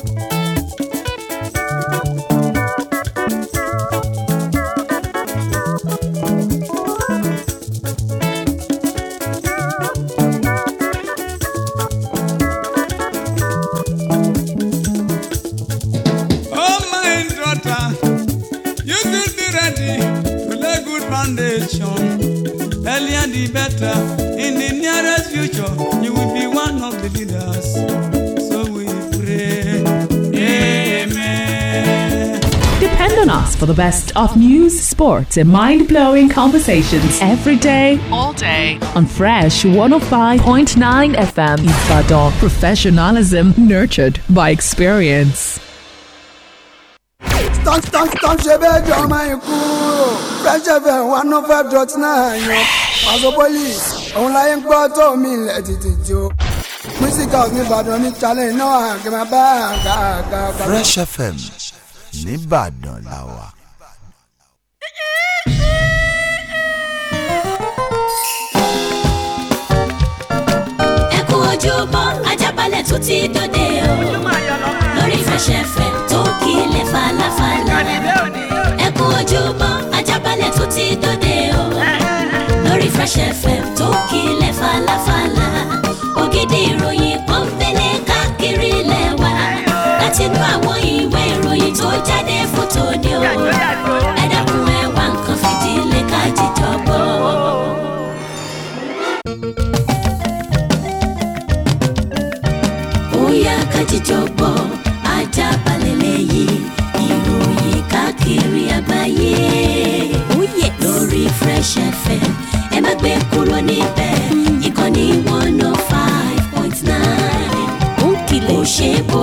thank you the best of news, sports, and mind blowing conversations every day, all day on Fresh 105.9 FM. Ifadon. Professionalism nurtured by experience. Fresh FM one oh five Paso Police tó mi ní bá Fresh FM ìkàlẹ̀ tó ti dòde o lórí fẹsẹ̀fẹ̀ tó kílẹ̀ falafala ẹ kú ojúmọ́ ajábalẹ̀ tó ti dòde o lórí fẹsẹ̀fẹ̀ tó kílẹ̀ falafala ògidì ìròyìn kan fẹ́lẹ̀ káàkiri lẹ́wà látinú àwọn ìwé ìròyìn tó jáde fótó ni o.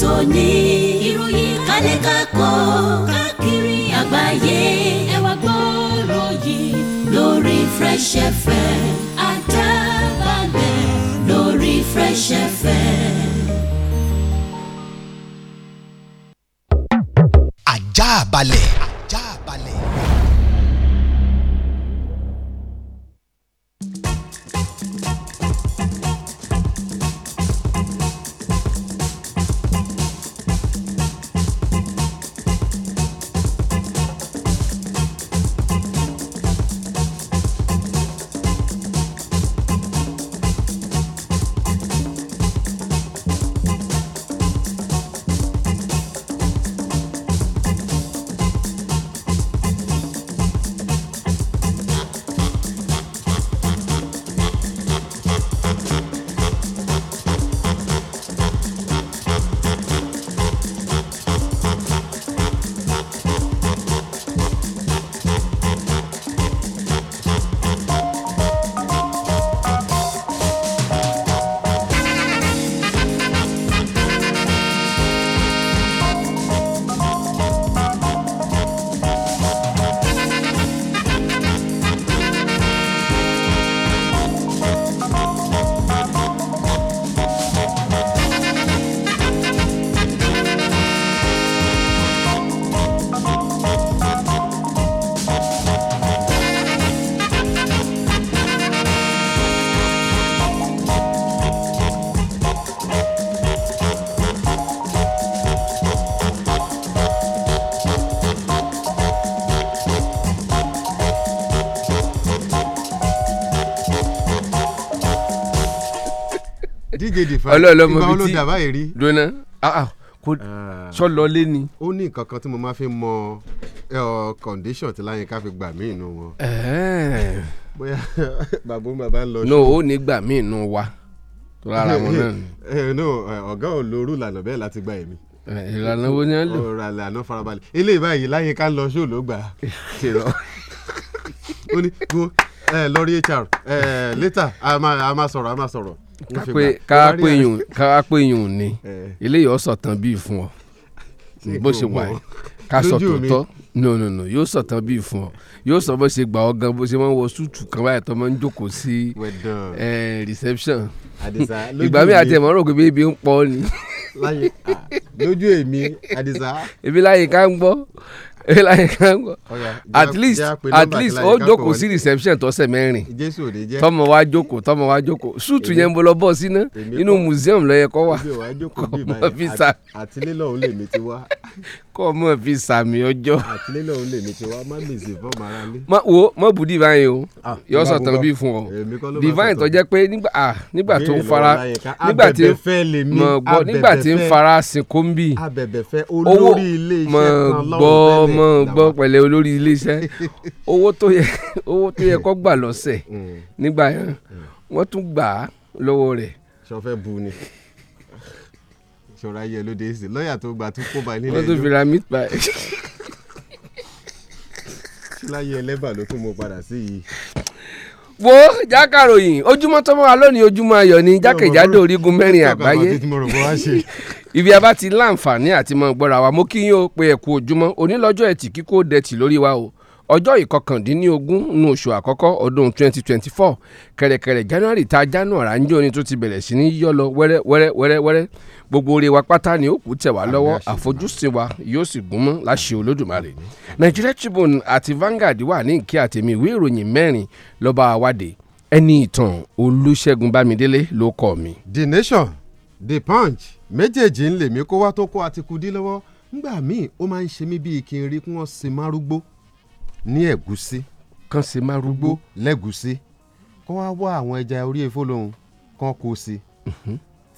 tòní ìròyìn kálẹ̀ kákọ́ káàkiri àgbáyé ẹ wá gbọ́rọ̀ yìí lórí Fresh FM Ajaabale lórí Fresh FM. Ajaabale. DJ Defy ìgbà wo ló dàbá yìí rí. dona ah, ah, kò ah. sọ lọlé ni. ó ní nǹkan kan tí mo máa fi mọ condition tí láyínká fi gbà mí inú wọn. bóyá bàbá bàbá ń lọ. no ó ní gbà mí inú wa tó lára wọn náà ni. Eh, no ọ̀gá ò lóru lànà bẹ́ẹ̀ láti gba èmi eh, ìlànà wo ni a lò. ọ̀rọ̀ àlànà farabalẹ̀ eléyìí báyìí láyé ká lọ ṣó ló gbà á. ó ní go eh, lórí hr later a máa sọ̀rọ̀ a máa sọ̀rọ̀ ká pé yùn ni eh. eléyìí ọ̀sọ̀ tán bíi fún ọ bó ṣe wà yìí ká sọ tòótọ́ no no no yóò sọ tán bíi fún ọ yóò sọ bó ṣe gbà ọ gan bó ṣe máa ń wọ súùtù kan báyìí tó máa ń jókòó sí eh, reception ìgbà mi àti ẹ̀mọ́ rò pé bíbí ń pọ̀ ni. lójú èmi Àdìsá. èmi láyè ká ń gbọ́ at least at least ó jókòó sí reception tọ́sẹ̀ mẹ́rin tọ́mọ wa jókòó tọ́mọ wa jókòó ṣùtù yẹn ń bọ́ lọ bọ́ sí ná inú museum ló yẹ kó wà kọ́mọ fi sa. àtìlélọ́ọ̀ lèmi ti wá kọ́ ọmọ fi sàmì ọjọ́. àtìlẹ́ náà lè ní tiwa má gbèsè fọ́ọ̀mù ara lé. wo má bù divine o ah, yọ sọ̀tàn bí fún ọ divine tó jẹ́ pé nígbà ah, tó ń fara nígbà tí mọ̀ gbọ́ nígbà tí ń fara sin kóńbì owó mọ̀ gbọ́ mọ̀ gbọ́ pẹ̀lẹ́ olórí iléeṣẹ́ owó tó yẹ owó tó yẹ kó gbà lọ́sẹ̀ mm. nígbà yẹn mm. wọ́n tún gbà á lọ́wọ́ sọ fẹ́ bu ni ṣọra yẹ lóde èsì lọ́ọ̀yà tó gbà tó kó ba nílé ẹjọ́. wọ́n tún fi ra meat pie. ṣíláyé ẹlẹ́bà ló tún mo padà sí yìí. wo jákàròyìn ojúmọ́ tó mọ́ wa lónìí ojúmọ́ ayọ̀ ni jákèjádò orígun mẹ́rin àgbáyé ibi abá ti láǹfààní àti mọ̀ gbọ́ra wa mo kí yín o pé ẹ̀kú ojúmọ́ onílọ́jọ́ ẹtì kíkó dẹ̀tì lórí wa o ọjọ́ ìkọkàndínlógún nu oṣù àkọ́kọ́ ọdún 2024 kẹ̀rẹ̀kẹ̀rẹ̀ january ta january à ń jó ni tó ti bẹ̀rẹ̀ sí ní yọ lọ wẹ́rẹ́ wẹ́rẹ́ wẹ́rẹ́ wẹ́rẹ́ gbogbo oore wa pátá ni ó kù tẹ̀ wá lọ́wọ́ àfojúsùn wa yóò sì gún mọ́ láṣẹ olódùmarè nigeria tribune àti Vanguard wà ní ìkí àtẹ̀mí ìwé ìròyìn mẹ́rin lọ́ba àwádìí ẹni ìtàn olùṣègùn bámidélé ló kọ mi. the nation the punch méjèèjì ń lèmi kó wá tó kó àtikú dín lọ́wọ́ ngbà míì ó máa ń ṣe mí bíi kí n rí kí wọ́n sin márúgbó ní ẹ̀gúsí kan ṣe máa rúgbó lẹ́gúsí kó wá wá àwọn ẹja orí èfó lòun kan kó sí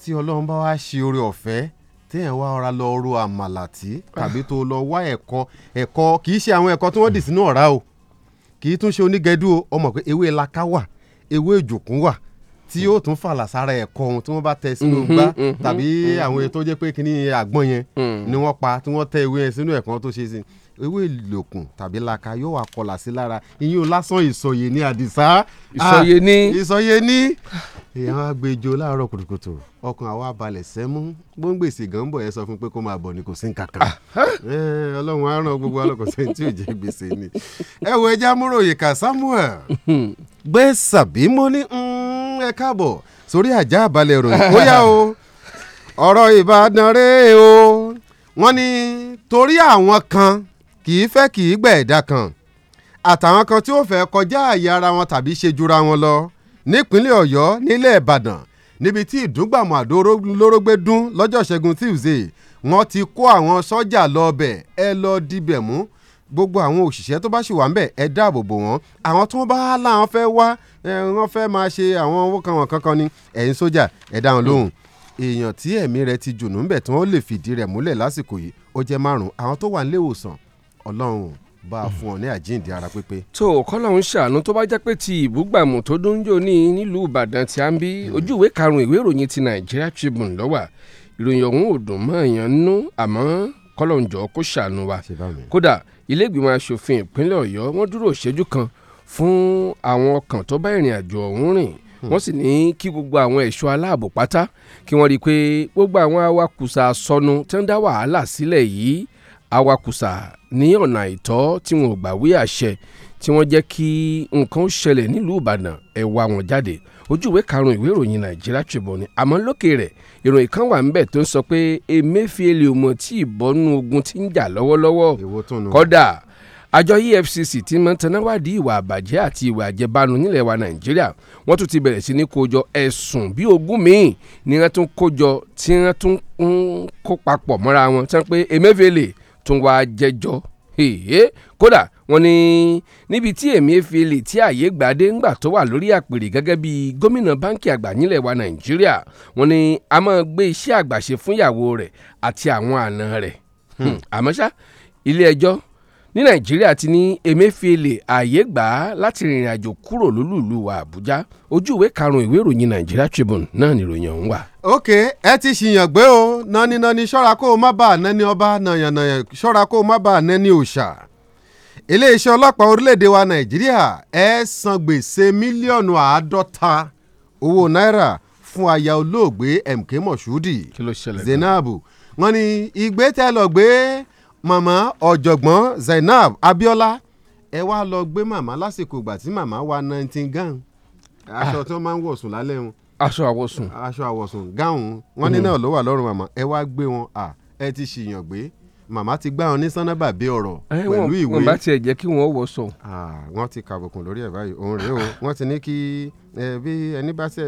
tí ọlọ́run bá wá ṣe oore ọ̀fẹ́ téèyàn wá ọra lọ ro àmàlà tí tàbí tó lọ wá ẹ̀kọ ẹ̀kọ kì í ṣe àwọn ẹ̀kọ tí wọ́n dì sínú ọ̀rá o kì í tún ṣe onígẹdú o ọmọ pé ewé laka wà ewé ìjòkún wà tí yóò tún fàlà sára ẹ̀kọ́ ohun tí wọ́n bá tẹ sínú gbá tàbí àwọn èyí tó jẹ́ pé kíní àgbọn yẹn ni wọ́n pa tí wọ́n tẹ ewé yẹn sínú ẹ̀kọ́ tó ṣe sí i ewé ìlòkùn tàbí laka yóò wá kọlà sí lára ìyín o lásán ìsọyè ní àdìsá. ìsọyè ní. Ah, ìsọyè ní. èèyàn agbèjò láàárọ̀ kùtùkùtù ọkàn àwa balẹ̀ sẹ́mú gbóngbèsè gan bọ̀ ẹ sọ fún pé kó máa bọ̀ ni kò sí nǹkan kan. Ah, ah. Eh, ọlọ́run á ràn gbogbo alọ́kọ̀ọ́sẹ́ tí ò gbèsè ni. ẹ wo ẹja múrò yìíká Samuel hmm. gbé sàbímọ́ ní hmm, ẹ káàbọ̀ sórí àjà àbálẹ̀ ìròyìn ó yá o ọ̀rọ̀ Ìbàdàn rèé o wọ́n ní torí àwọn kan kì í fẹ́ kì í gbẹ̀ ẹ̀dá kan àtàwọn kan tí ó fẹ́ kọjá àyè ara wọn tàbí ṣe jura wọn lọ nípínlẹ̀ ọ̀yọ́ nílẹ̀ ìbàdàn níbi tí ìdúgbàmù àdó lórógbé dún lọ́jọ́ ṣẹ́gun tuesday wọ́n ti kó àwọn sọ́jà lọ bẹ̀ ẹ lọ dibẹ̀ mú gbogbo àwọn òṣìṣẹ́ tó bá ṣì wà ń bẹ̀ ẹ dáàbò bò wọ́n àwọn tó bá láwọn fẹ́ wá wọ́n fẹ́ máa ṣe àwọn owó kan wọn kankan ni ẹ̀yin sójà ẹ dá wọn lóhùn èèyàn tí ẹ̀mí rẹ̀ ti jùnú ń bẹ̀ tí wọ́n lè fìdí rẹ̀ múlẹ̀ lásìkò yìí ó jẹ́ márùn-ún àwọn tó wà nílé ìwòsàn ọlọ́run bá a fún ọ ní àjíǹde ara pípé. tó o kọ́lọ́hún ṣàánú tó bá jẹ́ pé ti ìbúgbàmù tó dúnjò ní nílùú ìbàdàn tí a ń bí hmm. ojú ìwé karùn-ún ìwé ìròyìn ti Nigeria Tribune ló wà ìròyìn ọ̀hún ò dùn mọ́ èèyàn nú àmọ́ kọ́lọ́hún jọ kó ṣàánú wa kódà ilé ìgbìmọ̀ asòfin ìpínlẹ̀ ọ̀yọ́ wọ́n dúró ìṣẹ́jú kan fún àwọn ọkàn tó bá ìrìn àjò ọ̀hún rìn hmm. wọ́n sì ní kí gbogbo àwọn ẹ̀ṣọ́ aláàbò pátá kí wọ́n rí i pé gbogbo àwọn awakùsà sọnù tí wọ́n dá wàhálà sílẹ̀ yìí Awakusa ní ọ̀nà àìtọ́ tí wọn ò gbàwé àṣẹ tí wọ́n jẹ́ kí nǹkan ṣẹlẹ̀ nílùú ìbàdàn ẹ̀ wọn jáde ojú karùn-ún ìwé ìròyìn nàìjíríà tribune ni àmọ́ lókè rẹ̀ ìròyìn kan wà ńbẹ̀ tó ń sọ pé emefiele ò mọ̀ tí ìbọnú ogun ti ń jà lọ́wọ́lọ́wọ́ kọ́dà àjọ efcc ti máa ń tanáwádìí ìwà àbàjẹ́ àti ìwà àjẹbánu nílẹ̀ wa nàìjíríà wọ́n tún ti bẹ̀rẹ̀ sí ní kójọ ẹ̀sùn bíi ogún míì ni wọ́n tún kójọ tí wọ́n tún ń kó papọ̀ mọ́ra wọn tí wọ́n pé emefiele tún wá jẹ́jọ́ kódà wọ́n ní níbi tí Emefiele tí àyè gbàdé ńgbà tó wà lórí àpèrè gẹ́gẹ́ bí gómìnà báńkì àgbà nílẹ̀ wa Nàìjíríà wọ́n ní a máa gbé iṣẹ́ àgbàṣe fúnyàwó rẹ̀ àti àwọn àna rẹ̀ hmm. àmọ́ ṣá ilé ẹjọ́ ní nàìjíríà ti ní emefiele ààyè gbà á láti rìnrìn àjò kúrò lólùlù wa àbújá ojú ìwé karùn-ún ìwé ìròyìn nigeria tribune náà nìròyìn ọ̀hún wà. ok ẹ ti ṣìyàn gbé o naninani ṣọ́ra kó o má bà á nẹ́ni ọba nàyànnàyàn ṣọ́ra kó o má bà á nẹ́ni òòṣà iléeṣẹ́ ọlọ́pàá orílẹ̀‐èdè wa nàìjíríà ẹ san gbèsè mílíọ̀nù àádọ́ta owó náírà fún aya olóògbé mk moshood zainabu wọ́n ní ìgbé tẹ́ lọ gbé màmá ọ̀jọ̀gbọ́n Zainab Abiola ẹ wá lọ gbé màmá lásìkò ìgbà tí màmá wa nineteen gown aṣọ tó máa ń wọ̀sùn lálẹ́ wọn. aṣọ àwọ̀sùn. aṣọ àwọ̀sùn gown wọn ní hmm. náà ló wà lọ́rùn màmá ẹ wá gbé wọn à ẹ ti ṣìyàn gbé màmá ti gbá wọn ní sánábà bí ọ̀rọ̀ pẹ̀lú ìwé. wọn bá tiẹ̀ jẹ́ kí wọ́n wọ sọ. wọ́n ti kàbùkùn lórí ẹ̀ báyìí òun rèé o wọ́n ti ní kí bí ẹni bá ṣẹ̀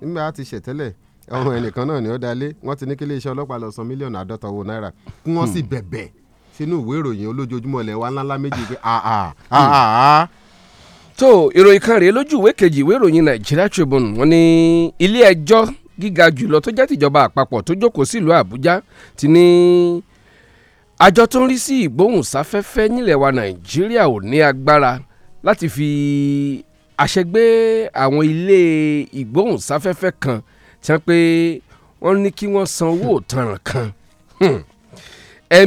nígbà tí ṣẹ̀tẹ́lẹ̀ ọmọ ẹnìkan náà ni ó dalé wọ́n ti ní kí iléeṣẹ́ ọlọ́pàá lọ san mílíọ̀nù àádọ́ta owó náírà kí wọ́n sì bẹ̀bẹ̀ sínú ìwé ìròyìn olójoojúmọ́ ilẹ̀ wa ńláńlá méjì pé àà àà. tó ìròyìn kan rèé lójú ìwé kejì ìwé ìròyìn Nigeria Tribune wọ́n ní ilé ẹjọ́ gíga jùlọ tó jẹ́ tìjọba àpapọ̀ tó jókòó sílùú Àbújá ti ní àjọ tó ń rí sí ìgbóhùnsáfẹ́fẹ́ nílẹ̀ wa Nàìjíríà ò ní agbára láti fi àṣẹ gbé àwọn ilé ìgbóhùnsáfẹ́fẹ́ kan tí wọ́n pé wọ́n ní kí wọ́n san owó òtanràn kan. Hmm.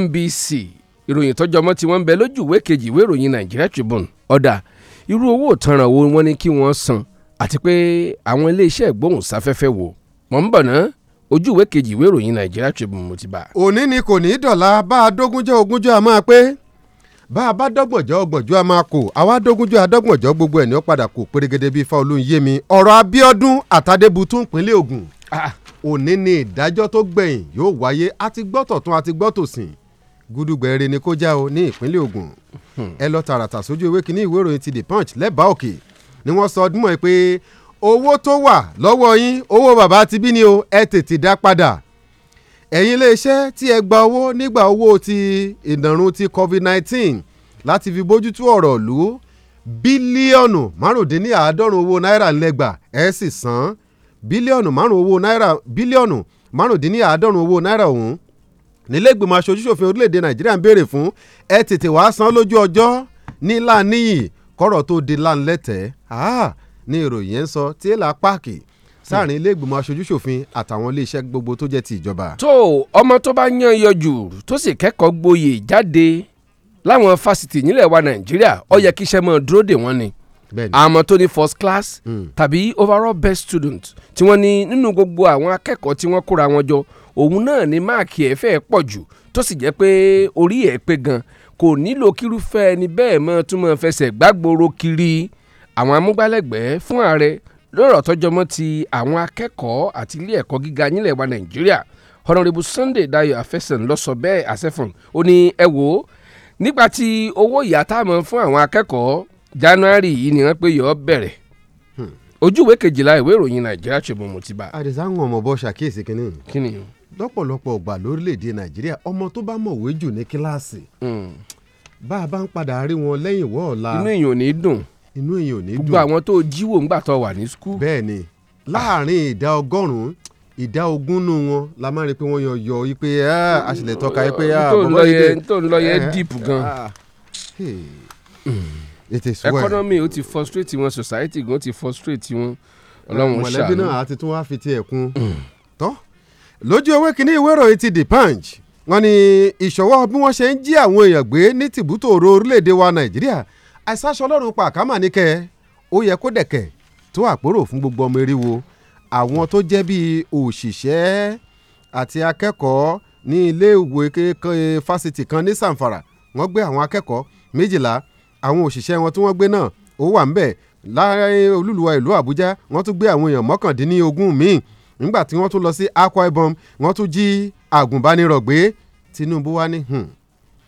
NBC ìròyìn tọ́jọ́ mọ́ tí wọ́n ń bẹ lójú ìwé kejì ìwé ìròyìn Nigeria Tribune ọ̀dà irú owó ìtanràn wo wọ́n ní kí wọ́n san àti pé àwọn iléeṣẹ́ ìgbóhùnsáfẹ́fẹ́ wo mọ̀ ń bọ̀ ná ojú ìwé kejì ìwé ìròyìn Nigeria Tribune mo ti bá. òní ni kò ní í dọ̀la bá a dógúnjọ́ ogúnjọ́ a máa pé bá a bá dọ́gbọ̀jọ́ ọgbọ̀jọ́ a máa kò àwa dógúnjọ́ adọ́gbọ̀jọ́ gbogbo ẹ̀ ní ó padà kò pérégede bíi fáolú yémi ọ̀rọ̀ Abíọ́dún àtàdébùtú ìpínlẹ̀ Ògùn ah. òní ni ìdájọ́ tó gbẹ̀yìn yóò wáyé àti gbọ́tọ̀tún àti gbọ́tòsìn gúdúgbẹ̀rẹ̀ ni kó já o ní ìpínlẹ̀ Ògùn hmm. ẹ lọ tààràtà sójú ewé kínní ìwé ìròyìn ti The Punch lẹ́bàá òkè ni wọ́n sọ ọdún mọ́ ẹ pé owó tó wà lọ́wọ́ yín owó bàbá ti bí ni o ẹ tètè dá padà ẹ̀yin iléeṣẹ́ tí ẹ gba owó nígbà owó ti ìdàrún ti covid nineteen láti fi bójútó ọ̀rọ̀ lù ú bílíọ̀nù márùndínláàádọ́rùn owó náírà lẹ́gbà ẹ̀ sì san bílíọ̀nù márùn owó náírà bílíọ̀nù márùndínláàádọ́rùn owó náírà ọ̀hún nílẹ̀gbìmọ̀ aṣojúṣòfin orílẹ̀‐èdè nàìjíríà ń béèrè fún ẹ tètè wàá san lójú ọjọ́ nílà níyì kọ́rọ̀ tó di láńlẹ́tẹ̀ ní ìròyìn yẹn ń sọ tíélà páàkì sáàrin ilé ìgbìmọ̀ aṣojúṣòfin àtàwọn iléeṣẹ́ gbogbo tó jẹ́ ti ìjọba. tó ọmọ tó bá yan yọjú tó sì kẹ́kọ̀ọ́ gboyè jáde láwọn fásitì nílẹ̀ wa nàìjíríà ó yẹ kí iṣẹ́ mọ́ dúró dè wọ́n ni àmọ́ tó ní first class mm. tàbí overall best student tí wọ́n ní nínú gbogbo àwọn akẹ́kọ̀ọ́ tí wọ́n kóra wọn jọ òun náà ni máàkì ẹ̀ fẹ́ pọ̀ jù tó sì jẹ́ pé orí ẹ̀ pé gan kò nílò kírúfẹ́ ẹni bẹ́ẹ̀ mọ́ tún mọ́ fẹsẹ̀ gbàgbóró kiri àwọn amúgbálẹ́gbẹ̀ẹ́ fún ààrẹ lọ́rọ̀ tọ́jọ́mọ́ ti àwọn akẹ́kọ̀ọ́ àti ilé ẹ̀kọ́ gíga nílẹ̀ wa nàìjíríà honourable sunday dayo afẹsẹ̀n lọ bẹ́ẹ̀ àṣẹfọ̀n ó ní ẹ wò ó nígbà tí owó ìyá tá a mọ̀ fún àwọn akẹ́kọ̀ọ́ january yìí ni wọ́n pé yọ ọ́ bẹ̀rẹ̀ hmm. ojú ìwé kejìlá ìwé ìròyìn nàìjíríà ṣùgbọ́n mo ti bá. àdìsá ń bọ́ ṣàkíyèsí kínní. kínní lọ́pọ̀lọpọ̀ ọgbà lórílẹ̀‐èdè nàìjíríà ọmọ tó bá mọ̀wé jù ní kíláàsì hmm. bá a bá ń padà rí wọn lẹ́yìn wọ́ ọ̀la. inú èèyàn ò ní dùn inú èèyàn ò ní dùn gbogbo àwọn tó jíwò ńgbà tó wà ní skul. bẹ́ẹ̀ni láàrin ìdá ọgọ́rùn-ún ìdá ogún nù wọn la máa rí i pé wọ́n yọ yọ yí pé ah, a sì lè tọ́ka yí pé bọ́bá yí dé tó ń lọ yẹ eh, deep gan. Ah, hmm. economy ó ti frustrate wọn society gan ti frustrate wọn ọlọ́run ṣàánú. mọ̀lẹ́bí náà àti tí wọ́n á fi tiẹ̀ kún hmm. tọ́ lójú ewé kínní ìwé ìròyìn ti The Punch wọ́n ní ìṣọwọ́ bí wọ́n ṣe ń jí àwọn èèyàn gbé ní tìbútò oró orílẹ̀-èdè wa Nàìjíríà àìsàṣọ ọlọ́run pa àkámà níkẹ́ ó yẹ kó dẹ̀kẹ̀ tó àpérò fún gbogbo ọmọ eriwo àwọn tó jẹ́ bíi òṣìṣẹ́ àti akẹ́kọ̀ọ́ ní iléèwé fásitì kan ní Sàǹfàrà wọ́n gbé àwọn akẹ́kọ̀ọ́ méjìlá àwọn òṣìṣẹ́ wọn tí wọ́n gbé náà ó wà ń bẹ̀ láàrin olúluwa ìlú Àbújá wọ́n tún gbé àwọn èèyàn mọ́kàndínlógún míì nígbà tí wọ́n tún lọ sí Akwa Ibom wọ́n tún jí àgùnbánirọ̀ gbé Tinubu wá ní hmm,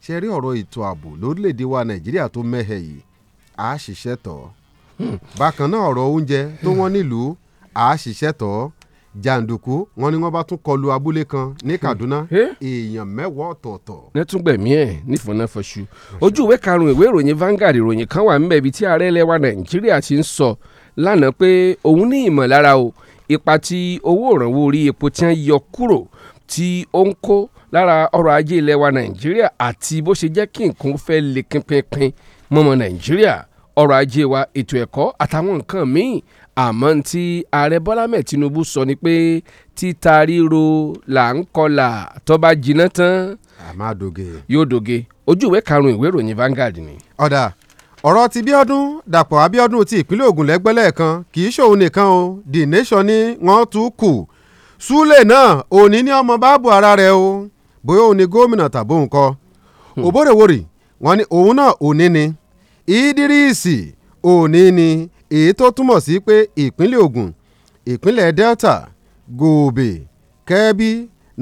ṣe rí ọ̀rọ̀ ètò ààbò lórílẹ̀‐èdè wa Nàìjíríà tó mẹ́hẹ̀ yìí àá ṣiṣẹ́ tọ̀ hmm, bákan náà ọ̀rọ̀ oúnjẹ tó wọ́n nílùú àá ṣiṣẹ́ tọ̀ jàǹdùkú wọn ni wọn bá tún kọlu abúlé kan ní hmm, Kaduna èèyàn mẹ́wàá ọ̀tọ̀ọ̀tọ̀. nẹ́túngbẹ̀mí ẹ̀ nífọ̀nàfọ̀ṣù ojú ìwé karùn ìwé ìròyìn Vanguard ìròyìn kan wà ńbẹ̀ ibi tí ààrẹ ilẹ̀ Nàìjíríà ti ń sọ lánàá pé òun ní ìmọ̀lára o ipa tí owó òrànwó orí epo tí wọ́n yọ kúrò tí ó ń kó lára ọrọ̀ ajé ilẹ̀ wa nàìjíríà àti bó ṣe jẹ́ kí nǹkan fẹ́ le pínpín mọ́mọ́ nàìjíríà ọrọ̀ ajé wa ètò ẹ̀kọ́ àtàwọn nǹkan míì àmọ́ tí ààrẹ bọ́lá mẹ́ẹ̀ tinubu sọ ni pé títa ríro là ń kọlà tó bá jiná tán yóò doge ojú ìwé karùn-ún ìwé ìròyìn Vanguard ni. ọ̀dà ọ̀rọ̀ ti bíọ́dún dàpọ̀ abíọ́dún ti ìpínlẹ̀ ogun lẹ́gbẹ́lẹ́ kan kì í ṣòun nìkan o the nation ni wọ́n tún kù súlẹ̀ náà òní ní ọmọ báàbò ara rẹ̀ o bóyá òun ni gómìnà tàbó nǹkan hmm. òbórèwòrì wọn ni òun náà òní ni Ìdírísì òní ni èyí tó túmọ̀ sí pé ìpínlẹ̀ Ògùn ìpínlẹ̀ Delta Gòbè Kẹ́bí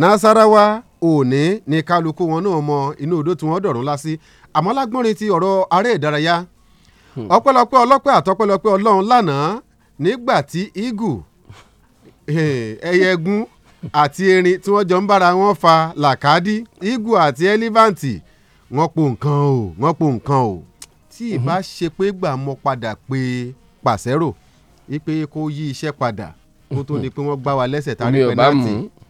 Nasarawa òní ni kálukú wọn náà mọ inú odó tí wọ́n dọ̀rùn lásì àmọ́ lágbọ́nrin ti ọ̀rọ̀ aré ìdárayá Hmm. ọpẹ́lọpẹ́ ọlọ́pẹ́ àtọpẹ́lọpẹ́ ọlọ́run lánàá nígbà tí eagle eh, ẹyẹgun àti erin tí wọ́n jọ ń bára wọn fa làkàdí eagle àti elephant wọ́n po nǹkan o wọ́n po nǹkan o tí ìbá mhm. ṣe pé gbà mọ padà pé pàṣẹ́rò wípé kó yí iṣẹ́ padà kó tó hmm. di pé wọ́n gbá wa lẹ́sẹ̀ tá a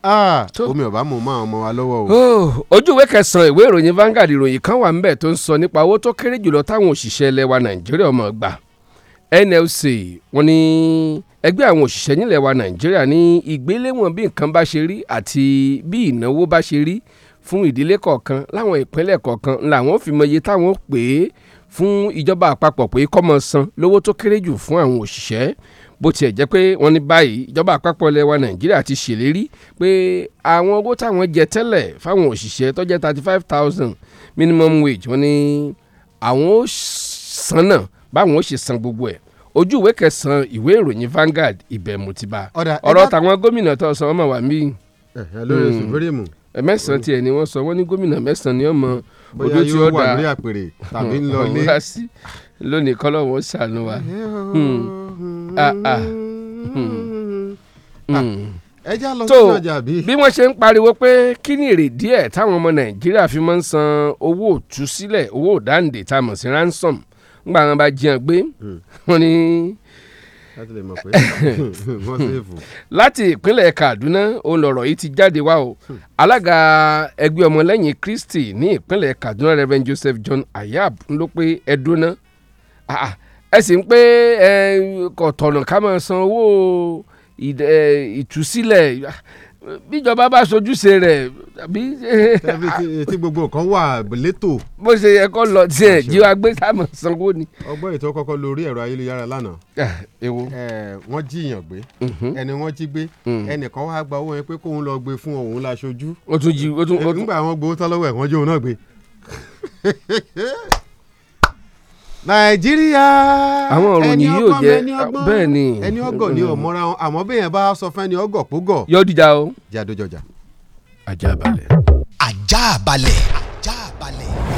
Ah. omi ọ̀bá mú mọ́ àwọn ọmọ wa lọ́wọ́ o. Oh, ojú ìwé kẹsàn-án ìwé ìròyìn Vanguard ìròyìn kan wà ńbẹ̀ tó ń sọ nípa owó tó kéré jùlọ táwọn òṣìṣẹ́ ilẹ̀ wa Nàìjíríà ọmọ gbà NLC wọ́n ní ẹgbẹ́ àwọn òṣìṣẹ́ nílẹ̀ wa Nàìjíríà ní ìgbéléwọ̀n bí nǹkan bá ṣe rí àti bí ìnáwó bá ṣe rí fún ìdílé kọ̀ọ̀kan láwọn ìpínlẹ̀ kọ̀ọ̀kan làwọn fi mọ iye táwọn pè é fún ìjọba àpapọ̀ pé kọ́mọ san lówó tó kéré jù fún àwọn òṣìṣẹ́ bó tiẹ̀ jẹ́ pé wọ́n ní báyìí ìjọba àpapọ̀ ilẹ̀ wa nàìjíríà ti ṣèlérí pé àwọn owó táwọn jẹ tẹ́lẹ̀ fáwọn òṣìṣẹ́ tó jẹ́ thirty five thousand minimum wage wọ́n ní àwọn ó san náà báwọn ó ṣe san gbogbo ẹ̀ ojú ìwé kẹsàn-án ìwé ìròyìn Vanguard ìbẹ̀mù ti bá ọ̀rọ̀ tàwọn gómìnà tó sọ ọmọ wa mí. lórí oṣù hmm. fúrímù. mẹ́sàn-án tiẹ̀ ni wọ́n sọ wọ́n ní gómìnà mẹ́sàn-án ni ọmọ odó tí ó dà lónìí kọ́lọ́wọ́ sànù wa. Hmm. Ah, ah. Hmm. Hmm. Ah, ẹ já lọ sí ọjà bí. bí wọ́n ṣe ń pariwo pé kí ni èrèdí ẹ̀ táwọn ọmọ nàìjíríà fi máa ń san owó òtúsílẹ̀ owó òdáǹdè tá a mọ̀ sí ransom ńgbà wọn bá jiyàn gbé wọn ni. láti ìpínlẹ̀ kaduna òun lọ̀rọ̀ yìí ti jáde wá o alága ẹgbẹ́ ọmọlẹ́yìn kristi ní ìpínlẹ̀ kaduna rev joseph john ayab ló pé ẹdúná Ah, ah. ẹ sì ń pé kò tọ̀nà ká máa san owó ìtúsílẹ̀ bíjọba bá sojúṣe rẹ̀ tàbí. tí gbogbo nǹkan wà létò. bó ṣe yẹ kó lọ tiẹ̀ jí wa gbé sáà mọ̀ sanwó ni. ọgbọ́n ètò kọ́kọ́ lórí ẹ̀rọ ayélujára lánàá. èwo. Ah, wọ́n jiyàn gbé mhm. ẹni wọ́n jí gbé mm. ẹnìkan wàá gba owó yẹn pé kóun lọ gbé fún òun la ṣojú. ó tún jí ó tún. nígbà wọn gbowó tán lọ́wọ́ ẹ̀ wọ́n jó òun náà gbé. nàìjíríà àwọn ìròyìn yìí ò jẹ ni ẹni ọgọ ni ọmọra wọn bẹyẹn bá sọ fún ẹni ọgọ púgọ. yóò dìjà o. jàdójọjà. ajá balẹ̀. ajá balẹ̀. ajá balẹ̀.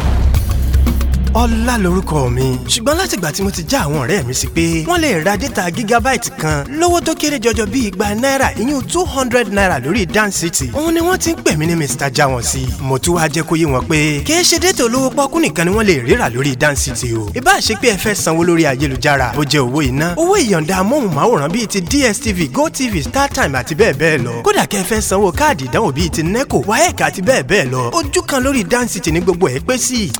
ọlá lorúkọ mi ṣùgbọ́n látìgbà tí mo ti já àwọn ọ̀rẹ́ mi sí pé wọ́n lè ra dẹ́ta gígábáìtì kan lówó tó kéré jọjọ bíi igba náírà ìyún two hundred naira lórí dan city òun ni wọ́n ti ń pè mí ní mr jáwọn sí i mo tún wáá jẹ́ kó yé wọn pé kìí ṣe dẹ́tà olówó pọ́kú nìkan ni wọ́n lè rírà lórí dan city o ìbá ṣe pé ẹ fẹ́ sanwó lórí ayélujára ó jẹ́ owó iná owó ìyọ̀ǹda amóhùnmáwòrán bíi ti dstv gotv startime àti bẹ́ẹ̀ bẹ́ẹ̀ lọ kódà kẹ́ ẹ fẹ́ sanwó káàdì ìdánwò bíi ti neco waec àti bẹ́ẹ̀ kan lórí dan city ní gbogbo ẹ̀ pé sí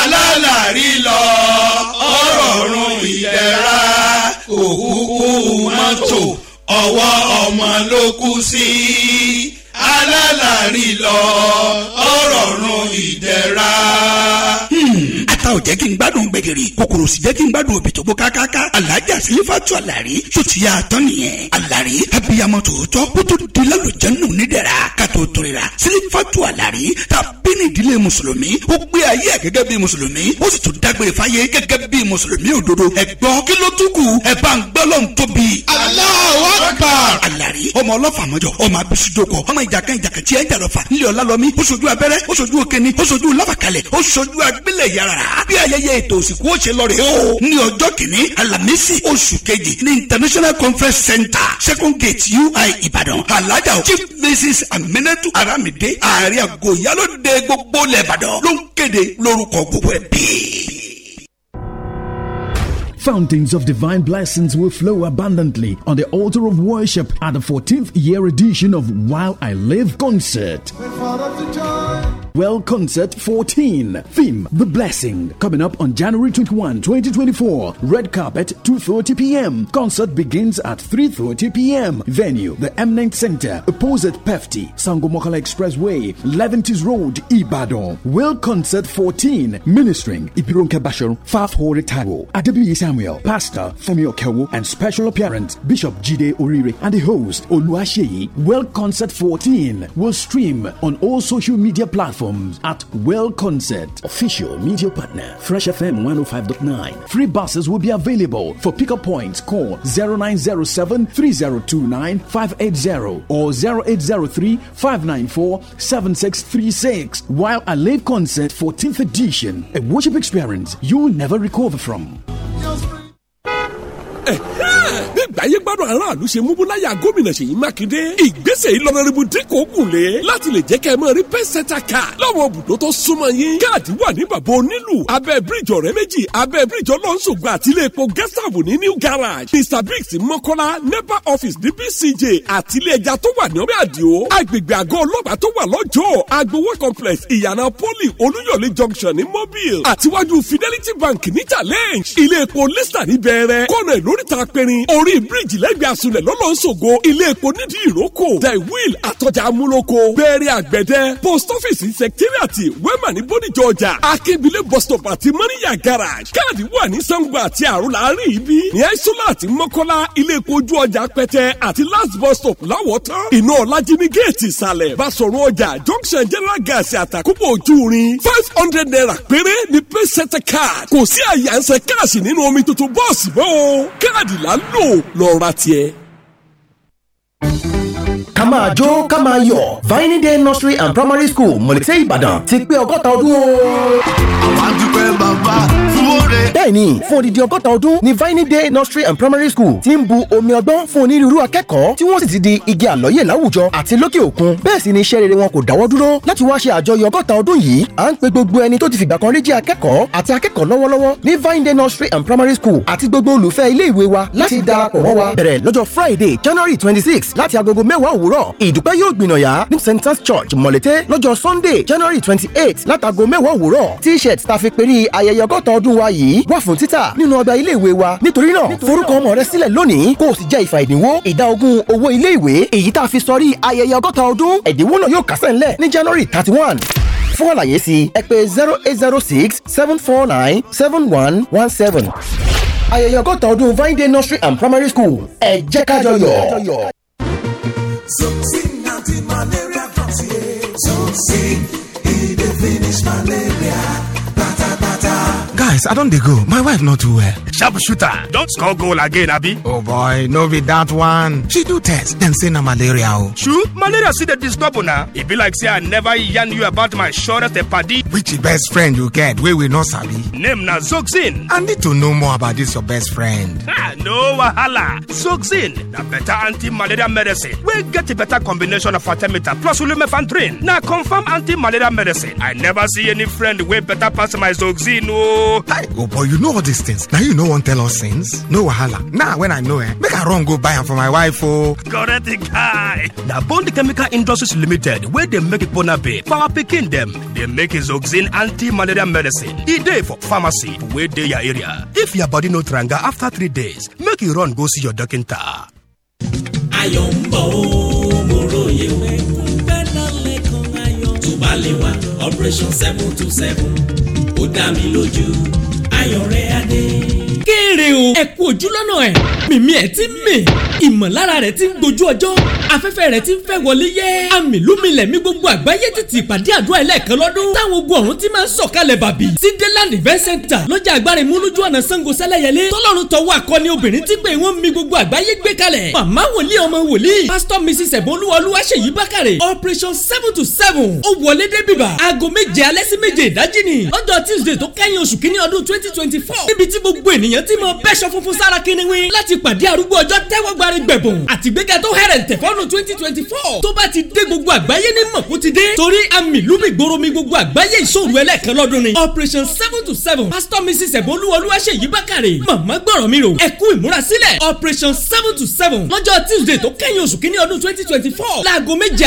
alálàrí lọ ọ̀rọ̀ run ìdẹ̀ra òkúkú mọ́tò ọwọ́ ọmọ ló kú sí alálàrí lọ ọ̀rọ̀ run ìdẹ̀ra ò jẹ́ kí n gbádùn gbẹ̀gìrì kòkòrò sì jẹ́ kí n gbádùn òbítọ́gbó kákáká alájà sílífàtú àlàrí sòtìyà àtọ́ nìyẹn àlàrí abiyamọ tòótọ́ kó tó di lálùjẹ́nù nídẹ̀ra kàtó torira sílífàtú àlàrí tàbí ní ìdílé mùsùlùmí ó gbé ayé ẹ̀ gẹ́gẹ́ bí mùsùlùmí ó sì tún dágbére fáyé gẹ́gẹ́ bí mùsùlùmí òdodo ẹ gbọ́ kí ló tún kù ẹ bá ń gbọ́ lọ́n tóbi. Allahu Akbar. àlàrí ọmọ ọlọ́fà mọ́jọ ọmọ abisudoko ọmọ ìjàkan ìjàkan tí ń jà lọ́fà ńlẹ̀ ọ̀la lọ́mí ó ṣojú abẹ́rẹ́ ó ṣojú òkèni ó ṣojú láfàkalẹ̀ ó ṣojú agbélẹ̀ yàrá bí ayẹyẹ ètò òsìnkú ó ṣe lọ rèé o se lo ọjọ́ kìíní alamisi oṣù kejì ní international conference center second gate ui ìbàdàn alájà chief mrs aramide ààrẹ àgọ́yálóde gbogbo ló ń kéde lórúkọ gbogbo Fountains of divine blessings will flow abundantly on the altar of worship at the 14th year edition of While I Live concert. Well Concert 14. Theme The Blessing. Coming up on January 21, 2024. Red Carpet 2:30 p.m. Concert begins at 3:30 p.m. Venue: The Eminent Center, opposite Pefti, Sangomokala Expressway, Leventis Road, Ibadan. Well Concert 14. Ministering Ipironke Bashir, Faf Hore Taiwo, Samuel, Pastor Femi Okewo, and special appearance Bishop Jide Orire and the host Oluwaseyi. Well Concert 14 will stream on all social media platforms platforms at Well Concert, official media partner. Fresh FM 105.9. Free buses will be available for pickup points. Call 0907 3029 or 0803 594 7636. While a live concert, 14th edition, a worship experience you'll never recover from. Eh, àgbáyé gbádùn aráàlú ṣe mú búláyà gómìnà Ṣèyí Mákindé ìgbésẹ̀ ìlọrọrìbù dínkù ògùn lé láti lè jẹ́ kẹ́ ẹ mọ́ rí pẹ́sẹ́tà kà láwọn ibùdó tó súnmọ́ yín káàdì wà ní bàbá onílù abẹ́ bíríjì ọ̀rẹ́ méjì abẹ́ bíríjì ọlọ́nṣogbo àti gẹ́sàbù ní new garage Mr Biggs Mọ́kọ́lá nepa office ní BCJ àti ilé ẹja tó wà ní ọ̀rẹ́ àdìo agbègbè àgọ́ ọlọ́pàá tó wà lọ́jọ́ agbowó junction ní mobile àtiwájú fidelity bank ní challenge ilé epo lista ní bẹ̀rẹ̀ kọ́nà ìlóríta pẹ̀rin orí bíríìjì lẹ́gbẹ̀ẹ́ asunlẹ̀ lọ́lọ́sọ̀gọ ilé epo nídìí ìrókò the wheel àtọjà amúlòkọ bẹ̀rẹ̀ àgbẹ̀dẹ post office secretariat wema ní bódìjọ ọjà akébílẹ̀ bus stop àti mọ́níyà garage káàdì wà ní sango àti àrùn láàrin ibi ní aisola àti mọ́kọ́lá ilé epo ojú ọjà pẹ́tẹ́ àti last bus stop láwọ̀tán iná ọ̀làjì ní géètì ìsàlẹ̀ basọ̀rọ̀ ọjà junction general gas àtàkùbọ̀ ojú rin five hundred naira péré ni pay center card kò sí àyànṣe káàsì nínú omi tuntun bọ́ọ̀sì bọ́ o káàdì là lọ ra tiẹ̀ ká máa jó ká máa yọ̀ Viny nursery and primary school mọ̀lẹ́sẹ̀ ìbàdàn ti pé ọgọ́ta ọdún o. àwa dúpẹ́ bàbá fún oore. bẹ́ẹ̀ni fún odidi ọgọ́ta ọdún ni Viny Day nursery and primary school ti ń bu omi ọgbọ́n fún onírúurú akẹ́kọ̀ọ́ tí wọ́n sì ti di igi àlọ́yè láwùjọ àti lókè òkun bẹ́ẹ̀ sì ni iṣẹ́ rere wọn kò dáwọ́ dúró láti wá ṣe àjọyọ̀ ọgọ́ta ọdún yìí à ń pe gbogbo ẹni tó ti fìgbà kan rí jẹ́ akẹ́kọ̀ọ́ àti akẹ́kọ̀ọ́ lọ́wọ́lọ́wọ́ ní Viny nursery and primary school àti gbogbo olùfẹ́ ilé ìwé wa láti darapọ̀ mọ́ wa bẹ̀rẹ̀ lọ́jọ́ Friday January twenty six láti agogo mẹ́wàá òwúrọ̀ òwúrọ̀ ìdúpẹ́ yóò gbìnàyà ní st anne's church mọ̀lété lọ́jọ́ sunday january twenty eight látago mẹ́wàá òwúrọ̀ t-shirt ta fi pèrí ayẹyẹ ọgọ́ta ọdún wa yìí wà fún títà nínú ọgbà ilé ìwé wa nítorí náà forúkọ ọmọ rẹ sílẹ̀ lónìí kó o sì jẹ ìfà ìdínwó ìdá ogún owó ilé ìwé èyí tá a fi sọrí ayẹyẹ ọgọ́ta ọdún ẹ̀dínwó náà yóò kásẹ̀ ńlẹ̀ ní january thirty one fún àlàyé sí ẹ pè zero eight zero six seven four nine seven one one seven ayẹyẹ ọgọ́ta ọdún vine day nursery and primary school ẹ jẹ́ ká Something anti-malaria drops here. Something, it finish malaria. Please, I don't dey go. My wife not too well. Sharp shooter. Don't score goal again, Abby. Oh boy, no be that one. She do test, then say na malaria Oh True, malaria still dey disturb una. E be like say I never yarn you about my surest party. Which best friend you get wey we not, sabi? Name na Zoxin. I need to know more about this your best friend. Ha, no wahala. Zoxin the better anti-malaria medicine We get a better combination of artemether plus lumefantrine. Now confirm anti-malaria medicine. I never see any friend way better pass my Zoxin Oh. Hi, oh boy, you know all these things. Now you know one tell us things. No wahala. Now when I know eh, make I run go buy am for my wife oh. Correct guy. Now Bond Chemical Industries Limited, where they make Bona Bay, for picking them. They make Zoxin anti-malaria medicine. E day for pharmacy, where they your area. If your body no tranga after three days, make you run go see your doctor. Ayọ̀ ń bọ̀ ó, mo róye operation seven two seven ó dá mi lójú léèrè o ẹ kú ojúlọ́nà ẹ̀ mímí ẹ̀ ti mì ìmọ̀lára rẹ̀ ti ń gbojú ọjọ́ afẹ́fẹ́ rẹ̀ ti ń fẹ́ wọlé yẹ́ amìlúmilẹ̀ mi gbogbo àgbáyé títí ìpàdé àdúrà ẹlẹ́ẹ̀kan lọ́dún táwọn ogun ọ̀run ti máa ń sọ̀kalẹ̀ bàbí sí event center lọ́jà agbára ìmúlójú ọ̀nà Ṣàngó Sẹ́lẹ̀yẹlé tọ́lọ́run tọwọ́ akọni obìnrin tí pé wọ́n mi gbogbo àgbáyé gbé kalẹ̀ màmá wòlíì ọmọ wòlíì pásítọ̀ mrs ẹ̀bọ́nlúwa olúwaṣèyí bákàrẹ̀ operation seven to seven ó wọlé dé bíbà aago méje alẹ́ sí méje ìdájí ni ọjọ́ tuesday tó kẹ́yìn oṣù kínní ọdún twenty twenty four níbi tí gbogbo ènìyàn ti mọ bẹ́sọ̀ funfun sára kini wí. láti pàdé arúgbó ọjọ́ tẹ́wọ́gbárí gbẹ̀bùn àtìgbéga tó hẹ̀rẹ̀ ǹtẹ̀ fọ́nù twenty twenty four tó bá ti dé gbogbo àgbáyé ní mọ̀kú ti dé. torí àmì lùmí gbòòrò mi gbogbo àgbáyé ìṣòro ẹlẹ́ẹ̀kan lọ́dún ni. operation seven to seven pastor mrs ẹ̀bọ́lúwọlúwàṣẹ̀ yìí bákàrẹ̀ màmá gbọ́rọ̀ mi rò ẹ kú ìmúrasílẹ̀ operation seven to seven lọ́jọ́ tuesday tó kẹ́yìn oṣù kínní ọdún twenty twenty four láago méje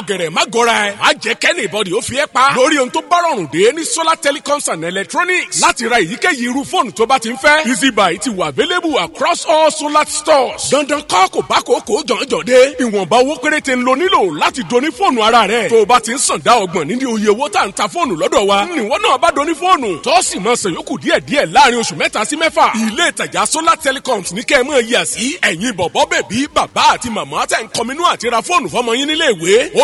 ọ̀gẹ̀rẹ̀ má gọra ẹ̀ má jẹ́ kẹ́ni ìbọ̀dì ó fi ẹ́ pa lórí ohun tó bá rọrùn dé ní solar telecoms and electronics láti ra èyíkéyìí irú fóònù tó bá ti ń fẹ́ easy buy ti wà available across all solar stores dandan kọ́ kò bá kòókò jọ̀njọ̀ dé ìwọ̀nba owó péréte ń lo nílò láti doni fóònù ara rẹ̀ tó o bá ti ń sàn dá ọgbọ̀n nínú iye owó tá à ń ta fóònù lọ́dọ̀ wa níwọ náà bá doni fóònù tó sì máa san yòókù díẹ̀díẹ̀ láàrin oṣù mẹ́ta sí mẹ́fà ilé solar telecoms ní kẹ́ ẹ mọ̀ yíyà sí ẹ̀yin bọ̀bọ́ bèbí bàbá àti màmá tẹ̀ ń kọminú àti ra fóònù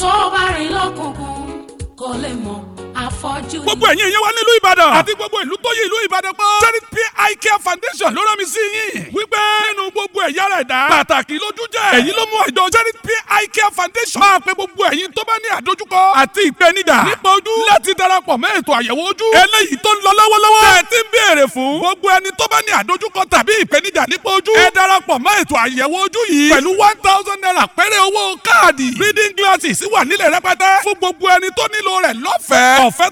tó bá rìn lọ́kùnkùn kò lè mọ̀ afọ́jú ni. gbogbo ẹ̀yin ìyẹn wá nílùú ìbàdàn àti gbogbo ìlú tó yẹ ìlú ìbàdàn pọ̀. charity pi care foundation ló rán mi sí yín. wípé nínú gbogbo ẹ̀yà ara ẹ̀dá pàtàkì lójú jẹ́. èyí ló mú àjọ charity pi care foundation. máa pe gbogbo ẹ̀yin tó bá ní àdójúkọ àti ìpènijà nípa ojú láti darapọ̀ mẹ́ ètò àyẹ̀wò ojú. eléyìí tó ń lọ lọ́wọ́lọ́wọ́. ẹ ti ń béèrè fún. gbogbo ẹni tó bá ní àdójúkọ tàbí ìpènijà nípa ojú. ẹ darapọ̀ mẹ́ ètò àyẹ̀wò ojú yìí. pẹ̀lú one thousand naira péré owó káàdì. reading glasses wà nílẹ̀ rẹpẹtẹ. fún gbogbo ẹni tó nílò rẹ̀ lọ́fẹ̀ẹ́. ọ̀fẹ́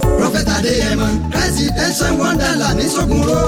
prophet adéyẹmọ presidential wonderland ní sọgùnrò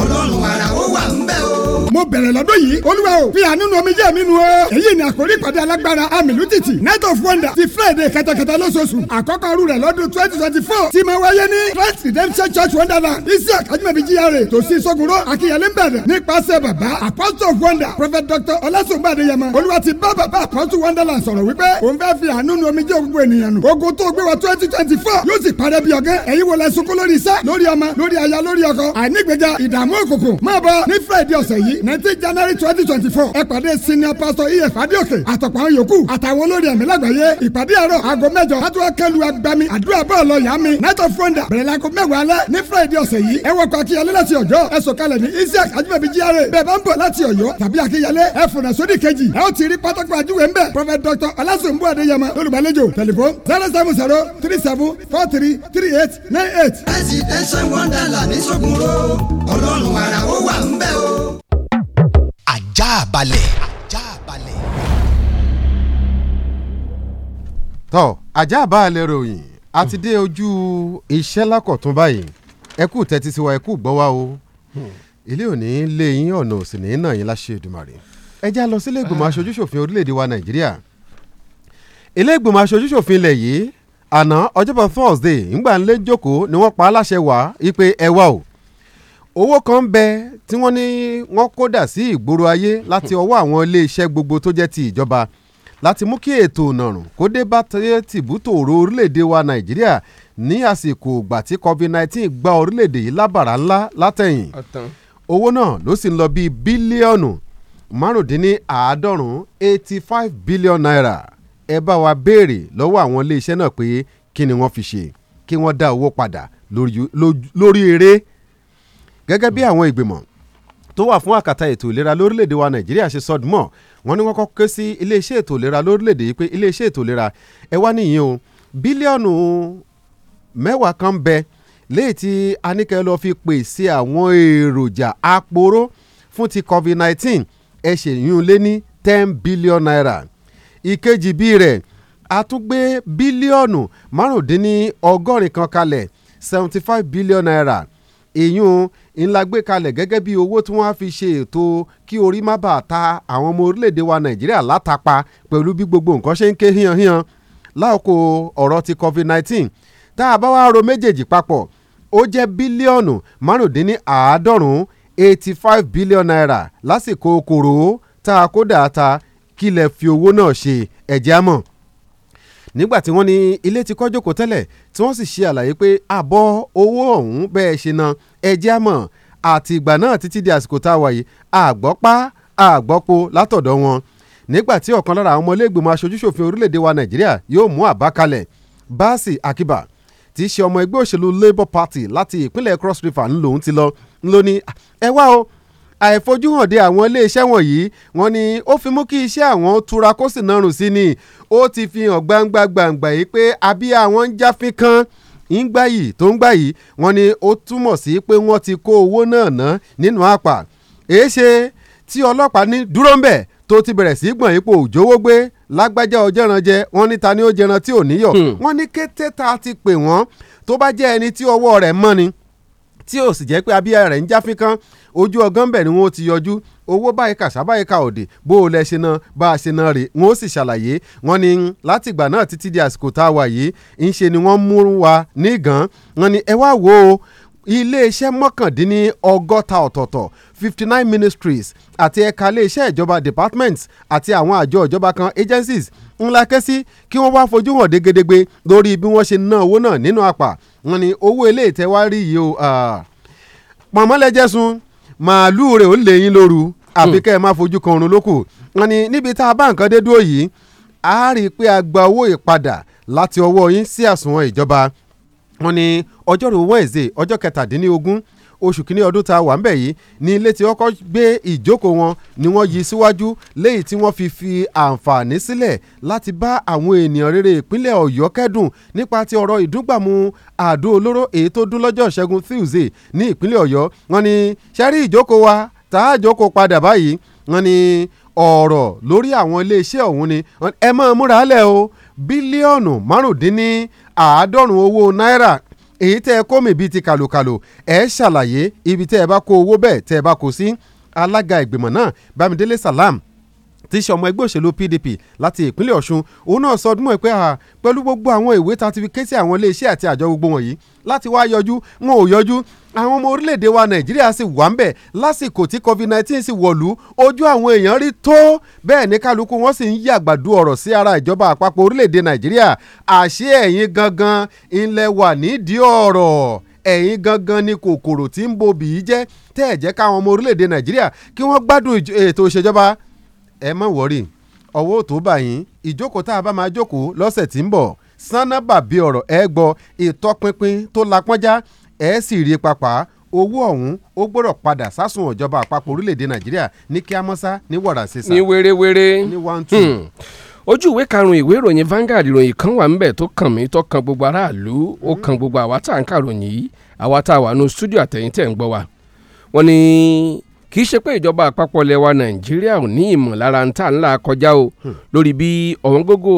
ọlọ́run àrà ó wà ń bẹ̀ o mo bẹ̀rẹ̀ lọ́dún yìí olúwa o fi àánú omi jẹ́ mi nu o. èyí ni àkórí ìpàdé alágbára amìlú títì night of wonder ti friday kẹtẹkẹtẹ lóṣooṣù àkọ́kọ́ ru rẹ̀ lọ́dún twenty twenty four ti máa wáyé ní christ redemption church wonderland isiaq ajimabi gra tòsí sogoro akínyẹlé ń bẹ̀rẹ̀ nípasẹ̀ bàbá apostle of wonder prophet doctor ọlásùnbà adéyẹmọ olúwa ti bá bàbá apostle wonderland sọ̀rọ̀ wípé òun fẹ́ fi àánú omi jẹ́ gbogbo ènìyàn nù ogun tó gbé wa twenty twenty four yóò sì parẹ́ bí ọ̀gẹ́ ẹ̀yin wọlé sunkún lórí iṣẹ́ lórí ọmọ lórí aya lórí ọkọ àìnígbèjà ìdààmú òkùnkùn máa bọ̀ ní friday ọ̀sẹ̀ yìí nineteen january twenty twenty four ẹ senior pastor ef adéòkè àtọ̀pọ̀ àwọn yòókù àtàwọn olórí ẹ̀mí lágbàáyé ìpàdé àárọ̀ aago mẹ́jọ láti wá kẹlu agbami àdúrà bọ́ọ̀ lọ yá mi night of wonder bẹ̀rẹ̀ láago mẹ́wàá alẹ́ ní friday ọ̀sẹ̀ yìí ẹ wọ ọkọ̀ akínyẹlé láti ọ̀jọ́ ẹ sọ̀kalẹ̀ ní isiaq ajúbẹ̀bí jíárè bẹ́ẹ̀ bá ń bọ̀ láti ọ̀yọ́ tàbí akínyẹlé ẹ fònà sódì kejì ẹ ó ti rí pátákó àjúwe ń bẹ̀ prophet dr ọlásùnbù three seven four three three eight nine eight. presidential wonderland ní sọ́gun ro ọlọ́run àrà ó wà ń ajá balẹ̀. ajá balẹ̀. tọ́ ajá balẹ̀ ròyìn a ti dé ojú iṣẹ́ lákọ̀tún báyìí ẹ kú tẹ́tí sí wa ẹ kú gbọ́ wa o ilé ò ní lé yín ọ̀nà òsì ní náà yín láṣẹ Èdùmàrè ẹ já lọ sílé ìgbìmọ̀ aṣojú ṣòfin orílẹ̀-èdè wa Nàìjíríà ilé ìgbìmọ̀ aṣojú ṣòfin ilẹ̀ yìí àná ọjọ́bọ̀ Thursday ńgbà ńlẹ́ ni wọ́n pa á láṣẹ wá ipe ẹ wá o owó kan ń bẹ tí wọ́n ní wọ́n kó dà sí ìgboro ayé láti ọwọ́ àwọn iléeṣẹ́ gbogbo tó jẹ́ ti ìjọba láti mú kí ètò ìnàrùn kó dé bá tìbútò òru orílẹ̀-èdè wa nàìjíríà ní àsìkò ìgbà tí covid-19 gba orílẹ̀-èdè yìí lábàrá ńlá látẹ̀yìn owó náà ló sì ń lọ bíi bílíọ̀nù márùndínláàádọ́rùn-ún eighty five billion naira ẹ bá wa béèrè lọ́wọ́ àwọn iléeṣẹ́ náà pé kí ni wọ́n fi ṣe kí wọ́n dá owó padà lórí eré gẹ́gẹ́ bí àwọn ìgbìmọ̀ tó wà fún àkàtà ètò ìlera lórílẹ̀‐èdè wa nàìjíríà ṣe sọdún mọ́ wọn ni wọ́n kọ́kọ́ ké sí iléeṣẹ́ ètò ìlera lórílẹ̀‐èdè yìí pé iléeṣẹ́ ètò ìlera ẹ wá nìyẹn o bílíọ̀nù mẹ́wàá kan bẹ léyìí tí aníkẹ́ lọ fi pèsè àwọn èròjà aporó fún ti covid-19 ẹ ṣèyún lé ní ten billion naira ìkejì bíi rẹ̀ a tún gbé bílíọ̀nù márùndínní kan kalẹ̀ seventy five billion naira ìyún e ńlá gbé kalẹ̀ gẹ́gẹ́ bí owó tí wọ́n á fi ṣe ètò kí orí má bàa ta àwọn ọmọ orílẹ̀-èdè wa nàìjíríà látapa pẹ̀lú bí gbogbo nǹkan ṣe ń ké híyanhíyan láòkó ọ̀rọ̀ ti covid-19 tá a bá wá ro méjèèjì papọ̀ ó jẹ́ bílíọ̀nù márùndínláàádọ́rùn-ún eighty five billion naira lásìkò kòrò tá a kó dàáta kílẹ̀ fi owó náà ṣe ẹ̀jẹ̀ àmọ́ nígbà tí wọ́n ní ilé ti kọ́ jókòó tẹ́lẹ̀ tí wọ́n sì ṣe àlàyé pé àbọ̀ owó ọ̀hún bẹ́ẹ̀ ṣe na ẹjẹ́ àmọ́ àti ìgbà náà títí di àsìkò tá a wà yìí àgbọ́pá àgbọ́po látọ̀dọ̀ wọn nígbà tí ọ̀kan lára àwọn ọmọlẹ́gbẹ̀mọ aṣojúṣòfin orílẹ̀-èdè wa nàìjíríà yóò mú àbá kalẹ̀ báàsì akíbà tí ṣe ọmọ ẹgbẹ́ òṣèlú labour party láti ìpínlẹ̀ cross river ńlòún ti lọ ńlọ ní ẹ wá o àìfojúhànde àwọn iléeṣẹ́ wọ̀nyí wọ́n ní ó fi mú kí iṣẹ́ àwọn tura kó sì narùn sí ni ó ti fi hàn gbangba gbangba yìí pé àbí àwọn ń jáfín kan ń gbà yìí tó ń gbà yìí wọ́n ní ó túmọ̀ sí pé wọ́n ti kó owó náà ná nínú àpà èéṣe tí ọlọ́pàá ní dúró ń bẹ̀ tó ti bẹ̀rẹ̀ sí gbọ̀n ipò òjòwó gbé lágbájá ọjọ́ran jẹ wọ́n ní ta ni ó jẹran tí ò níyọ̀ hmm. wọ́n ní kété tá a ti pè wọ́n tó bá jẹ́ ẹni tí ọwọ́ rẹ̀ mọ́ ni tí ò sì jẹ́ pé abíyá rẹ̀ ń jáfín kan ojú ọgán bẹ̀ ni wọ́n ti yọjú owó báyìí kà sábàyìí kà òde bó o lẹ ṣe na bá a ṣe na rè wọ́n ó sì ṣàlàyé wọ́n ní látìgbà náà títí di àsìkò tá a wà yìí ń ṣe ni wọ́n mú wa nígàn wọ́n ní ẹ wá wò ó iléeṣẹ́ mọ́kàndínní ọgọ́ta ọ̀tọ̀ọ̀tọ̀ fifty nine ministries àti ẹ̀ka iléeṣẹ́ ìjọba departments àti àwọn àjọ ìjọba kan agencies ńlá ké sí kí wọ́n wá fojú hàn dégedégbé lórí bí wọ́n ṣe ná owó náà nínú apà wọn ni owó ilé ìtẹ́wárí yìí o pọ̀nmọ́lẹ́jẹ̀sùn màálùú rẹ̀ ó lè yín lóru àbí hmm. kẹ́ ẹ̀ máa fojú kan oorun lókù wọn ni níbi tá a bá nǹkan dé dúró yìí a rí i pé a gba owó ìpadà láti ọwọ́ yín sí àsùnwọ̀n ìjọba wọ́n ní ọjọ́rùú wednesday ọjọ́ kẹtàdínlógún oṣù kínní ọdún ta a wà ń bẹ̀ yìí ní ilé tí wọ́n kọ́ gbé ìjókòó wọn ni wọ́n yí síwájú léyìí tí wọ́n fi fi àǹfààní sílẹ̀ láti bá àwọn ènìyàn rere ìpínlẹ̀ ọ̀yọ́ kẹ́dùn nípa ti ọ̀rọ̀ ìdúgbàmù àdó olóró èyí tó dún lọ́jọ́ ìṣẹ́gun tuesday ní ìpínlẹ̀ ọ̀yọ́ wọ́n ní sẹ́rí ìjókòó wa tá a jókòó padà báyìí wọ́n ní ọ̀rọ̀ lórí àwọn iléeṣẹ́ ọ̀hún ni ẹ máa múra lẹ̀ o bílíọ̀nù márùndínní àádọ́rùn-ún owó náírà èyí tẹ́ ẹ kó mi bíi ti kàlòkàlò ẹ ṣàlàyé ibi tẹ́ ẹ bá kó owó bẹ́ẹ̀ tẹ́ ẹ bá kó sí alága ìgbìmọ̀ náà Bámidélé Salam tí í ṣe ọmọ ẹgbẹ́ òṣèlú PDP láti ìpínlẹ̀ Ọ̀ṣun òun náà sọ ọdún mọ́ ẹ pé pẹ̀lú gbogbo àwọn ìwé tá a ti fi ké sí àwọn iléeṣẹ́ àti àjọ gbogbo wọ̀nyí láti wá yọjú wọn ò yọjú àwọn ọmọ orílẹ̀-èdè wa nàìjíríà sì wà ń bẹ̀ lásìkò tí covid-19 sì wọ̀lú ojú àwọn èèyàn rí tó bẹ́ẹ̀ ní kálukú wọn sì ń yí àgbàdo ọ̀rọ̀ sí ara ìjọba àpapọ̀ orílẹ̀-èdè nàìjíríà àṣé ẹ̀yin gangan ilẹ̀ wà nídìí ọ̀rọ̀ ẹ̀yin gangan ni kòkòrò tí ń bobì yìí jẹ́ tẹ́ ẹ̀ jẹ́ káwọn ọmọ orílẹ̀-èdè nàìjíríà kí wọ́n gbádùn ètò ìṣèjọba ẹ má wọ̀rì ọwọ́ tó bá yín ìjókòó tá a bá máa jókòó lọ́sẹ̀ tí ń bọ̀ sanna ọ̀rọ̀ ẹ gbọ́ ìtọpinpin tó lapọ́njá ẹ̀ sì rí papà owó ọ̀hún ó gbọ́dọ̀ padà sásùn ìjọba àpapọ̀ orílẹ̀‐èdè nàìjíríà ní kíámọ́sá ní wàrà sísà. ní wérewére ní one two. Hmm ojú ìwé karùn-ún ìwé ìròyìn vangard ìròyìn kan wà ńbẹ̀ tó kàn mí tó kan gbogbo aráàlú ó kan gbogbo àwa tá à ń kàròyìn yìí àwa tá a wà nù stúdíò àtẹ̀yìn tẹ̀ ń gbọ́ wa. wọ́n ní kì í ṣe pé ìjọba àpapọ̀ ilẹ̀ wa Nàìjíríà ò ní ìmọ̀lára ń tà ńlá kọjá o hmm. lórí bí ọ̀wọ́n gógó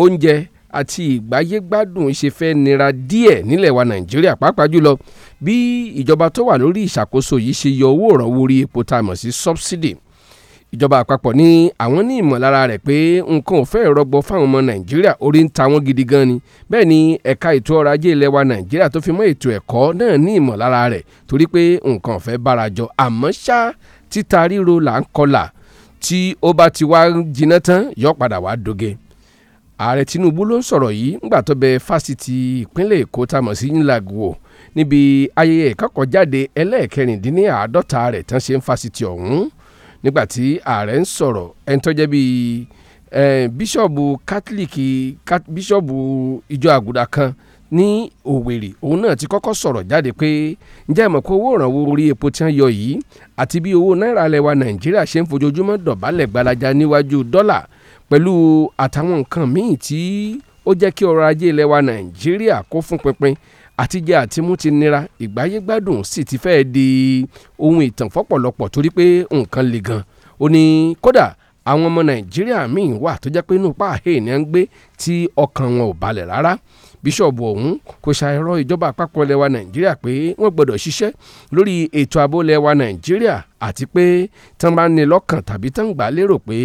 oúnjẹ àti ìgbáyégbádùn ṣe fẹ́ nira díẹ̀ nílẹ̀ wa nàìjíríà pàápàá jùlọ bí ìjọba tó wà lórí ìṣàkóso yìí ṣe yọ owó ìrànwọ́ orí epo tá a mọ̀ sí subsidy ìjọba àpapọ̀ ní àwọn ní ìmọ̀lára rẹ̀ pé nǹkan ò fẹ́ rọgbọ fáwọn ọmọ nàìjíríà orí ń ta wọ́n gidi gan ni bẹ́ẹ̀ ni ẹ̀ka ètò ọrọ̀ ajé ilẹ̀ wa nàìjíríà tó fi mọ́ ètò ẹ̀kọ́ náà ní ìmọ̀lára rẹ̀ torí pé nǹkan ò fẹ́ bára jọ àmọ́ ṣá títa ríro là ń kọlà tí ó bá ti wá jiná tán yọ padà wá doge ààrẹ tinubu ló sọ̀rọ̀ yìí ńgbà tó bẹ fásitì ìpínlẹ̀ èkó tá a mọ̀ sí inlag wò níbi ayẹyẹ ìkọ́kọ̀jáde ẹlẹ́ẹ̀kẹrìndínláàádọ́ta rẹ̀ tán ṣe ń fásitì ọ̀hún nígbà tí ààrẹ ń sọ̀rọ̀ ẹni kan ní òwèrè òun náà jáde pé ǹjẹ́ ìmọ̀ epo tí wọ́n yọ yìí àti bí owó náírà nàìjíríà ṣe gbalaja níwájú dọ́là pẹ̀lú àtàwọn nǹkan míì tí ó jẹ́ kí ọrọ̀ ajé ilẹ̀ wa nàìjíríà kó fún pinpin àtijẹ́ àtimú ti nira ìgbáyégbádùn sì ti fẹ́ẹ́ di ohun ìtàn fọ́pọ̀lọpọ̀ torí pé nǹkan le gan ó ní kódà àwọn ọmọ nàìjíríà míì wà tó jẹ́ pé inú páàhé ni à ń gbé tí ọkàn wọn ò balẹ̀ rárá bíṣọ̀bù ọ̀hún kò ṣàìrọ̀ ìjọba àpapọ̀ lẹwa nàìjíríà pé wọ́n gbọ́dọ̀ ṣiṣẹ́ lórí ètò ààbò lẹwa nàìjíríà àti pé tán bá ní lọ́kàn tàbí tán gbà lérò pé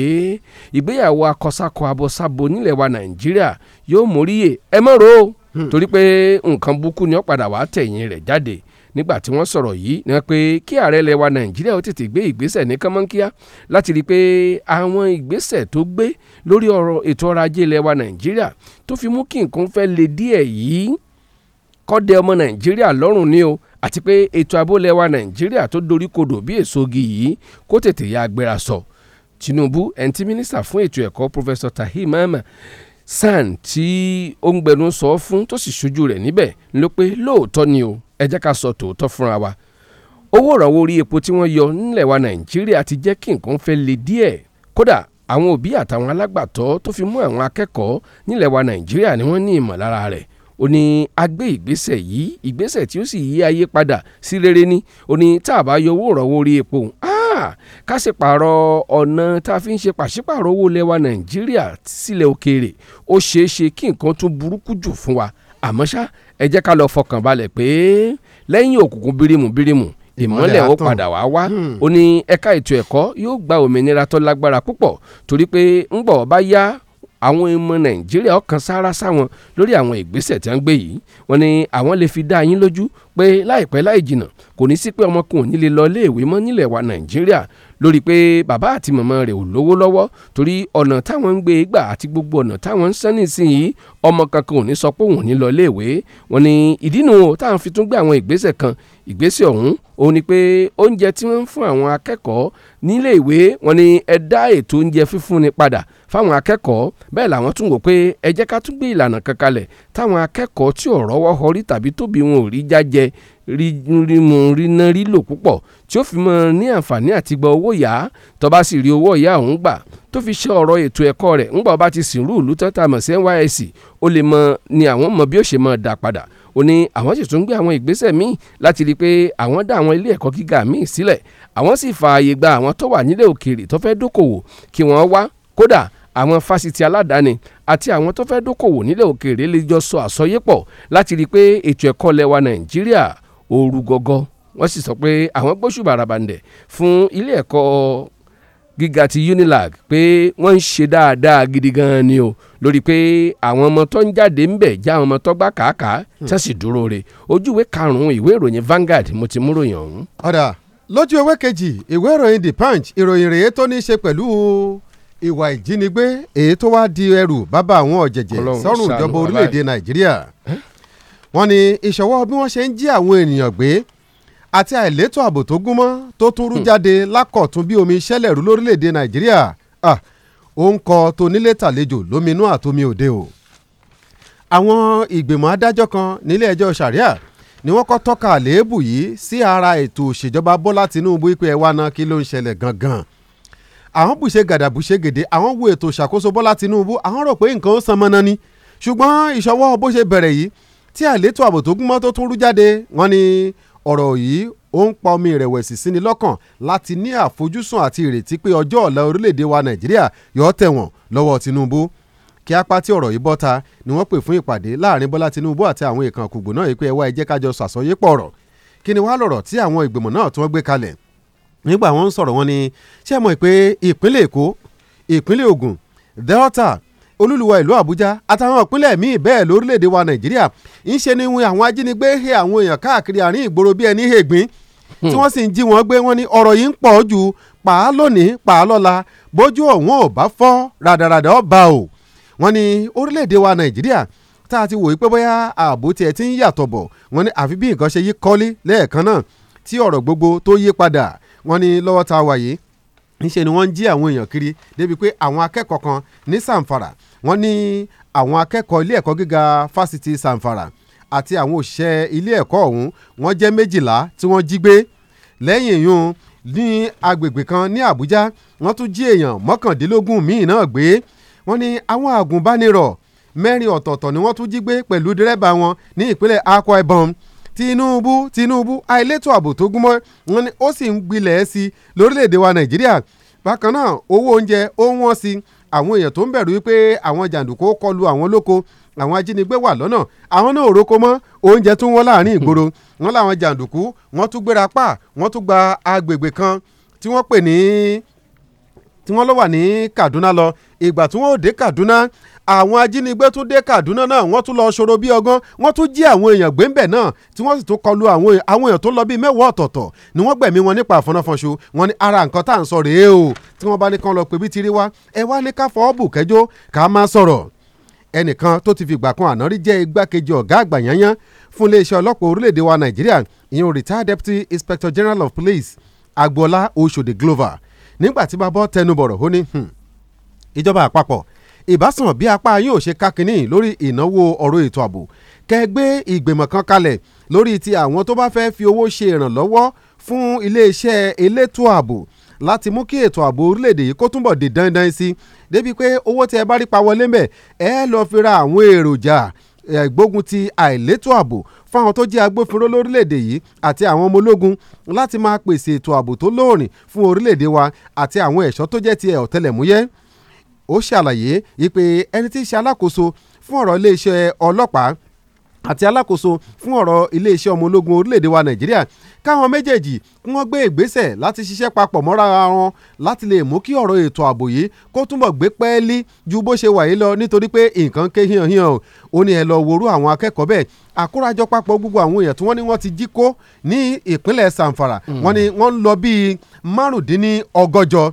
ìgbéyàwó akọsákọ abọ́sábo nílẹ̀ wa nàìjíríà yóò móríyè ẹ mọ̀rọ̀ o hmm. torí pé nǹkan burúkú ni ó padà wàá tẹ̀yìn rẹ̀ jáde nígbà tí wọ́n sọ̀rọ̀ yìí ni wọ́n pé kí ààrẹ ilẹ̀ wa nàìjíríà ó tètè gbé ìgbésẹ̀ ní kánmọ́nkíá láti rí i pé àwọn ìgbésẹ̀ tó gbé lórí ọ̀rọ̀ ètò ọrọ̀ ajé ilẹ̀ wa nàìjíríà tó fi mú kí nǹkan fẹ́ le díẹ̀ yìí kọ́dẹ ọmọ nàìjíríà lọ́rùn ni o àti pé ètò abólẹ̀ wa nàìjíríà tó dorí kodò bí èsogi yìí kó tètè ya agbéra sọ tinubu ẹni tí fún ètò ẹ̀kọ́ pọfẹsọ tahir mahama san tí ó ń gbẹnu sọ fún tó sì ṣojú rẹ̀ níbẹ̀ ló pé lóòótọ́ ni o ẹ jẹ́ ká sọ tòótọ́ fúnra wa owó ìrànwọ́ orí epo tí wọ́n yọ nílẹ̀ wa nàìjíríà ti jẹ́ kí nǹkan fẹ́ le díẹ̀ kódà àwọn òbí àtàwọn alágbàtọ́ tó fi mú àwọn akẹ́kọ̀ọ́ nílẹ̀ wa nàìjíríà ni wọ́n ní ìmọ̀lára rẹ̀ ó ní agbé ìgbésẹ̀ yìí ìgbésẹ̀ tí ó sì yí ayé padà sí rere ni ó ní tá a bá yọ owó ìrànwọ́ orí epo ká sì pààrọ̀ ọ̀nà tá a fi ń ṣe pàṣípààrọ̀ owó ilẹ̀ wa nàìjíríà sílẹ̀ òkèèrè ó ṣeé ṣe kí nǹkan tún burúkú jù fún wa àmọ́ ṣá ẹ jẹ́ ká lọ fọkàn balẹ̀ pé lẹ́yìn òkùnkùn bírímù bírímù ìmọ́lẹ̀ ó padà wá wá hmm. ó ní ẹ̀ka ètò ẹ̀kọ́ yóò gba òmìnira tó lágbára púpọ̀ torí pé ńgbọ̀ bá yá àwọn ọmọ nàìjíríà ọkàn sára sáwọn lórí àwọn ìgbésẹ̀ tí wọ́n gbé yìí wọ́n ní àwọn lè fi dá yín lójú pé láìpẹ́ láì jìnà kò ní sí pé ọmọkùnrin nílé lọ iléèwé mọ́ nílẹ̀ wa nàìjíríà lórí pé bàbá àti màmá rẹ̀ ò lówó lọ́wọ́ torí ọ̀nà táwọn ń gbé gbà àti gbogbo ọ̀nà táwọn ń sán nísìnyí ọmọ kankan ò ní sọ pé òun ò ní lọ iléèwé wọ́n ní ìdí nu o táwọn fi tún gbé àwọn ìgbésẹ̀ kan ìgbésẹ̀ ọ̀hún òun ni pé oúnjẹ tí wọ́n ń fún àwọn akẹ́kọ̀ọ́ nílé ìwé wọ́n ní ẹ dá ètò oúnjẹ fífúnni padà fáwọn akẹ́kọ̀ọ́ bẹ́ẹ̀ làwọn tún wò pé ẹ jẹ́ ká tún gbé ìlànà kan kalẹ̀ táwọn akẹ́kọ̀ọ́ tí ò rọ́wọ́ họrí tàbí tóbi wọn ò rí jájẹ rímu ríná rílò púpọ̀ tí ó fi mọ́ ní àǹfààní àti gba owó yá tó sì rí owó ìyá òun gbà tó fi ṣe ọ̀rọ̀ ètò ẹ̀kọ́ rẹ̀ ńgbà ọba ti sìnrú ìlú tán tá mọ̀ sí NYSC ó lè mọ ni àwọn mọ bí ó ṣe mọ dà padà ó ní àwọn sì tún gbé àwọn ìgbésẹ̀ míì láti rí i pé àwọn dá àwọn ilé ẹ̀kọ́ gíga míì sílẹ̀ àwọn sì fààyè gba àwọn tó wà nílẹ̀ òkèèrè tó fẹ́ dókòwò kí wọ́n wá kódà àwọn fásitì aládàáni àti àwọn tó fẹ́ dókòwò nílẹ̀ òkèèrè lè jọ sọ àsọyépọ̀ láti rí i pé ètò ẹ̀kọ́ lẹwa Nàìjíríà ooru gọ́gọ́ wọ́n sì sọ pé àwọn gbóṣùbà rabandẹ̀ fún ilé ẹ̀kọ́ gíga ti unilag pé wọ́n ń ṣe dáadáa gidi gan-an ni o lórí pé àwọn ọmọ tó ń jáde ń bẹ̀ já àwọn ọmọ tó gbà kàákà sẹ́sì hmm. dúró re ojúwe karùn-ún ìwé ìròyìn Vanguard mo ti mú ròyìn ọ̀hún. ọ̀dà lójú ewé kejì ìwé ìròyìn The Punch ìròyìn rèé tó ní í ṣe pẹ̀lú ìwà ìjínigbé èyí tó wá di ẹrù bàbá àwọn ọ̀jẹ̀jẹ̀ sọ́rùn ìjọba orílẹ̀-èdè Nàìjíríà wọ́n ní ìṣọwọ́ bí wọ́n ṣe ń jí àwọn ènìyàn gbé àti àìlétò ààbò tó gúnmọ́ tó tún rú hmm. jáde lákọ̀tún bí omi ṣẹlẹ̀ rú lórílẹ̀‐èdè nàìjíríà ó ń kọ tonílé tàlejò lóminú àtomi òde o. àwọn ìgbìmọ̀ adájọ́ kan nílé ẹjọ́ sàríà ni wọ́n kọ́ tọ́ka àléébù yìí sí ara ètò òṣèjọba bọ́lá tinubu ipe ẹ̀wá náà kí ló ń ṣẹlẹ̀ gangan àwọn bùṣe gàdàbùṣe gèdè àwọn wo ètò ìṣàkóso bọ́lá tinubu àwọn rò pé nǹkan ó san mọ́nà ni ṣùgbọ́n ìṣọwọ́ bó ṣe bẹ̀rẹ̀ yìí tí àlétò ààbò tó gúnmọ́ tó tún rú jáde wọ́n ní ọ̀rọ̀ yìí ó ń pa omi ìrẹ̀wẹ̀sì síni lọ́kàn láti ní àfojúsùn àti ìrètí pé ọjọ́ ọ̀la orílẹ̀-èdè wa nàìjíríà yóò tẹ̀wọ̀n lọ́wọ́ tinubu kí apá tí ọ̀rọ̀ yìí bọ́ta ni wọ́n pè fún ìpàdé láàrin bọ́lá tinubu àti àwọn èèkàn kùgbò náà yìí pé ẹ wá ẹ jẹ́ ká jọ sàsọyé pọ̀ ọ̀rọ̀ kí ni wàá lọ̀rọ̀ tí àwọn ìgbìmọ̀ náà tí wọ́n gbé kalẹ̀ nígbà wọ́n ń sọ̀rọ̀ wọ́n ní ṣé ẹ mọ̀ pé ìpínlẹ̀ èkó ìpínlẹ̀ ògùn delta olúluwa ìlú àbújá àtàwọn ìpínlẹ̀ míì bẹ́ẹ̀ lórílẹ̀‐èdè wa nàìjíríà ń ṣe ni wọn àwọn ajínigbé he àwọn èèyàn káàkiri àárín ìgboro bíi ẹni hègbín hmm. tí wọ́n sì ń jí wọn gbé wọn ní ọ̀rọ̀ yìí ń pọ̀ ju pàá lónìí pàá lọ́la bójú ọ̀hún ò bá fọ́ ràdàràdà ọba o wọ́n ní orílẹ̀‐èdè wa nàìjíríà tá a ti wòye pé bóyá ààbò tiẹ̀ ti ń yàtọ̀ bọ̀ wọ́n ní àfi bí nǹkan ṣe yí kọ́lé lẹ́ẹ̀kan náà tí ọ̀rọ̀ gbogbo tó yí padà wọ́n ní lọ́wọ́ tá wà yìí níṣẹ́ ni wọ́n ń jí àwọn èèyàn kiri débi pé àwọn akẹ́kọ̀ọ́ kan ní Zamfara wọ́n ní àwọn akẹ́kọ̀ọ́ ilé ẹ̀kọ́ gíga fásitì Zamfara àti àwọn òṣìṣẹ́ ilé ẹ̀kọ́ ọ̀hún wọ́n jẹ́ méjìlá tí wọ́n jí gbé lẹ́yìn ìyún ní agbègbè kan ní Àbújá wọ́n tún jí èèyàn mọ́kàndínlógún míì náà gbé wọ́n ní àwọn àgùnbánirọ̀ mẹ́rin ọ̀tọ̀ọ̀tọ̀ ni wọ́n tún jí gbé pẹ̀lú dírẹ́bà wọn ní ìpínlẹ̀ Akwa Ibom Tinubu Tinubu àìlétò ààbò tó gúnmọ́ wọn ni ó sì ń gbilẹ̀ sí i lórílẹ̀‐èdè wa Nàìjíríà bákan náà owó oúnjẹ ó wọ́n sí i àwọn èèyàn tó ń bẹ̀rù wípé àwọn jàǹdùkú kọlu àwọn lóko àwọn ajínigbé wà lọ́nà àwọn náà roko mọ́ oúnjẹ tún wọ́n láàrin ìgboro wọn làwọn jàǹdùkú wọ́n tún gbéra pa wọ́n tún gba agbègbè kan tí wọ́n pè ní tí wọ́n lọ wà ní Kaduna lọ ìgbà tí wọ́n ò dé Kaduna àwọn ajínigbé tún dé Kaduna náà wọ́n tún lọ ṣòro bíi ọgán wọ́n tún jí àwọn èèyàn gbẹ́ńbẹ̀ náà tí wọ́n sì tún kọlu àwọn e, èèyàn tó lọ bíi mẹ́wàá ọ̀tọ̀ọ̀tọ̀ ni wọ́n gbẹ̀mí wọn nípa àfọnáfọnṣu wọ́n ní ara nǹkan tá à ń sọ rèé o tí wọ́n bá ní kán lọ pè bí tiri wá ẹ wá ní ká fọwọ́ bù kẹjọ ká máa sọ̀rọ̀ ẹnìkan tó ti fìgbà kan àná jẹ́ igbákejì ọ̀gá àgbà yányán fún iléeṣẹ́ ọlọ́pàá orílẹ̀-èdè wa Nàìjíríà ìyẹn retired deputy inspector general of police Agboola Oṣòdì Glover nígbà tí bá bọ́ tẹnubọ̀rọ̀ ó ní hmm, ìjọba àpapọ̀ ìbásàn bí apá yóò ṣe ká kínní lórí ìnáwó ọ̀rọ̀ ètò ààbò kẹgbẹ́ ìgbìmọ̀ kan kalẹ̀ lórí ti àwọn tó bá fẹ́ fi owó ṣe ìrànlọ́wọ́ fún iléeṣẹ́ elétò ààbò láti mú kí ètò ààbò orílẹ̀-èdè yìí kó túnbọ̀ di dandan sí débi pé owó tí ẹ bá rí pa wọlé mẹ́ ẹ lọ́ọ́ fi ra àwọn èròjà gbógun ti àìlétò ààbò fáwọn tó jẹ́ agbófinró lórílẹ̀‐èdè yìí àti àwọn ọmọ ológun láti máa pèsè ètò ààbò tó lóòrìn fún orílẹ̀‐èdè wa àti àwọn ẹ̀ṣọ́ tó jẹ́ ti ọ̀tẹlẹ̀múyẹ́ ó ṣàlàyé wípé ẹni tí í ṣe alákòóso fún ọ̀rọ̀ iléeṣẹ́ ọlọ́pàá àti alákòóso fún ọ̀rọ̀ iléeṣẹ́ ọmọ ológun orílẹ̀-èdè wa nàìjíríà káwọn méjèèjì kí wọ́n gbé ìgbésẹ̀ láti ṣiṣẹ́ papọ̀ mọ́ra wọn láti lè mú kí ọ̀rọ̀ ètò ààbò yìí kó túnbọ̀ gbé pẹ́ẹ́lí ju bó ṣe wà yìí lọ nítorí pé nǹkan ké híhan híhan o ó ní ẹ lọ worú àwọn akẹ́kọ̀ọ́ bẹ́ẹ̀ àkórajọ papọ̀ gbogbo àwọn èèyàn tí wọ́n ní wọ́n ti jí kó ní ìpínlẹ̀ sàǹfàrà hmm. wọ́n ní wọ́n ń lọ bíi márùndínlọ́gọ́jọ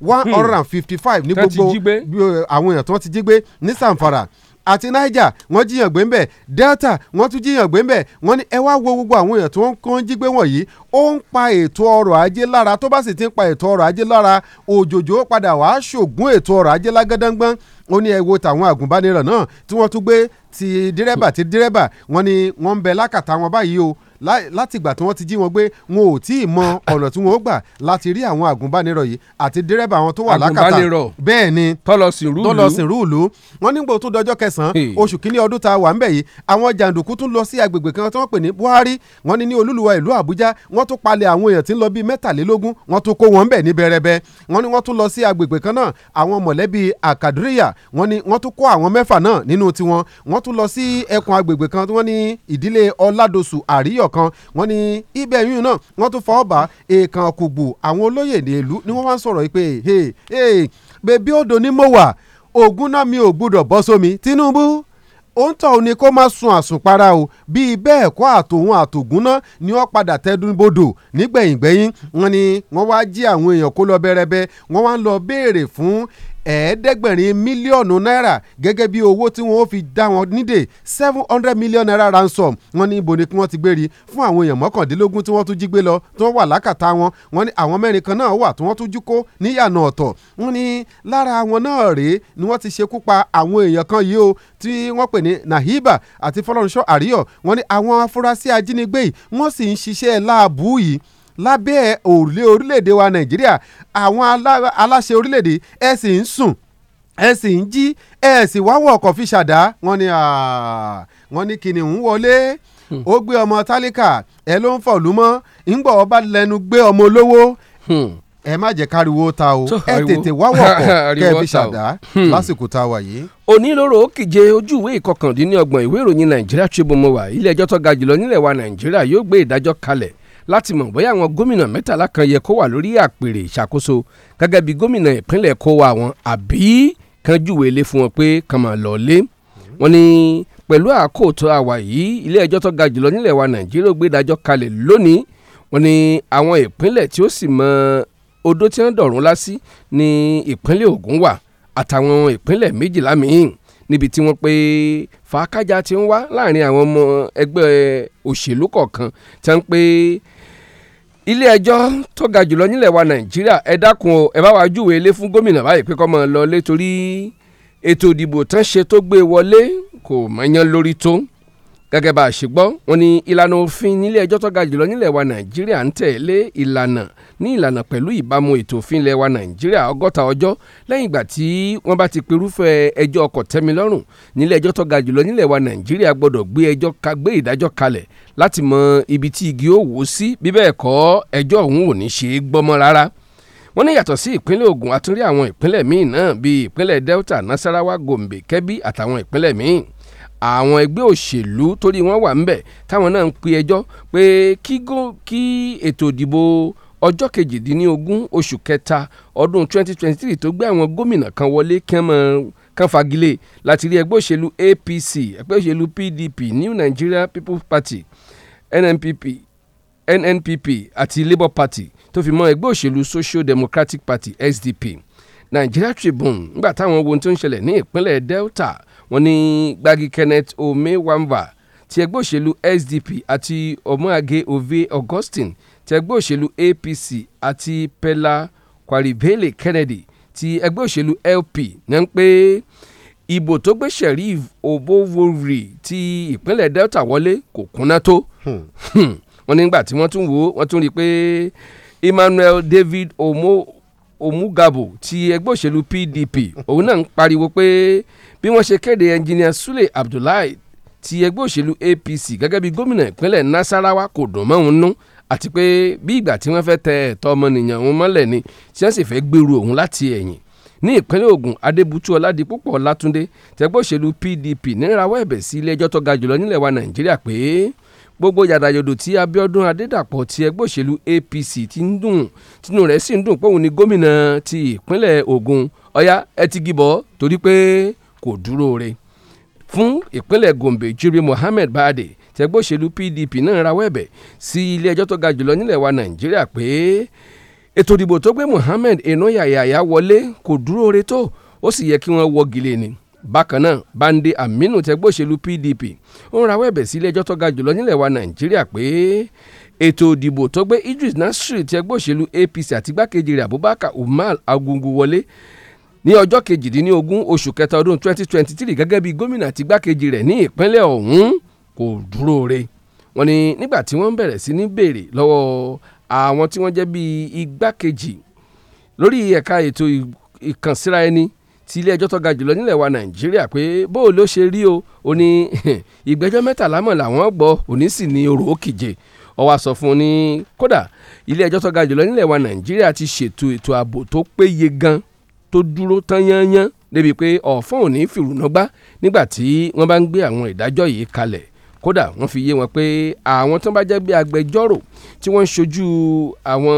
Hmm. one hundred and fifty five ní gbogbo eh, àwọn èèyàn tí wọ́n ti jí gbé ní Zamfara àti Niger wọ́n jiyàn gbé ń bẹ̀ Delta wọ́n tún jiyàn gbé ń bẹ̀ wọ́n ní ẹ wá wo gbogbo àwọn èèyàn tí wọ́n kàn jí gbé wọ̀nyí ó ń pa ètò ọrọ̀ ajé lára tó bá sì ti ń pa ètò ọrọ̀ ajé lára òjòjò padà wàá ṣògùn ètò ọrọ̀ ajé lágádángbọ́n ó ní ẹ wo tàwọn àgùnbánirọ̀ náà tí wọ́n tún gbé ti dírẹ́bà ti dírẹ́bà wọ́n ní wọ́n ń bẹ lákàtà wọn báyìí o látìgbà tí wọ́n ti jí wọn gbé wọn ò tí ì mọ ọ̀nà tí wọn ó gbà láti rí àwọn àgùnbánirọ̀ yìí àti dírẹ́bà àwọn tó wà lákàtà bẹ́ẹ̀ ni tọ́lọ̀sìn rúùlù wọn nígbà tó dọjọ́ kẹsàn-án oṣù kínní ọdún tá a wà ńbẹ̀ yìí àwọn jàǹdùkú tún lọ sí agbègbè kan tí wọ́n pè ní Buhari wọn ní ní olúluwa ìlú Àbújá wọ́n tún palẹ̀ àwọn èèyàn tí ń lọ bíi mẹ́tàlélógún wọ́n tún kó wọn ńbẹ̀ ní bẹ̀rẹ̀bẹ̀ wọ́n ní wọ́n tún lọ sí agbègbè kan náà àwọn mọ̀lẹ́bí àkàdúríyà wọ́n ní wọ́n tún kó àwọn mẹ́fà náà nínú tiwọn wọ́n tún lọ sí ẹkùn agbègbè kan tí wọ́n ní ìdílé ọládosù kan wọ́n ní ibẹ̀ yìí náà wọ́n tún fọwọ́ bá èèkàn kùgbù àwọn olóyè ní ìlú ni wọ́n wá ń sọ̀rọ̀ yìí pé bèbí odò ni mo wà ògùn náà mi ò gbúdọ̀ bọ́ sómi Tinubu òun tàn ó ní kó má sun àsùnpara o bíi bẹ́ẹ̀ kọ́ àtòun àtògúnná ni wọ́n padà tẹ́dún bodò nígbẹ̀yìngbẹ̀yìn wọ́n ní wọ́n wá jí àwọn èèyàn kó lọ bẹ́rẹ́bẹ́ wọ́n wá ń lọ béèrè fún ẹ̀ẹ́dẹ́gbẹ̀rin mílíọ̀nù náírà gẹ́gẹ́ bí owó tí wọ́n fi dá wọn nídè seven hundred million naira ransom wọ́n ní ibo ni kí wọ́n ti gbé rí fún àwọn èèyàn mọ́kàndínlógún tí wọ́n tún jí gbé lọ tí wọ́n wà lákàtà wọn wọ́n ní àwọn mẹ́rin kan náà wà tí wọ́n tún jú kó níyànà ọ̀tọ̀ wọ́n ní lára àwọn náà rèé ni wọ́n ti ṣekú pa àwọn èèyàn kan yìí o tí wọ́n pè ní Nahiba àti Fọlọ́runṣọ́ Àríyọ̀ wọ́n ní àwọn afurasí ajínigbé yìí wọ́n sì ń ṣiṣẹ́ láàbù yìí lábẹ́ òrùlé orílẹ̀-èdè wa nàìjíríà àwọn aláṣẹ orílẹ̀-èdè ẹ̀ sì ń sùn ẹ̀ sì ń jí ẹ̀ sì wá wọ̀ ọkọ̀ fi ṣàdá wọ́n ní wọ́n ní kìnìún wọlé hmm. ó gbé ọmọ tálíkà ẹ ló ń fọ̀lú mọ́ ńgbọ̀ ọba lẹ́nu gbé ọmọ olówó hmm. ẹ má jẹ́ káriwo ta o ẹ tètè wá wọ̀kọ̀ kẹ́ ẹ fi ṣàdá hmm. lásìkò tá a wà yìí. onílòrò òkìje ojú ìwé ìwé ìròyìn nàìjíríà Tribune wà ilé ẹjọ́ tó ga jùlọ nílẹ̀ wa nàìjíríà yóò gbé ìdájọ́ kalẹ̀ láti mọ̀ bóyá àwọn gómìnà mẹ́tàlá kan yẹ kó wà lórí àpèrè ìṣàkóso gẹ́gẹ́ bí gómìnà ìpínlẹ̀ kó wa wọn àbí kan júwe lé fún wọn pé kàn máa lọ lé wọn ni pẹ̀lú àkóòtó àwà yìí ilé ẹjọ́ tó ga jùlọ nílẹ̀ wa nàìjíríà gbé kalẹ̀ lónìí wọn ni àwọn ìpínlẹ̀ tí ó sì mọ odó tí wọ́n dọ̀rùn lásì ní ìpínlẹ̀ Ògùn wà àtàwọn ìpínlẹ̀ méjìlá míín níbi tí wọ́n pé fàákájà ti ń wá láàrin àwọn ọmọ ẹgbẹ́ òṣèlú kọ̀ọ̀kan tí wọ́n pé ilé ẹjọ́ tó ga jùlọ nílẹ̀ wa nàìjíríà ẹ dákun o ẹ bá wa júwe ilé fún gómìnà báyìí pé kó máa lọ lé torí ètò ìdìbò tán ṣe tó gbé wọlé kò mọ̀yán lórí tó gẹ́gẹ́ bá a ṣe gbọ́ wọ́n ní ìlànà òfin nílé ẹjọ́ tó ga jùlọ nílẹ̀ wa nàìjíríà ń tẹ̀lé ìlànà ní ìlànà pẹ̀lú ìbámu ètò òfin ilẹ̀ wa nàìjíríà ọgọ́ta ọjọ́ lẹ́yìn ìgbà tí wọ́n bá ti perúfẹ́ ẹjọ́ ọkọ̀ tẹ́milọ́rùn nílé ẹjọ́ tó ga jùlọ nílẹ̀ wa nàìjíríà gbọ́dọ̀ gbé ẹjọ́ ka gbé ìdájọ́ kalẹ̀ láti mọ ibi tí igi ó wò ó sí bí bẹ́ẹ̀ kọ́ ẹjọ́ òun ò ní ṣe é gbọ́mọ rárá wọ́n ní yàtọ̀ sí ìpínlẹ̀ Ògùn àtúnrí àwọn ìpínlẹ̀ míì náà bíi ìpínlẹ̀ Delta Nasarawa Gombe Kebbi àtàwọn ìpínlẹ̀ míì àwọn ẹgbẹ́ òṣèlú torí wọ́n wà ńbẹ̀ táwọn náà ń pe ẹjọ́ pé kí ètò ìdìbò ọjọ́ kejìdínlógún oṣù kẹta ọdún 2023 tó gbé àwọn gómìnà kan wọlé kán mọ́ kan fagilé láti rí ẹgbẹ́ òṣèlú APC ẹgbẹ́ òṣèlú PDP New Nigeria People Party NNPP NNPP àti Labour Party tó fi mọ́ ẹgbẹ́ òṣèlú Social Democratic Party SDP Nigeria Tribune nígbà táwọn wo ohun tó ń ṣẹlẹ̀ ní ìpínlẹ̀ Delta wọ́n ní gbági kenneth ome wamba ti ẹgbẹ́ òṣèlú sdp àti ọmọage ove augustine ti ẹgbẹ́ òṣèlú apc àti pella kwaribele kennedy ti ẹgbẹ́ òṣèlú lp náà ń pé ìbò tó gbé sheriff obowori ti ìpínlẹ̀ delta wọlé kò kúnná tó hmm. Hmm. wọ́n nígbà tí wọ́n tún wò ó wọ́n tún rí i pé emmanuel david omo omugabo ti ẹgbẹ́ òṣèlú pdp òun náà ń pariwo pé bí wọ́n ṣe kéde ẹnjìnìà Sule Abdullahi ti ẹgbẹ́ òṣèlú APC gẹ́gẹ́ bí gómìnà ìpínlẹ̀ Nasarawa kò dùn mọ́ òun nú àti pé bí ìgbà tí wọ́n fẹ́ tẹ ẹ̀tọ́ ọmọnìyàn òun mọ́lẹ̀ ni tí wọ́n sì fẹ́ gbèrú òun láti ẹ̀yìn ní ìpínlẹ̀ Ògùn Adébútú Ọládipúpọ̀ Ọlátúndé tẹgbẹ́ òṣèlú PDP nírawọ́ ẹ̀bẹ̀ sí ilé ẹjọ́ tó ga jùlọ nílẹ̀ wa Nàìjíríà pé gbogbo yàdàyòdò tí Abíọ́dún Adédàpọ̀ ti ẹgbẹ́ òṣèlú APC ti ń dùn tínú rẹ̀ sì ń dùn pé òun ni gómìnà ti ìpínlẹ̀ Ògùn ọ̀yá ẹ ti gìbọ̀ torí pé kò dúró re fún ìpínlẹ̀ Gombe Jiri Mohammed Baade tẹgbẹ́ òṣèlú PDP náà rawọ́ ẹ̀bẹ̀ sí ilé ẹjọ́ tó ga jùlọ nílẹ̀ wa Nàìjíríà pé ètò ìdìbò tó gbé Mohammed inú yàyàyà wọlé kò dúró re tó ó sì yẹ kí wọ́n wọ́gi lé ni bákan náà Bande Aminu tẹgbẹ́ òṣèlú PDP ń rawọ́ ẹ̀bẹ̀ sí ilé ẹjọ́ tó ga jùlọ nílẹ̀ wa Nàìjíríà pé ètò ìdìbò tó gbé Idris Nasri tẹgbẹ́ òṣèlú APC àti igbákejì rẹ̀ Abubakar Umar Agungu wọlé ní ọjọ́ kejìdínlógún oṣù kẹta ọdún 2023 gẹ́gẹ́ bí gómìnà àti igbákejì rẹ̀ ní ìpínlẹ̀ ọ̀hún kò dúró re wọ́n ní nígbà tí wọ́n bẹ̀rẹ̀ sí ní béèrè lọ́wọ́ àwọn tí wọ́n jẹ́ bí igbákejì lórí ẹ̀ka ètò ìkànsíra ẹni ti ilé ẹjọ́ tó ga jùlọ nílẹ̀ wa nàìjíríà pé bó ló ṣe rí o ò ní ìgbẹ́jọ́ mẹ́tàlá mọ̀ làwọn gbọ́ òní sì ní orò òkìje ó wá fún un ní kódà ilé ẹjọ́ tó ga jùlọ nílẹ̀ wa nàìjíríà ti ṣètò ètò ààbò tó péye gan tó dúró tán yányán débi pé ọ̀fọ́n ò ní fìrùnàgbá nígbà tí wọ́n bá ń gbé àwọn ìdájọ́ yìí kalẹ̀ kódà wọ́n fi yé wọn pé àwọn tó bá jẹ́ bí agbẹjọ́rò tí wọ́n ń ṣojú àwọn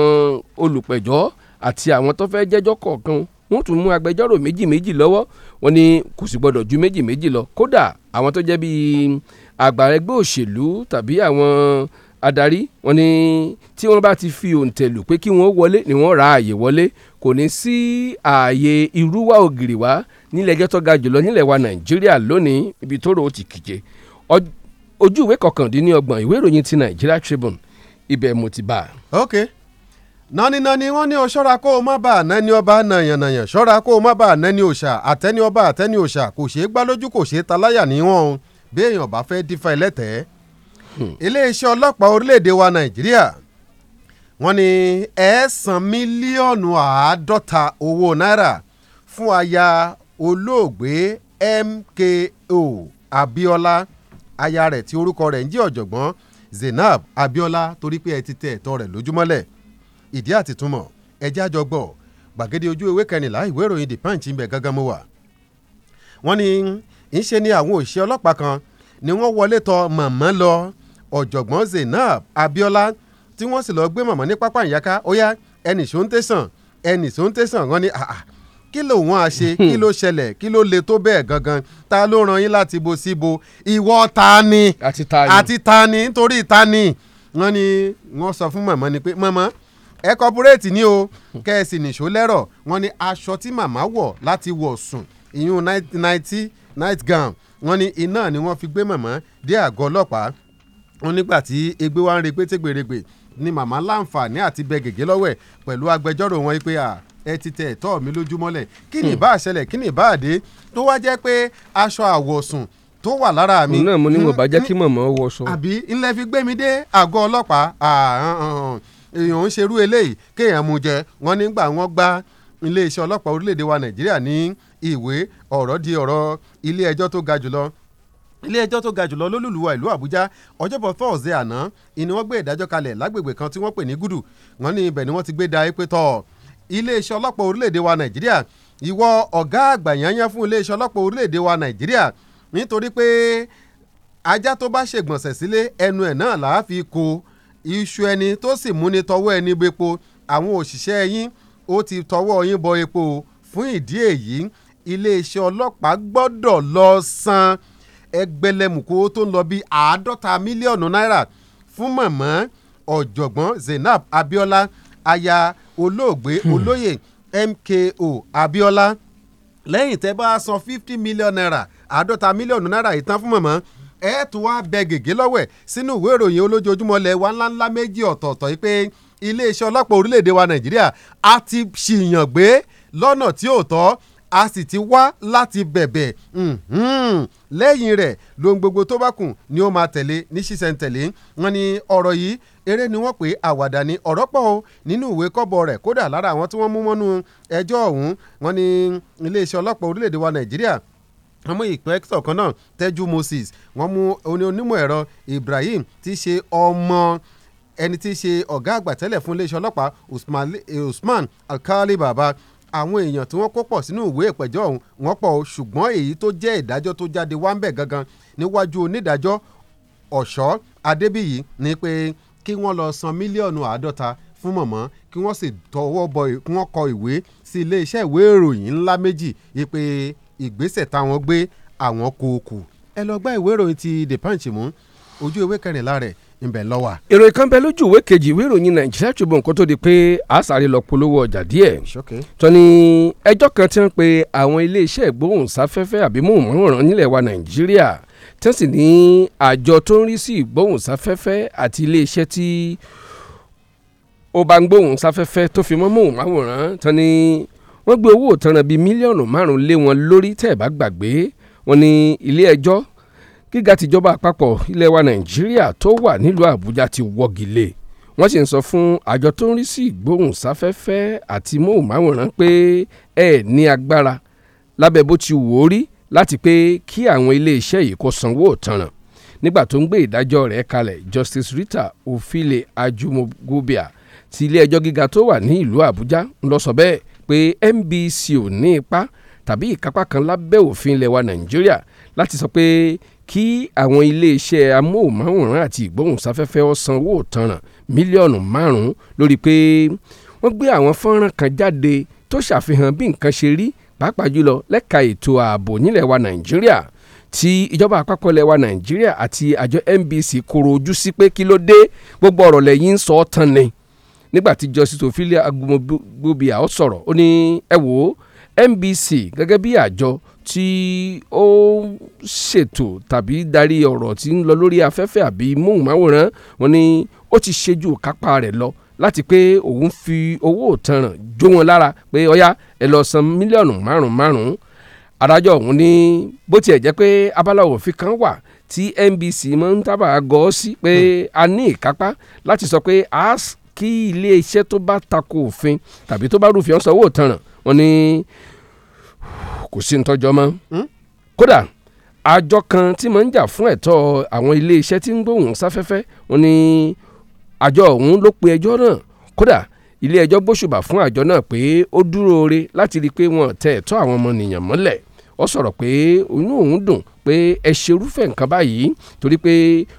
olùpẹ̀jọ́ àti àwọn tó fẹ́ jẹ́jọ́ kọ̀ọ̀kan wọ́n tún mú agbẹjọ́rò méjì méjì lọ́wọ́ wọ́n ní kò sì gbọ́dọ̀ ju méjì méjì lọ kódà àwọn tó jẹ́ bí àgbà ẹgbẹ́ òṣèlú tàbí àwọn adarí wọn ni tí wọ́n bá ti fi òǹtẹ̀ lù pé kí wọ́n wọlé ni wọ́n ra àyè wọlé kò ní sí ààyè irúwà ògiri wá nílẹ̀ ẹjọ́ tó ga jùlọ nílẹ̀ wa nàìjíríà lónìí ibi tó rò ó ti kìje ojú ìwé kọkàndínlọ́gbọ̀n ìwé ìròyìn ti nàìjíríà tribune ibẹ̀ mo ti bá a. ok nánínáni wọ́n ní o ṣọ́ra kó o má bà á nẹ́ni ọba nàyànnàyàn ṣọ́ra kó o má bà á nẹ́ni òòṣà àtẹ́ni ọba àtẹ́ni òòṣà kò ṣeé gbá lójú kò ṣeé ta láyà níwọ̀n o bí èèyàn bá fẹ́ dífá ẹlẹ́tẹ̀ẹ́ iléeṣẹ́ ọlọ́pàá orílẹ̀‐èdè wa nàìjíríà wọ́n ní ẹ̀ẹ́sàn mílíọ̀nù àádọ́ta owó náírà fún aya olóògbé MKO Abiola aya rẹ̀ tí orúkọ rẹ̀ ń jẹ́ ọ̀jọ̀gbọ́n Zainab Abiola torí pé ẹ ti tẹ ẹ̀tọ́ rẹ̀ lójúmọ́lẹ̀ ìdí àtìtúmọ̀ ẹjẹ́ àjọgbọ̀ gbàgede ojú ewé kẹrìnlá ìwé ìròyìn The Punch ń bẹ gángan mo wà. wọ́n ní ń ṣe ni àwọn òṣìṣẹ́ ọlọ́pàá kan ni wọ́n wọlé tọ̀ mọ̀mọ́ lọ ọ̀jọ̀gbọ́n Zainab Abiola tí wọ́n sì lọ gbé mọ̀mọ́ ní pápá ìyáká ó yá ẹnì só ń tẹ̀sán ẹnì só ń tẹ̀sán wọn ni àà kí ló wọn a ṣe hmm. kí ló ṣẹlẹ̀ kí ló le tó bẹ́ẹ̀ gangan ta ló ràn yín láti bo sí bo ìwọ ta ni àti ta ni nítorí ta ni wọ́n ní wọ́n sọ fún mọ̀mọ́ ni pé mọ̀mọ́ ẹ kọpúrẹ́ẹ̀tì ni o kẹ́ẹ̀sì nìṣó lẹ́rọ̀ wọ́n ní aṣọ tí màmá wọ̀ láti wọ̀ sùn ìyún náìtì night gown wọ́n ní iná ni wọ́n fi gbé mọ̀mọ́ dé àgọ́ ọlọ́pàá ó nígbà tí egbe wa ń re pétégbèrègbè ni màmá láǹfààní àti bẹ gègé lọ́wọ́ ẹ̀ pẹ̀lú agbẹjọ́rò wọn pé à ẹ ti tẹ ẹ̀tọ́ mi lójúmọ́lẹ̀ kí ni hmm. ìbá àṣẹlẹ̀ kí ni ìbá àdé tó wá jẹ́ pé aṣọ àwọ̀sùn tó wà lára mi. náà mo ní hmm, mo bá jẹ́ kí hmm. màmá wọṣọ. àbí ńlẹ́ fi gbé mi dé àgọ́ ọlọ́pàá èèyàn ń ṣerú eléyìí kéèyàn mú jẹ wọn nígbà wọn gbá iléeṣẹ́ ọlọ́pàá orílẹ̀-èdè wa nàìjíríà ní ìwé ọ̀rọ̀ di ọ̀rọ̀ ilé ẹjọ́ tó ga jùlọ ilé-ẹjọ́ tó ga jùlọ lólùlùwà ìlú àbújá ọjọ́bọ̀ thursday àná ìní wọ́n gbé ìdájọ́ kalẹ̀ lágbègbè kan tí wọ́n pè ní gúdù wọ́n ní ibẹ̀ ni wọ́n ti gbé da ipe tọ̀ iléeṣẹ́ ọlọ́pàá orílẹ̀-èdè wa nàìjíríà ìwọ ọ̀gá àgbà yányán fún iléeṣẹ́ ọlọ́pàá orílẹ̀-èdè wa nàìjíríà nítorí pé ajá tó bá ṣègbọ̀nsẹ̀ sílé ẹnu ẹ̀ náà làá fi ko iṣu ẹni tó sì múni tọwọ́ ẹni bepo àwọn òṣìṣẹ́ yín ó ti tọwọ́ yín bọ epo fún ìdí èyí iléeṣẹ́ ọlọ́pàá gbọ́dọ̀ lọ san ẹgbẹ̀lẹ́mùkú owó tó ń lọ bíi àádọ́ta mílíọ̀nù náírà fún mọ̀mọ́ ọ̀jọ̀gbọ́n Zainab Abiola aya olóògbé hmm. olóyè MKO Abiola lẹ́yìn tẹ́ bá san fifty million naira àádọ́ta mílíọ̀nù náírà ìtàn fún mọ̀mọ́ ẹ tún wá bẹ gègé lọ́wẹ̀ sínú ìwé ìròyìn olójoojúmọ́ lẹ̀ wá ńláńlá méjì ọ̀tọ̀ọ̀tọ̀ yìí pé iléeṣẹ́ ọlọ́pàá orílẹ̀-èdè wa Nàìjíríà a ti ṣìyàn gbé lọ́nà tí ò tọ́ a sì ti wá láti bẹ̀bẹ̀ lẹ́yìn rẹ̀ lohun gbogbo tó bá kù ni ó máa tẹ̀lé ní ṣísẹ̀ntẹ̀lé wọn ni ọ̀rọ̀ yìí eré ni wọ́n pè é àwàdà ni ọ̀rọ̀ pọ̀ o nínú ìwé kọ́bọ̀ rẹ̀ kódà lára àwọn tí wọ́n mú mọ́nú ẹjọ́ ọ̀hún wọn ni iléeṣẹ́ ọlọ́pàá orílẹ̀-èdè wa nàìjíríà àmọ́ ìpẹ́kítọ̀ kan náà tẹ́jú moses wọ́n mú onímọ̀ ẹ̀rọ ibrahim tí í ṣe ọmọ ẹni tí í ṣe ọ̀gá àgbà tẹ́lẹ̀ fún iléeṣẹ́ ọlọ́pàá usman alkali baba àwọn èèyàn tí wọ́n kó pọ̀ sínú ìwé ìpẹ̀jọ́ ọ̀hún wọ́n pọ̀ o ṣùgbọ́n èyí tó jẹ́ ìdájọ́ tó jáde wá ń bẹ̀ gangan níwájú onídàájọ́ ọ̀ṣọ́ adébíyì ni pé kí wọ́n lọ san mílíọ̀nù àádọ́ta fún mọ̀mọ́ kí wọ́n sì tọwọ́ bọ kí wọ́n kọ ìwé sí iléeṣẹ́ ìwé ìròyìn ńlá méjì pé ìgbésẹ̀ táwọn gbé àwọn kò ẹ lọ gbá ìwé ìròyìn ti the punch mú ojú ewé kẹrìnlá rẹ̀ ńbẹ lọ́wà. ìròyìn kan bẹ lójú ìwé kejì ìwé ìròyìn nàìjíríà Tribune kó tó di pé àṣàrí lọ polówó ọjà díẹ̀. tọ́ni ẹjọ́ kan ti ń pe àwọn iléeṣẹ́ ìgbóhùnsáfẹ́fẹ́ àbí móhùnmáwòrán nílẹ̀ wa nàìjíríà tí wọ́n sì ní àjọ tó ń rí sí ìgbóhùnsáfẹ́fẹ́ àti iléeṣẹ́ tí ó bá ń gbóhùnsáfẹ́fẹ́ tó fi mọ́ móhùnmáwòrán tọ́ni wọ́n gbé owó ìtanràn bíi mílíọ̀nù márùn-ún lé wọn lórí tẹ́ẹ̀ bá gbàgbé wọn ní ilé ẹjọ́ gíga tìjọba àpapọ̀ ilẹ̀ wa nàìjíríà tó wà nílùú àbújá ti wọ́gi lé wọ́n sì ń sọ fún àjọ tó ń rí sí ìgbóhùnsáfẹ́fẹ́ àti móhùnmáwòrán pé ẹ ní agbára lábẹ́ bó ti wò ó rí láti pé kí àwọn iléeṣẹ́ yìí kó sanwó òtanràn nígbà tó ń gbé ìdájọ́ rẹ̀ kalẹ̀ Justice Rita Ofile Ajumogobia ti ilé ẹjọ́ gíga tó wà ní ìlú àbújá ń lọ sọ bẹ́ẹ̀ pé NBC ò ní ipá tàbí ìkápá kan lábẹ́ òfin ilẹ̀ wa nàìjíríà láti sọ pé kí àwọn iléeṣẹ́ amóhùnmáwòrán àti ìgbóhùnsáfẹ́fẹ́ ó sanwó ìtanràn mílíọ̀nù márùn-ún lórí pé wọ́n gbé àwọn fọ́nrán kan jáde tó ṣàfihàn bí nǹkan ṣe rí pàápàá jùlọ lẹ́ka ètò ààbò nílẹ̀ wa nàìjíríà tí ìjọba àpapọ̀ ilẹ̀ wa nàìjíríà àti àjọ NBC koro ojú sí pé kí ló dé gbogbo ọ̀rọ̀ lẹ́yìn ń sọ ọ́ tán ni nígbà tí justice ophelia agumogbobià ó sọ̀rọ̀ ó ní ẹ wò ó NBC gẹ́gẹ́ bí àjọ tí ó ṣètò tàbí darí ọ̀rọ̀ tí ń lọ lórí afẹ́fẹ́ àbí móhùnmáwòrán wọn ni ó ti ṣejú kápá rẹ̀ lọ láti pé òun fi owó òtanràn jó wọn lára pé ọ̀yá ẹ lọ san mílíọ̀nù márùn-ún márùn-ún adájọ́ ọ̀hún ní bó tiẹ̀ jẹ́ pé abala òfin kan wà tí NBC máa ń tábà gọ́ sí pé hmm. a ní ìkápá láti sọ pé a kí iléeṣẹ́ tó bá tako òfin tàbí tó bá rúfin ọ̀sán owó òtanràn wọn ni kò sí ntọ́jọ́ mọ́ hmm? kódà àjọ kan tí mo ń jà fún ẹ̀tọ́ àwọn iléeṣẹ́ tí ń gbóhùn sáfẹ́fẹ́ ó ní àjọ ọ̀hún ló pe ẹjọ́ náà kódà ilé ẹjọ́ gbóṣùbà fún àjọ náà pé ó dúró re láti rí i pé wọn tẹ ẹ̀tọ́ àwọn ọmọnìyàn mọ́lẹ̀ ó sọ̀rọ̀ pé inú òun dùn pé ẹ ṣerúfẹ́ nǹkan báyìí torí pé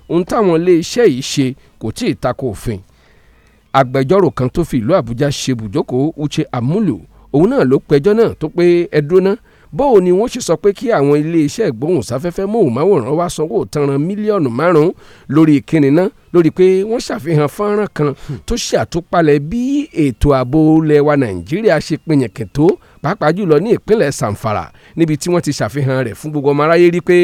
ohun táwọn iléeṣẹ́ yìí ṣe kò tí ì tako òfin agbẹjọ́rò kan tó fi ìlú Àbújá ṣe bùjókòó Uche Amulu òun náà ló pẹjọ́ náà tó pé ẹ náà bóò ni wọ́n ṣe sọ pé kí àwọn iléeṣẹ́ ìgbóhùnsáfẹ́fẹ́ móhùnmáwòrán wá sanwó tanran mílíọ̀nù márùn-ún lórí ìkíni náà lórí pé wọ́n ṣàfihàn fọ́nrán kan tó ṣe àtúpalẹ̀ bí ètò ààbò ilẹ̀ wa nàìjíríà ṣe pinyẹ̀kẹ̀ tó pàápàá jùlọ ní ìpínlẹ̀ sàǹfàrà níbi tí wọ́n ti ṣàfihàn rẹ̀ fún gbogbo ọmọ aráyé rí pé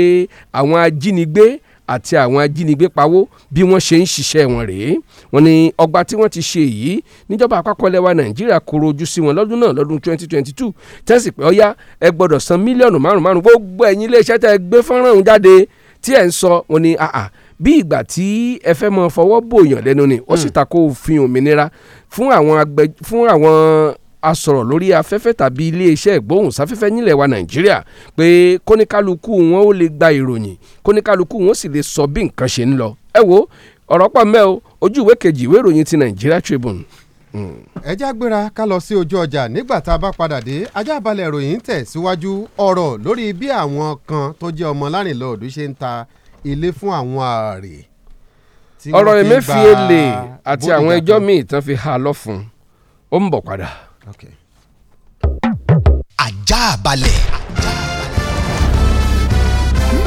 àwọn ajínigbé àti àwọn ajínigbé pawó bí wọ́n ṣe ń ṣiṣẹ́ wọn rèé wọ́n ní ọgbà tí wọ́n ti ṣe yìí níjọba àpapọ̀ lẹwa nàìjíríà koro ojú sí wọn lọ́dún náà lọ́dún 2022 tẹ́sí pé ọ̀yá ẹ gbọ́dọ̀ san mílíọ̀nù márùn márùn gbogbo ẹ̀yin iléeṣẹ́ tẹ́ gbé fọ́nrán ọ̀hún jáde tí ẹ̀ ń sọ wọ́n ní àà bí ìgbà tí ẹ fẹ́ mọ fọwọ́ bòyàn lẹ́nu ni ó sì mm. ta kó òfin òmìnira fún àwọn a asọ̀rọ̀ lórí afẹ́fẹ́ tàbí iléeṣẹ́ ìgbóhùnsáfẹ́fẹ́ nílẹ̀ wa nàìjíríà pé kóníkálukú wọn ó lè gba ìròyìn kóníkálukú wọn ó sì lè sọ bí nǹkan ṣe ń lọ ẹ wo ọ̀rọ̀ pọ̀ mẹ́ o ojú ìwé kejì ìwé ìròyìn ti Nigeria Tribune. Hmm. ẹ já gbéra ká lọ sí ojú ọjà nígbà tá a bá padà dé ajá balẹ̀ ìròyìn tẹ̀ síwájú ọ̀rọ̀ lórí bí àwọn kan tó jẹ́ ọmọ lárìnlọ́ọ̀dù ṣe ń ta ilé fún àwọn ààrẹ. ọ̀rọ̀ Emefiele àti àwọn ẹjọ́ míì tán fi há lọ́fun ó ń bọ̀ padà. Okay. ajá balẹ̀.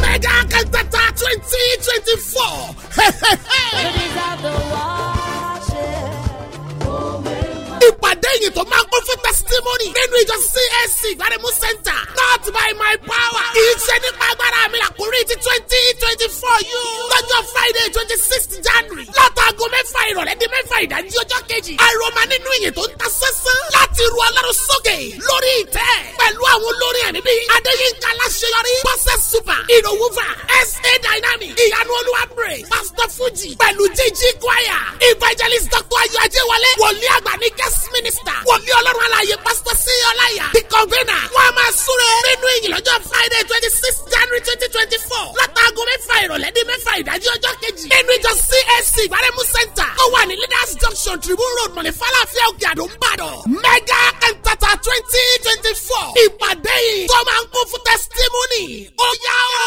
mẹ́jà kẹ́tẹ́ta twenty twenty four. Ladies ìyìn tó máa ń kún fún testimony nínú ìjọ CAC gbaremu center not by my power iṣẹ́ nípa agbára mi làkúrí ti twenty twenty four yìí lọ́jọ́ Friday twenty sixth January látàgọ́ mẹ́fà ìrọ̀lẹ́ di mẹ́fà ìdájí ọjọ́ kejì àròmọ nínú ìyìn tó ń ta sẹ́sán láti ru ọlọ́run sókè lórí ìtẹ́ pẹ̀lú àwọn olórin ẹ̀mí bíi Adéyínká Aláṣeyọrí bọ́sẹ̀ super ìròwúfà SA dynamic ìyanu olúwa praise pastor Fuji pẹ̀lú jíjí choir evangelist Dr. Ayọ̀ Ajẹ́wọlé wòlíà alààyè pásítọ̀ sí ọláyà the convener wọ́n a máa súre nínú ìyìn lọ́jọ́ friday twenty six january twenty twenty four látàgọ́ mẹ́fà ìrọ̀lẹ́ ní mẹ́fà ìdájí ọjọ́ kejì nínú ìjọ csc gbaremu center tó wà ní leaders junction tribune road mọ̀lẹ́ falafel òkè àdó ń bàdàn mega entata twenty twenty four ìpàdé yìí tó máa ń kún fún testimony ó yá o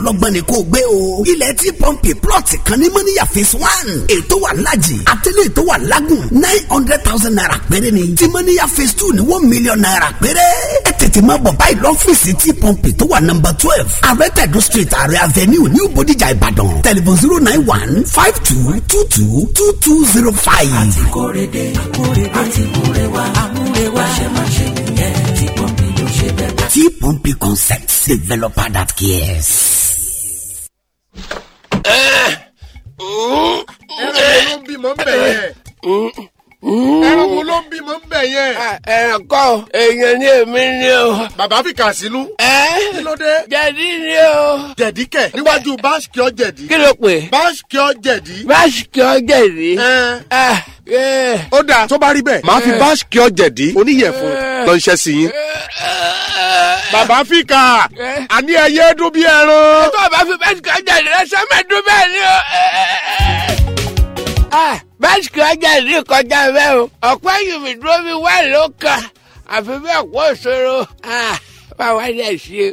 ọlọ́gbọ́n ni kò gbé o. ilẹ̀ tí pọ́ǹpì plọ̀tì kan ní mọ́níyà phase one ètò wà lájì àtẹlẹ́ ètò wà lágùn nine hundred thousand naira péré ni tí mọ́níyà phase two ní one million naira péré. ẹ tètè máa bọ̀ báyìí lọ́fíìsì tí pọ́ǹpì tó wà number twelve arẹ́tẹ̀dù street àrẹ avenue new bodijà ìbàdàn tẹlifon zero nine one five two two two two two zero five. àti kórede àkórede àti múrewa àmúrewa ṣe máa ṣe nìyẹn tí pọ́ǹpì ló ṣe bẹ́ẹ̀. tí pọ́ǹpì concept developer that cares. Eh! ẹ̀rọ ló ń bímọ ń bẹ̀rẹ̀ ẹranko mm. ló ń bímọ ń bẹ̀ yẹn. Ah, ẹ̀kọ́ èèyàn ni èmi ni o. bàbá fi kà sílú. ẹ kí jẹ̀dí ni o. jẹ̀dí kẹ̀ níwájú báṣkìọ́ jẹ̀dí. kí ló pè. báṣkìọ́ jẹ̀dí. báṣkìọ́ jẹ̀dí. Ah, ó dáa tó bá rí bẹ́ẹ̀ máa fi eh. báṣkìọ́ jẹ̀dí oníyẹ̀fun eh. lọ iṣẹ́ sí yín. Eh. bàbá fi kà àní ẹyẹ dún bí ẹran. tó bá fi báṣkìọ́ jẹ̀dí rẹ sẹ́mẹ̀ẹ́dún bẹ́ẹ̀ ni o. Ah báṣìkì ọjà ní kọjá bẹ́ẹ̀ o ọ̀pẹ́ yìí dúró mi wá ló kàn àfi bẹ́ẹ̀ kó ṣòro ah, báwa dẹ̀ ṣe.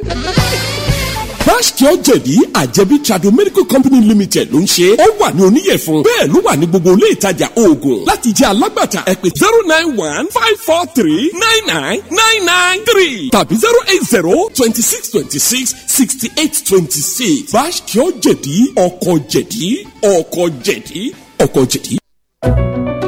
Báṣkì ọ̀jẹ̀bí àjẹbí Trado Medical Company Limited ló ń ṣe. Ó wà ní oníyẹ̀fún. Bẹ́ẹ̀ ló wà ní gbogbo ilé ìtajà oògùn. Láti jẹ́ alágbàtà ẹ pè zero nine one five four three nine nine nine nine three tàbí zero eight zero twenty six twenty six sixty eight twenty six. Báṣkì ọ̀jẹ̀bí ọkọ̀ jẹ̀dí ọkọ̀ jẹ̀dí ọkọ̀ jẹ̀dí. Thank you.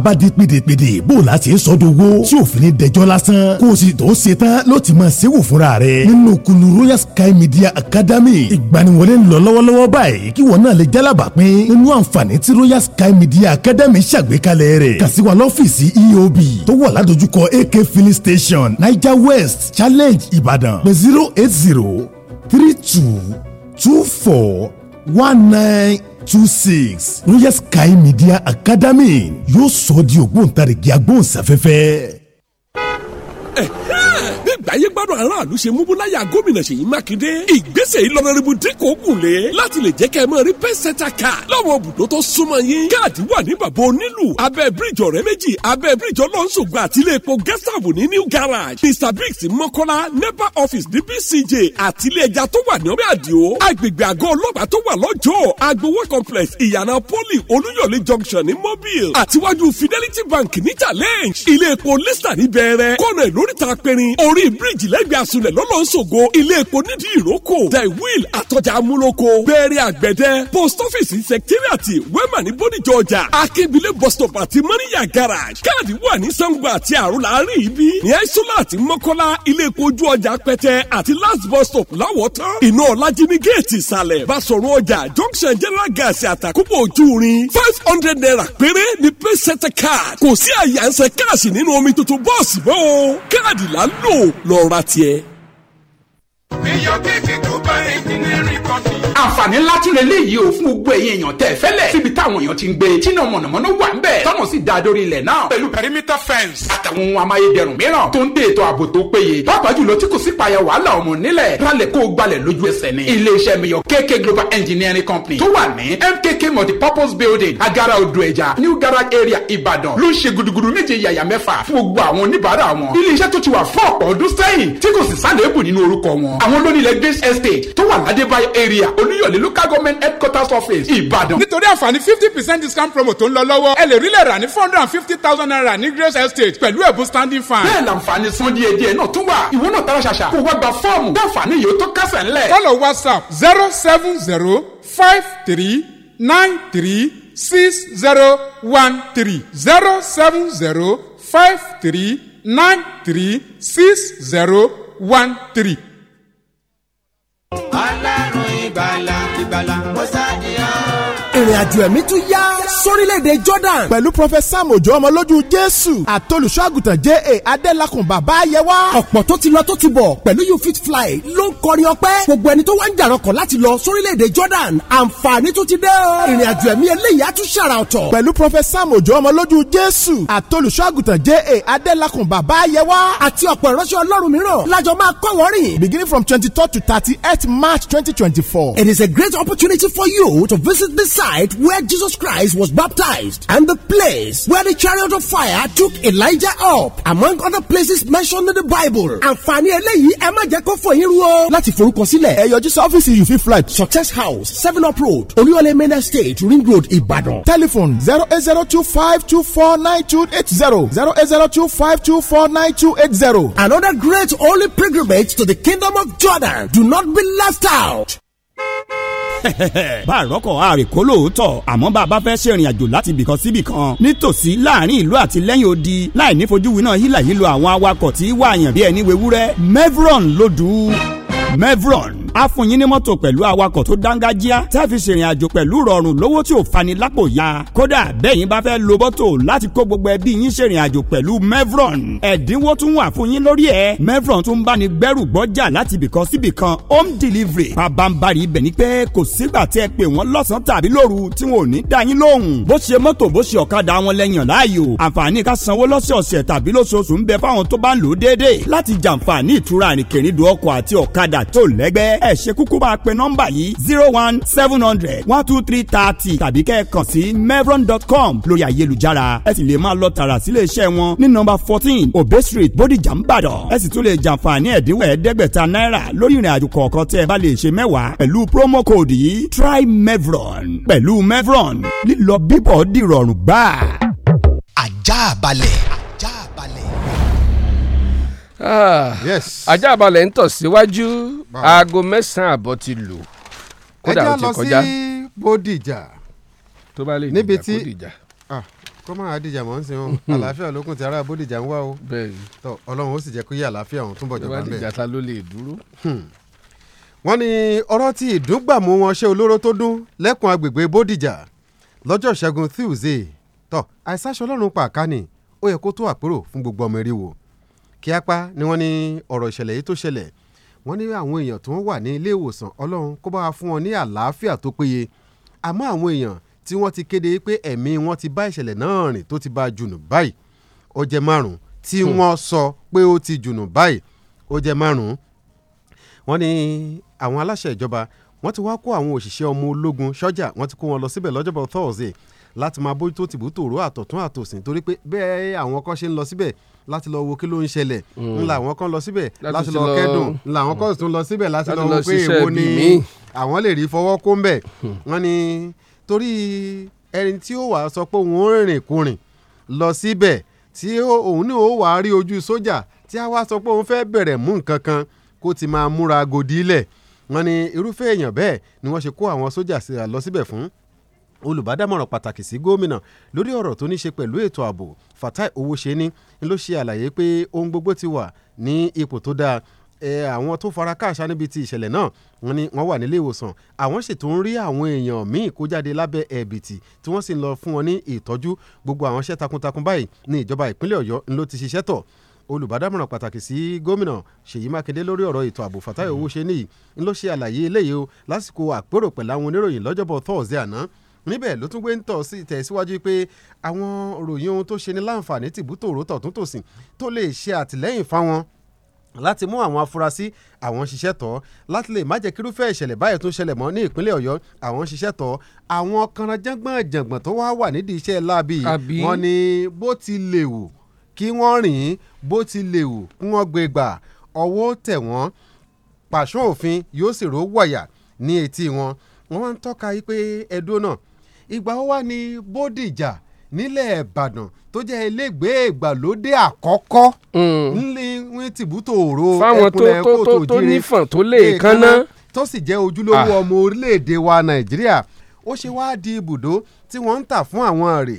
bá di pèdèpèdè bó o la ṣe sọ dogo tí o fi ní dẹjọ́ lásán kó o sì tó ṣe tán ló ti máa ṣẹ́wò fúnra rẹ̀ nínú kunu royal sky media academy ìgbaniwọlé ń lọ lọ́wọ́lọ́wọ́ báyìí kí wọ́n náà lè jálàbà pín nínú àǹfààní tí royal sky media academy ṣàgbékalẹ̀ rẹ̀ kàn sí lọ́fíìsì eob tó wà ládojúkọ ak filling station niger west challenge ibadan. pé zero eight zero three two two four one nine two six royal sky media academy yóò sọ ọ́ di ògbóǹtarìgì agbóhùnsáfẹ́fẹ́ báwọn aráàlú ṣe mú búláyà gómìnà Ṣèyí Mákindé ìgbésẹ̀ ìlọrẹ́rìmù dínkù ògùn láti lè jẹ́ kẹ́ rí pẹ́sẹ́tà kà láwọn ibùdó tó súnmọ́ yín káàdì wà ní bàbá onílù abẹ́ bíríjì ọ̀rẹ́ méjì abẹ́ bíríjì ọlọ́nṣogbo àti ilé epo gẹ́sàbù ní new garage Mr Biggs mọ́kọ́lá nepa office ní BCJ àti ilé ẹja tó wà ní ọmọ àdìo agbègbè àgọ́ ọlọ́pàá tó wà lọ́jọ́ agbowó complex ìyànà poli olúyọ̀lé junction ní mobile àtiwájú fidelity bank ní challenge ilé epo lista ní bẹ̀rẹ̀ kọ́nà ìlóríta pẹ̀rin orí bíríjì lẹ́ lẹ́gbẹ̀ẹ́ àsùnlẹ̀ lọ́lọ́sọ̀gọ ilé epo nídìí ìrókò the wheel àtọjà amúlòkọ bẹ̀rẹ̀ àgbẹ̀dẹ post office secretariat wema ní bódìjọ ọjà akébílẹ̀ bus stop àti mọ́níyà garage káàdì wà ní sango àti àrùn láàrin ibi ní aisola àti mọ́kọ́lá ilé epo ojú ọjà pẹ́tẹ́ àti last bus stop láwọ̀tán iná ọ̀làjì ní géètì ìsàlẹ̀ basọ̀rọ̀ ọjà junction general gas àtàkùbọ̀ ojú rin five hundred naira péré ní paycenter card kò sí àyànṣe káàsì nínú omi tuntun bọ́ọ̀sì mọ́ o káàdì là ń lò lọ́ọ́ ra Yeah. àǹfààní ńlá tí relé yìí ò fún gbogbo ẹ̀yin èèyàn tẹ̀ fẹ́lẹ̀ síbi táwọn èèyàn ti ń gbé tíná mọ̀nàmọ́ná wà ń bẹ̀ tọ́nà sì da dórí ilẹ̀ náà pẹ̀lú pẹ̀rímítà fẹ́ǹsì àtàwọn ohun amáyédẹrùn mìíràn tó ń dé ètò ààbò tó péye pàápàá jùlọ tí kò sí payà wàhálà ọmọ nílẹ̀ rálẹ̀ kó o gbalẹ̀ lójú ẹsẹ̀ ni iléeṣẹ́ mi yọ KK Global Engineering Company tó wà ní MKK Multipurpose Building agara odò ẹja New Garage Area ibadan. ló ń ṣe gudugudu méje yàyà mẹ́fà fún gbogbo àwọn oníbàárà wọn iléeṣẹ́ tó ti wà fún ọ̀pọ̀ ọdún sẹ́yìn tí kò sì sáde èbù nínú orúkọ wọn àwọn olónilẹ̀ grace estate tó wà ládébáyé area olúyọ̀lé local government headquarters office ìbàdàn. nítorí àǹfààní fifty percent discount promo tó ń lọ lọ́wọ́ ẹ lè rí lẹ̀ ní four hundred and fifty thousand naira ní grace estate pẹ̀lú ẹ̀bùn standing fan. bẹ́ẹ̀ làǹfààní san díẹ̀ díẹ̀ náà tún wà ìwọ náà tara ṣàṣà kó wá gba fọ́ọ̀mù láǹfààní yìí ó tó kásẹ̀ ńlẹ̀. kọ́lọ̀ whatsapp zero seven zero five three nine three six zero one three zero seven zero five three nine three six zero one three. Galán. àjò ẹ̀mí tún yá sórílẹ̀-èdè Jordan pẹ̀lú Prophet Sam ọmọlójú Jésù àtolùṣọ́àgùtàn J.A. Adélakùn bàbá ayẹwà. ọ̀pọ̀ tó ti lọ tó ti bọ̀ pẹ̀lú you fit fly ló ń kọrin ọpẹ́ gbogbo ẹni tó wá ń jàrọ̀kọ̀ láti lọ sórílẹ̀-èdè Jordan àǹfààní tó ti dé o ìrìn ẹ̀mí eléyìí á tún ọ̀tọ̀. pẹ̀lú Prophet Sam ọmọlójú Jésù àtolùṣọ́àgùtàn a great opportunity for you to visit this site where Jesus Christ was baptized and the place where the chariot of fire took Elijah up among other places mentioned in the Bible. Àǹfààní eléyìí ẹ má jẹ́ kó fò yín rú Láti forúkọ ẹ yọjú sí ọ́fíìsì yìí fi flight. Success House seven up road Olúyọ̀lé main estate Ring Road Ìbàdàn. Telephone zero eight zero two five two four nine two eight zero zero eight zero two five two four nine two eight zero. Another great holy pilgrimage to the kingdom of Jordan. Do not be left out. bá a rọ́kọ̀ àrèkó lóòótọ́ àmọ́ bá a bá fẹ́ ṣèrìn àjò láti ibìkan sí ibìkan nítòsí láàrin ìlú àti lẹ́yìn odi láì nífojúwi náà hílàhílo àwọn awakọ̀ tí wàá yàn bí ẹni wewúrẹ́ Mevron lodu. Mevron á fún yín ní mọ́tò pẹ̀lú awakọ̀ tó dángájíá tá a fi ṣèrìn àjò pẹ̀lú rọrùn lówó tí ò fani lápò ya kódà bẹ́yìn bá fẹ́ lo bọ́tò láti kó gbogbo ẹbí yín ṣèrìn àjò pẹ̀lú Mevron ẹ̀dínwó tún wà fún yín lórí ẹ̀ Mevron tún bá ní gbẹ́rù gbọ́jà láti ibìkan síbìkan home delivery pabambari ibẹ̀ ni pé kò sígbà tí ẹ pè wọ́n lọ́sàn-án tàbí lóru tí wọn ò ní da yín lóhùn bó ṣe mọ́tò bó ṣe ọ̀kadà wọn lẹ́yìn láàyò àǹfààní ká sanwó lọ́sọ̀ọ̀sẹ̀ tàbí lóṣooṣù ń bẹ fáwọn tó bá ń lò ó déédéé láti jàǹfààní ìtura àrìnkèrìndò ọkọ̀ àti ọ̀kadà ìtajà tó lẹ́gbẹ́ ẹ ṣe kúkú bá a pe nọ́mbà yìí zero one seven hundred one two three thirty tàbí kẹ́ ẹ kàn sí mevron.com lórí ayélujára ẹ sì lè máa lọ tààrà sílé iṣẹ́ wọn ní nọ́mbà fourteen obe street bodijà ńbàdàn ẹ sì tún lè jàǹfààní ẹ̀dínwó ẹ̀ẹ́dẹ́gbẹ̀ta náírà lórí ìrìn àjò kọ̀ọ̀kan tẹ́ ẹ bá lè ṣe mẹ́wàá pẹ̀lú promo code yìí try mevron pẹ̀lú mevron lílọ bíbọ̀ dìrọ̀rùn gbà. àjàbalẹ̀. Ah, ajá balẹ̀ ń tọ̀ síwájú aago mẹ́sàn-án àbọ̀ ti lù kódà ti kọjá. ẹ jẹ́ lọ sí bódìjà tó bá lè níbi tí kó máa dìjà mọ́ ń sin wọn àlàáfíà lókun ti ara bódìjà ń wá o tọ ọlọ́run ó sì jẹ́ kó yí àlàáfíà ọ̀hún túnbọ̀ jọba bẹ́ẹ̀. ìjàta ló lè dúró. Hmm. wọ́n ní ọ̀rọ̀ tí ìdúngbàmù wọn ṣe olóró tó dún lẹ́kùn agbègbè bódìjà lọ́jọ́ ìṣẹ́gun Tuesday tọ àìsàṣọ ọlọ́run pàkánì ó yẹ kó tó àpérò fún gbogbo ọmọ eré wo kíápá ni wọ́n ní ọ̀rọ̀ ìṣẹ̀lẹ̀ yìí tó ṣẹlẹ̀ wọ́n ní àwọn èèyàn tó wà ní ilé ìwòsàn ọlọ́run kó bá wa fún wọn ní àlàáfíà tó péye àmọ́ àwọn èèyàn tí wọ́n ti kéde pé ẹ̀mí wọn ti bá ìṣẹ̀lẹ̀ náà rìn tó ti bá jùnù báyìí ó jẹ́ márùn-ún tí hmm. wọ́n sọ pé ó ti jùnù báyìí ó jẹ́ márùn-ún wọ́n ní àwọn aláṣẹ ìjọba wọ́n ti wá kó àwọn òṣìṣẹ́ ọmọ ológun ṣọ́jà wọ́n ti kó wọn lọ síbẹ̀ lọ́jọ́bọ̀ Thursday láti máa bójútó tìbútòrò àtọ̀tún àtòsìn torí pé bẹ́ẹ̀ àwọn kan ṣe ń lọ síbẹ̀ láti lọ wo kí ló ń ṣẹlẹ̀ hmm. ńlá àwọn kan lọ síbẹ̀ láti lọ kẹ́dùn ńlá àwọn kan tún lọ síbẹ̀ láti lọ wo pé èwo ni àwọn lè rí fọwọ́ kó ń bẹ̀ hmm. wọ́n ní torí ẹni tí ó wà sọ pé òun ó rìnrìn kùnrin lọ síbẹ̀ tí òun ní ó wà á rí ojú sójà tí a wá sọ pé òun fẹ́ bẹ̀rẹ̀ mú nǹkan kan kó ti máa múra gòdì ilẹ̀ wọ́n ní irúfẹ́ èèyàn bẹ́ẹ̀ ni wọ́n ṣe kó àwọn sójà lọ síbẹ̀ fún olùbádámọ̀ràn pàtàkì sí gómìnà lórí ọ̀rọ̀ tó ní ṣe pẹ̀lú ètò ààbò Fatai Owóṣeni ló ṣe àlàyé pé ohun gbogbo ti wà ní ipò tó dáa àwọn tó fara káàṣá níbi ti ìṣẹ̀lẹ̀ náà wọ́n ní wọ́n wà nílé ìwòsàn àwọn sì tún ń rí àwọn èèyàn míì kó jáde lábẹ́ ẹ̀bìtì tí wọ́n sì ń lọ fún wọn ní ìtọ́jú gbogbo àwọn iṣẹ́ takuntakun báyìí ní ìjọba ìpínlẹ̀ ọ̀yọ́ ló ti ṣiṣẹ́ tọ̀ olùbádámọ̀ràn pàtàkì sí gómìnà ṣèyí mákindé lórí ọ̀rọ̀ ètò ààbò Fatai Owóṣeni ló ṣe àlàyé eléyìí o lásìkò àpérò pẹ̀lú àwọn oníròyìn lọ́jọ́bọ̀ thursday àná níbẹ̀ ló tún gbé ń tọ̀ sí tẹ̀síwájú pé àwọn ròyìn ohun tó ṣe ní láǹfààní tìbútòrò tọ̀tún tòsìn tó lè ṣe àtìlẹ́yìn fáwọn láti mú àwọn afurasí àwọn ṣiṣẹ́ tọ́ láti lè má jẹ́ kírúfẹ́ ìṣẹ̀lẹ̀ báyìí tún ṣẹlẹ̀ mọ́ ní ìpínlẹ̀ ọ̀yọ́ àwọn ṣiṣẹ́ tọ́ àwọn kanranjẹ́gbọ̀n jàngbọ̀n tó wá wà nídìí iṣẹ́ láabi wọn ni bó ti lè wù kí wọ́n rìn bó ti lè wù kí wọ́n gbé gbà ọwọ́ tẹ̀ wọ́n pàṣọ òfin yóò sì ró wọ̀yà ní etí wọn wọ́n tọ́ka yí pé ẹdó náà ìgbà ó wà ní Bódìjà nílẹ̀ Ìbàdàn tó jẹ́ ilégbèé ìgbàlódé àkọ́kọ́ hmm. nílé tìbútò òro ẹkùn ẹkùn tó jíire tó nífọ̀n tó lè kánná tó sì jẹ́ ojúlówó ah. ọmọ orílẹ̀-èdè wa Nàìjíríà ó ṣe wá di ibùdó tí wọ́n ń tà fún àwọn èrè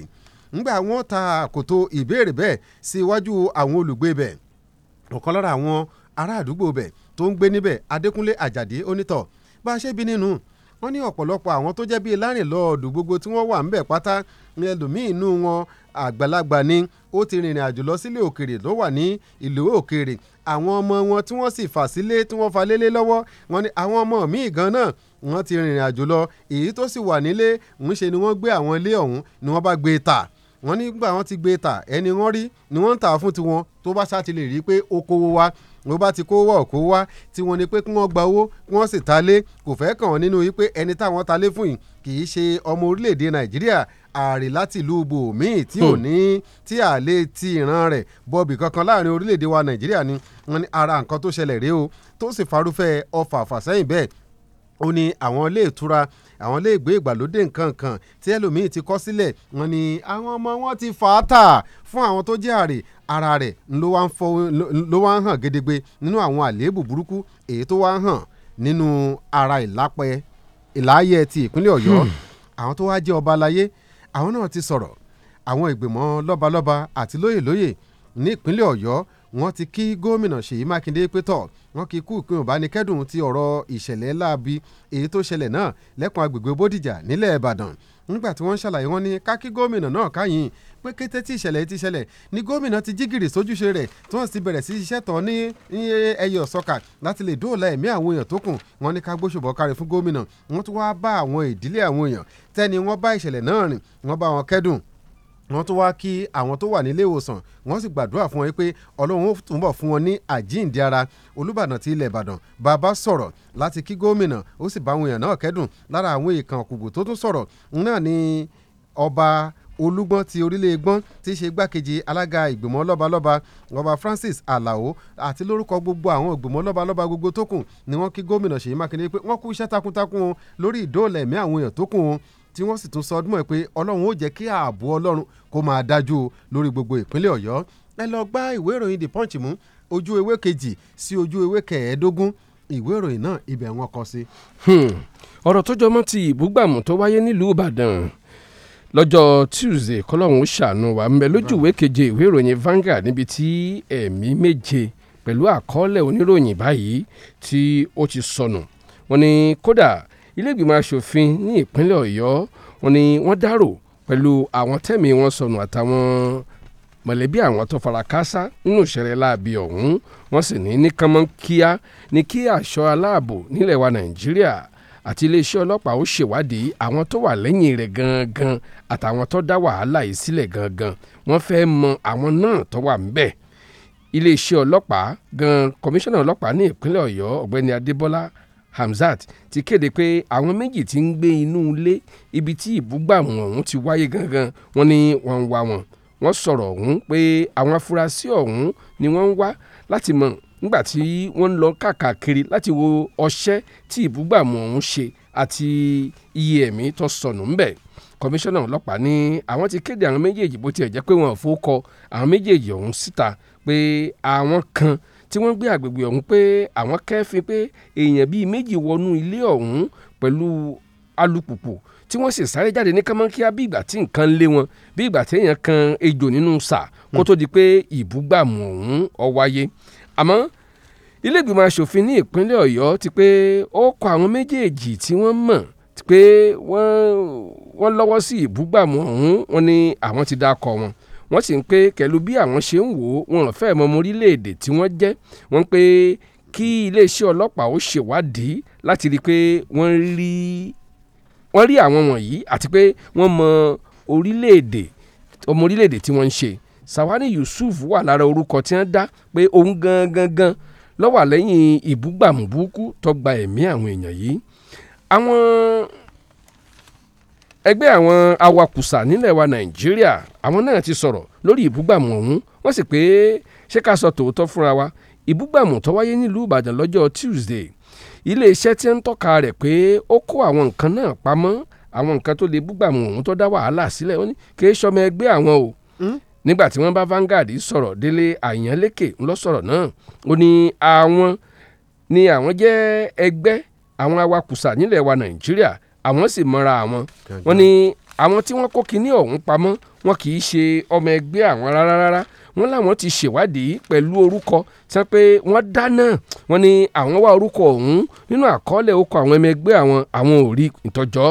ńgbà wọ́n ta àkòtò ìbéèrè bẹ́ẹ̀ sí iwájú àwọn olùgbé bẹ̀ ọ̀kan lára àwọn ará àdúgbò bẹ̀ tó ń gbé níbẹ̀ Adékúnlé Àjàdí onítọ̀ bá a ṣe bí nínú wọ́n ní ọ̀pọ̀lọpọ̀ àwọn tó jẹ́ bíi lárìnlọ́ọ̀dù gbogbo tí wọ́n wà ń bẹ̀ pátá ní ẹlòmíín inú wọn àgbàlagbà ni ó ti rìnrìn àjò lọ sílé òkèèrè ló wà ní ìlú òkèèrè àwọn ọmọ wọn tí wọ́n sì fà sílé tí wọ́n fa lélé lọ́wọ́ wọn ni àwọn ọmọ míì gan náà wọ́n ti rìnrìn àjò lọ èyí tó sì wà nílé ń ṣe ni wọ́n gbé àwọn ilé ọ̀hún ni wọ́n bá gbé e ta wọ́n nígbà wọ́n ti gbé ta ẹni wọ́n rí ni wọ́n ń tà fún tiwọn tó bá sá ti lè rí i pé ó kówó wá ló bá ti kó wọ̀ kó wá tí wọ́n ní pé kí wọ́n gba owó kí wọ́n sì ta lé kò fẹ́ kàn wọ́n nínú wípé ẹni táwọn ta lé fún yìí kì í ṣe ọmọ orílẹ̀-èdè nàìjíríà ààrẹ láti ìlú bòmíì tí ò hmm. ní tí àlè ti ìran rẹ̀ bọ́ọ̀bì kankan láàrin orílẹ̀-èdè wa nàìjíríà ni wọ́n ní ara nǹkan tó ṣẹlẹ̀ rèé o tó sì farúfẹ́ ọfà àfàsẹ́yìn bẹ́ẹ̀ ó ní àwọn ilé ìtura àwọn iléègbé ìgbàlódé nkankan tí ẹlòmíì ti kọ́ sílẹ̀ wọn ni àwọn ọmọ wọn ti fà á tà fún àwọn tó jẹ́ àrè ara rẹ̀ ló wá ń hàn gedegbe nínú àwọn àléébù burúkú èyí tó wá ń hàn nínú ara ìlápẹ́ ìláyẹ ti ìpínlẹ̀ ọ̀yọ́ hmm. àwọn tó wá jẹ́ ọba aláyé àwọn náà ti sọ̀rọ̀ àwọn ìgbìmọ̀ lọ́balọ́ba àti lóyèlóyè ní ìpínlẹ̀ ọ̀yọ́ wọ́n ti kí gómìnà ṣèyí mákindé pé wọn kì í kú ìpín òbánikẹ́dùn ti ọ̀rọ̀ ìṣẹ̀lẹ̀ láabi èyí tó ṣẹlẹ̀ náà lẹ́kùn agbègbè bódìjà nílẹ̀ ìbàdàn nígbà tí wọ́n ń ṣàlàyé wọn ní kákí gómìnà náà káyìn pé kété tí ìṣẹ̀lẹ̀ ti ṣẹlẹ̀ ni gómìnà ti jígìrì sójúṣe rẹ̀ tí wọ́n sì bẹ̀rẹ̀ sí iṣẹ́ tán ní ẹyẹ ọ̀sọ́kà láti lè dóòlà ẹ̀mí àwọn èèyàn tó kù wọ́n ni, ká gbóṣùbọ̀ kárí fún gómìnà wọ́n tún wá bá àwọn ìdílé àwọn èèyàn tẹ́ni wọ́n bá ìṣẹ̀lẹ̀ náà rìn wọ́n bá wọn kẹ́dùn wọ́n tún wá kí àwọn tó wà nílé ìwòsàn wọ́n sì gbàdúrà fún wọn pé ọlọ́run ó túnbọ̀ fún wọn ní àjíǹde ara olùbàdàn ti ilẹ̀ ìbàdàn bàbá sọ̀rọ̀ láti kí gómìnà ó sì bá àwọn èèyàn náà kẹ́dùn lára àwọn èèkàn òkùnkùn tó tún sọ̀rọ̀ náà ni ọba olúgbọ́n ti orílẹ̀ ègbọ́n tí í ṣe igbákejì alága ìgbìmọ̀ lọ́balọ́ba ọba francis alao àti lórúkọ gbogbo àwọn ìgbìmọ̀ lọ́balọ́ba gbogbo tó kù ni wọ́n kí gómìnà ṣèyí mákindé pé wọ́n kú iṣẹ́ takuntakun lórí ìdóòlà ẹ̀mí àwọn èèyàn tó kù tí wọ́n sì tún sọ ọdún mọ́ pé ọlọ́run ó jẹ́ kí ààbò ọlọ́run kó máa dájú lórí gbogbo ìpínlẹ̀ ọ̀yọ́ ẹ lọ gbá ìwé ìròyìn the punch mú ojú ewé kejì sí ojú ewé kẹẹ̀ẹ́dógún ìwé ìròyìn náà ibẹ̀ wọn kọ sí. Hmm. ọ̀rọ̀ tó jọmọ́ ti ìbúgbàmù tó wáyé nílùú ìbàdàn lọ́jọ́ tuesday kọ́lọ́hún ó ṣàánú wa ń bẹ lójú ìwé keje ìwé ìròyìn Vanguard níbi tí ẹ̀mí méje pẹ̀lú àkọọ́lẹ̀ oníròyìn báyìí tí ó ti sọnù wọ́n ní kódà iléègbìmọ̀ asòfin ní ìpínlẹ̀ ọ̀yọ́ wọ́n ní wọ́n dárò pẹ̀lú àwọn tẹ́mi wọn sọnù àtàwọn mọ̀lẹ́bí àwọn tó fara káásá nínú ìṣẹ̀lẹ̀ láabi ọ̀hún wọ́n sì ní ní kánmọ́ kíá ní kí àṣọ aláàbò nílẹ̀ wa nàìjíríà àti iléeṣẹ́ ọlọ́pàá ó ṣèwádìí àwọn tó wà lẹ́yìn rẹ̀ gangan àtàwọn tó dá wàhálà yìí sílẹ̀ gangan wọ́n fẹ́ mọ àwọn náà tó wà ńbẹ̀ iléeṣẹ́ ọlọ́pàá gan kọmíṣánná ọlọ́pàá ní ìpínlẹ̀ ọ̀yọ́ ọ̀gbẹ́ni adébọ́lá Hamzat ti kéde pé àwọn méjì tí ń gbé inú ilé ibi tí ìbúgbàmù ọ̀hún ti wáyé gangan wọ́n ní wọ́n ń wá wọn wọ́n sọ̀rọ̀ ọ̀hún pé àwọn afurasí ọ̀hún ni wọ́n ń wá láti mọ̀ nígbà tí wọ́n ń lọ káàkiri láti wo ọṣẹ́ tí ìbúgbàmù ọ̀hún ṣe àti iye ẹ̀mí tó sọnù ńbẹ̀ kọmíṣánná ọlọ́pàá ní àwọn ti kéde àwọn méjèèjì bó tiẹ̀ jẹ́ pé wọn ò fowó kọ àwọn méjèèjì ọ̀hún síta pé àwọn kan tí wọ́n gbé àgbègbè ọ̀hún pé àwọn kẹ́fín pé èèyàn bíi méjì wọnú ilé ọ̀hún pẹ̀lú alùpùpù tí wọ́n sì sáré jáde ní kánmọ́nkíá bí ìgbà tí nǹkan lé wọn bí ìgbà tí èèyàn kan ejò nínú sà kó hmm. tó di pé ìbúgbàmù ọ̀hún ó wáyé àmọ́ ilégbèmọ̀ asòfin ní ìpínlẹ̀ ọ̀yọ́ ti pé ó kọ àwọn méjèèjì tí wọ́n mọ̀ pé wọ́n lọ́wọ́ sí ìbúgbàmù ọ̀hún wọn ni àwọn ti dákọ̀ wọn wọ́n sì ń pé kẹ̀lú bí àwọn ṣe ń wò ó wọn fẹ́ mọ ọmọ orílẹ̀-èdè tí wọ́n jẹ́ wọ́n pé kí iléeṣẹ́ ọlọ́pàá ó ṣèwádìí láti rí i pé wọ́n rí àwọn wọ̀nyí àti pé wọ́n mọ orílẹ̀-èdè ọmọ orílẹ̀-èdè tí wọ́n ń ṣe Sawani Yusuf wà lára orúkọ tí wọ́n dá pé òun gangan gan ló ìbúgbàmùbúkú tó gba ẹ̀mí àwọn èèyàn yìí àwọn ẹgbẹ́ àwọn awakùsà nílẹ̀ wa nàìjíríà àwọn náà ti sọ̀rọ̀ lórí ìbúgbàmù ọ̀hún wọ́n sì pé ṣé ká sọ tòótọ́ fúnra wa ìbúgbàmù tó wáyé nílùú ìbàdàn lọ́jọ́ tuesday iléeṣẹ́ tí ń tọ́ka rẹ̀ pé ó kó àwọn nǹkan náà pamọ́ àwọn nǹkan tó lè búgbàmù ọ̀hún tó dá wàhálà sílẹ̀ ó ní kì í ṣọmọ ẹgbẹ́ àwọn o hmm? nígbà tí wọ́n bá Vanguard sọ̀rọ̀ délé àyànlékè ńlọ sọ̀rọ̀ náà ó ní àwọn ni àwọn jẹ́ ẹgbẹ́ àwọn awakùsà nílẹ̀ wa nàìjíríà àwọn sì mọ́ra àwọn wọ́n ní àwọn tí wọ́n kó kinní ọ̀hún pamọ́ wọn kì í ṣe ọmọ ẹgbẹ́ àwọn rárá rárá wọ́n làwọn ti ṣèwádìí pẹ̀lú orúkọ sọ pé wọ́n dá náà wọ́n ní àwọn wá orúkọ ọ̀hún nínú àkọọ́lẹ̀ orúkọ àwọn ọmọ ẹgbẹ́ àwọn àwọn ò rí ìtọ́jọ́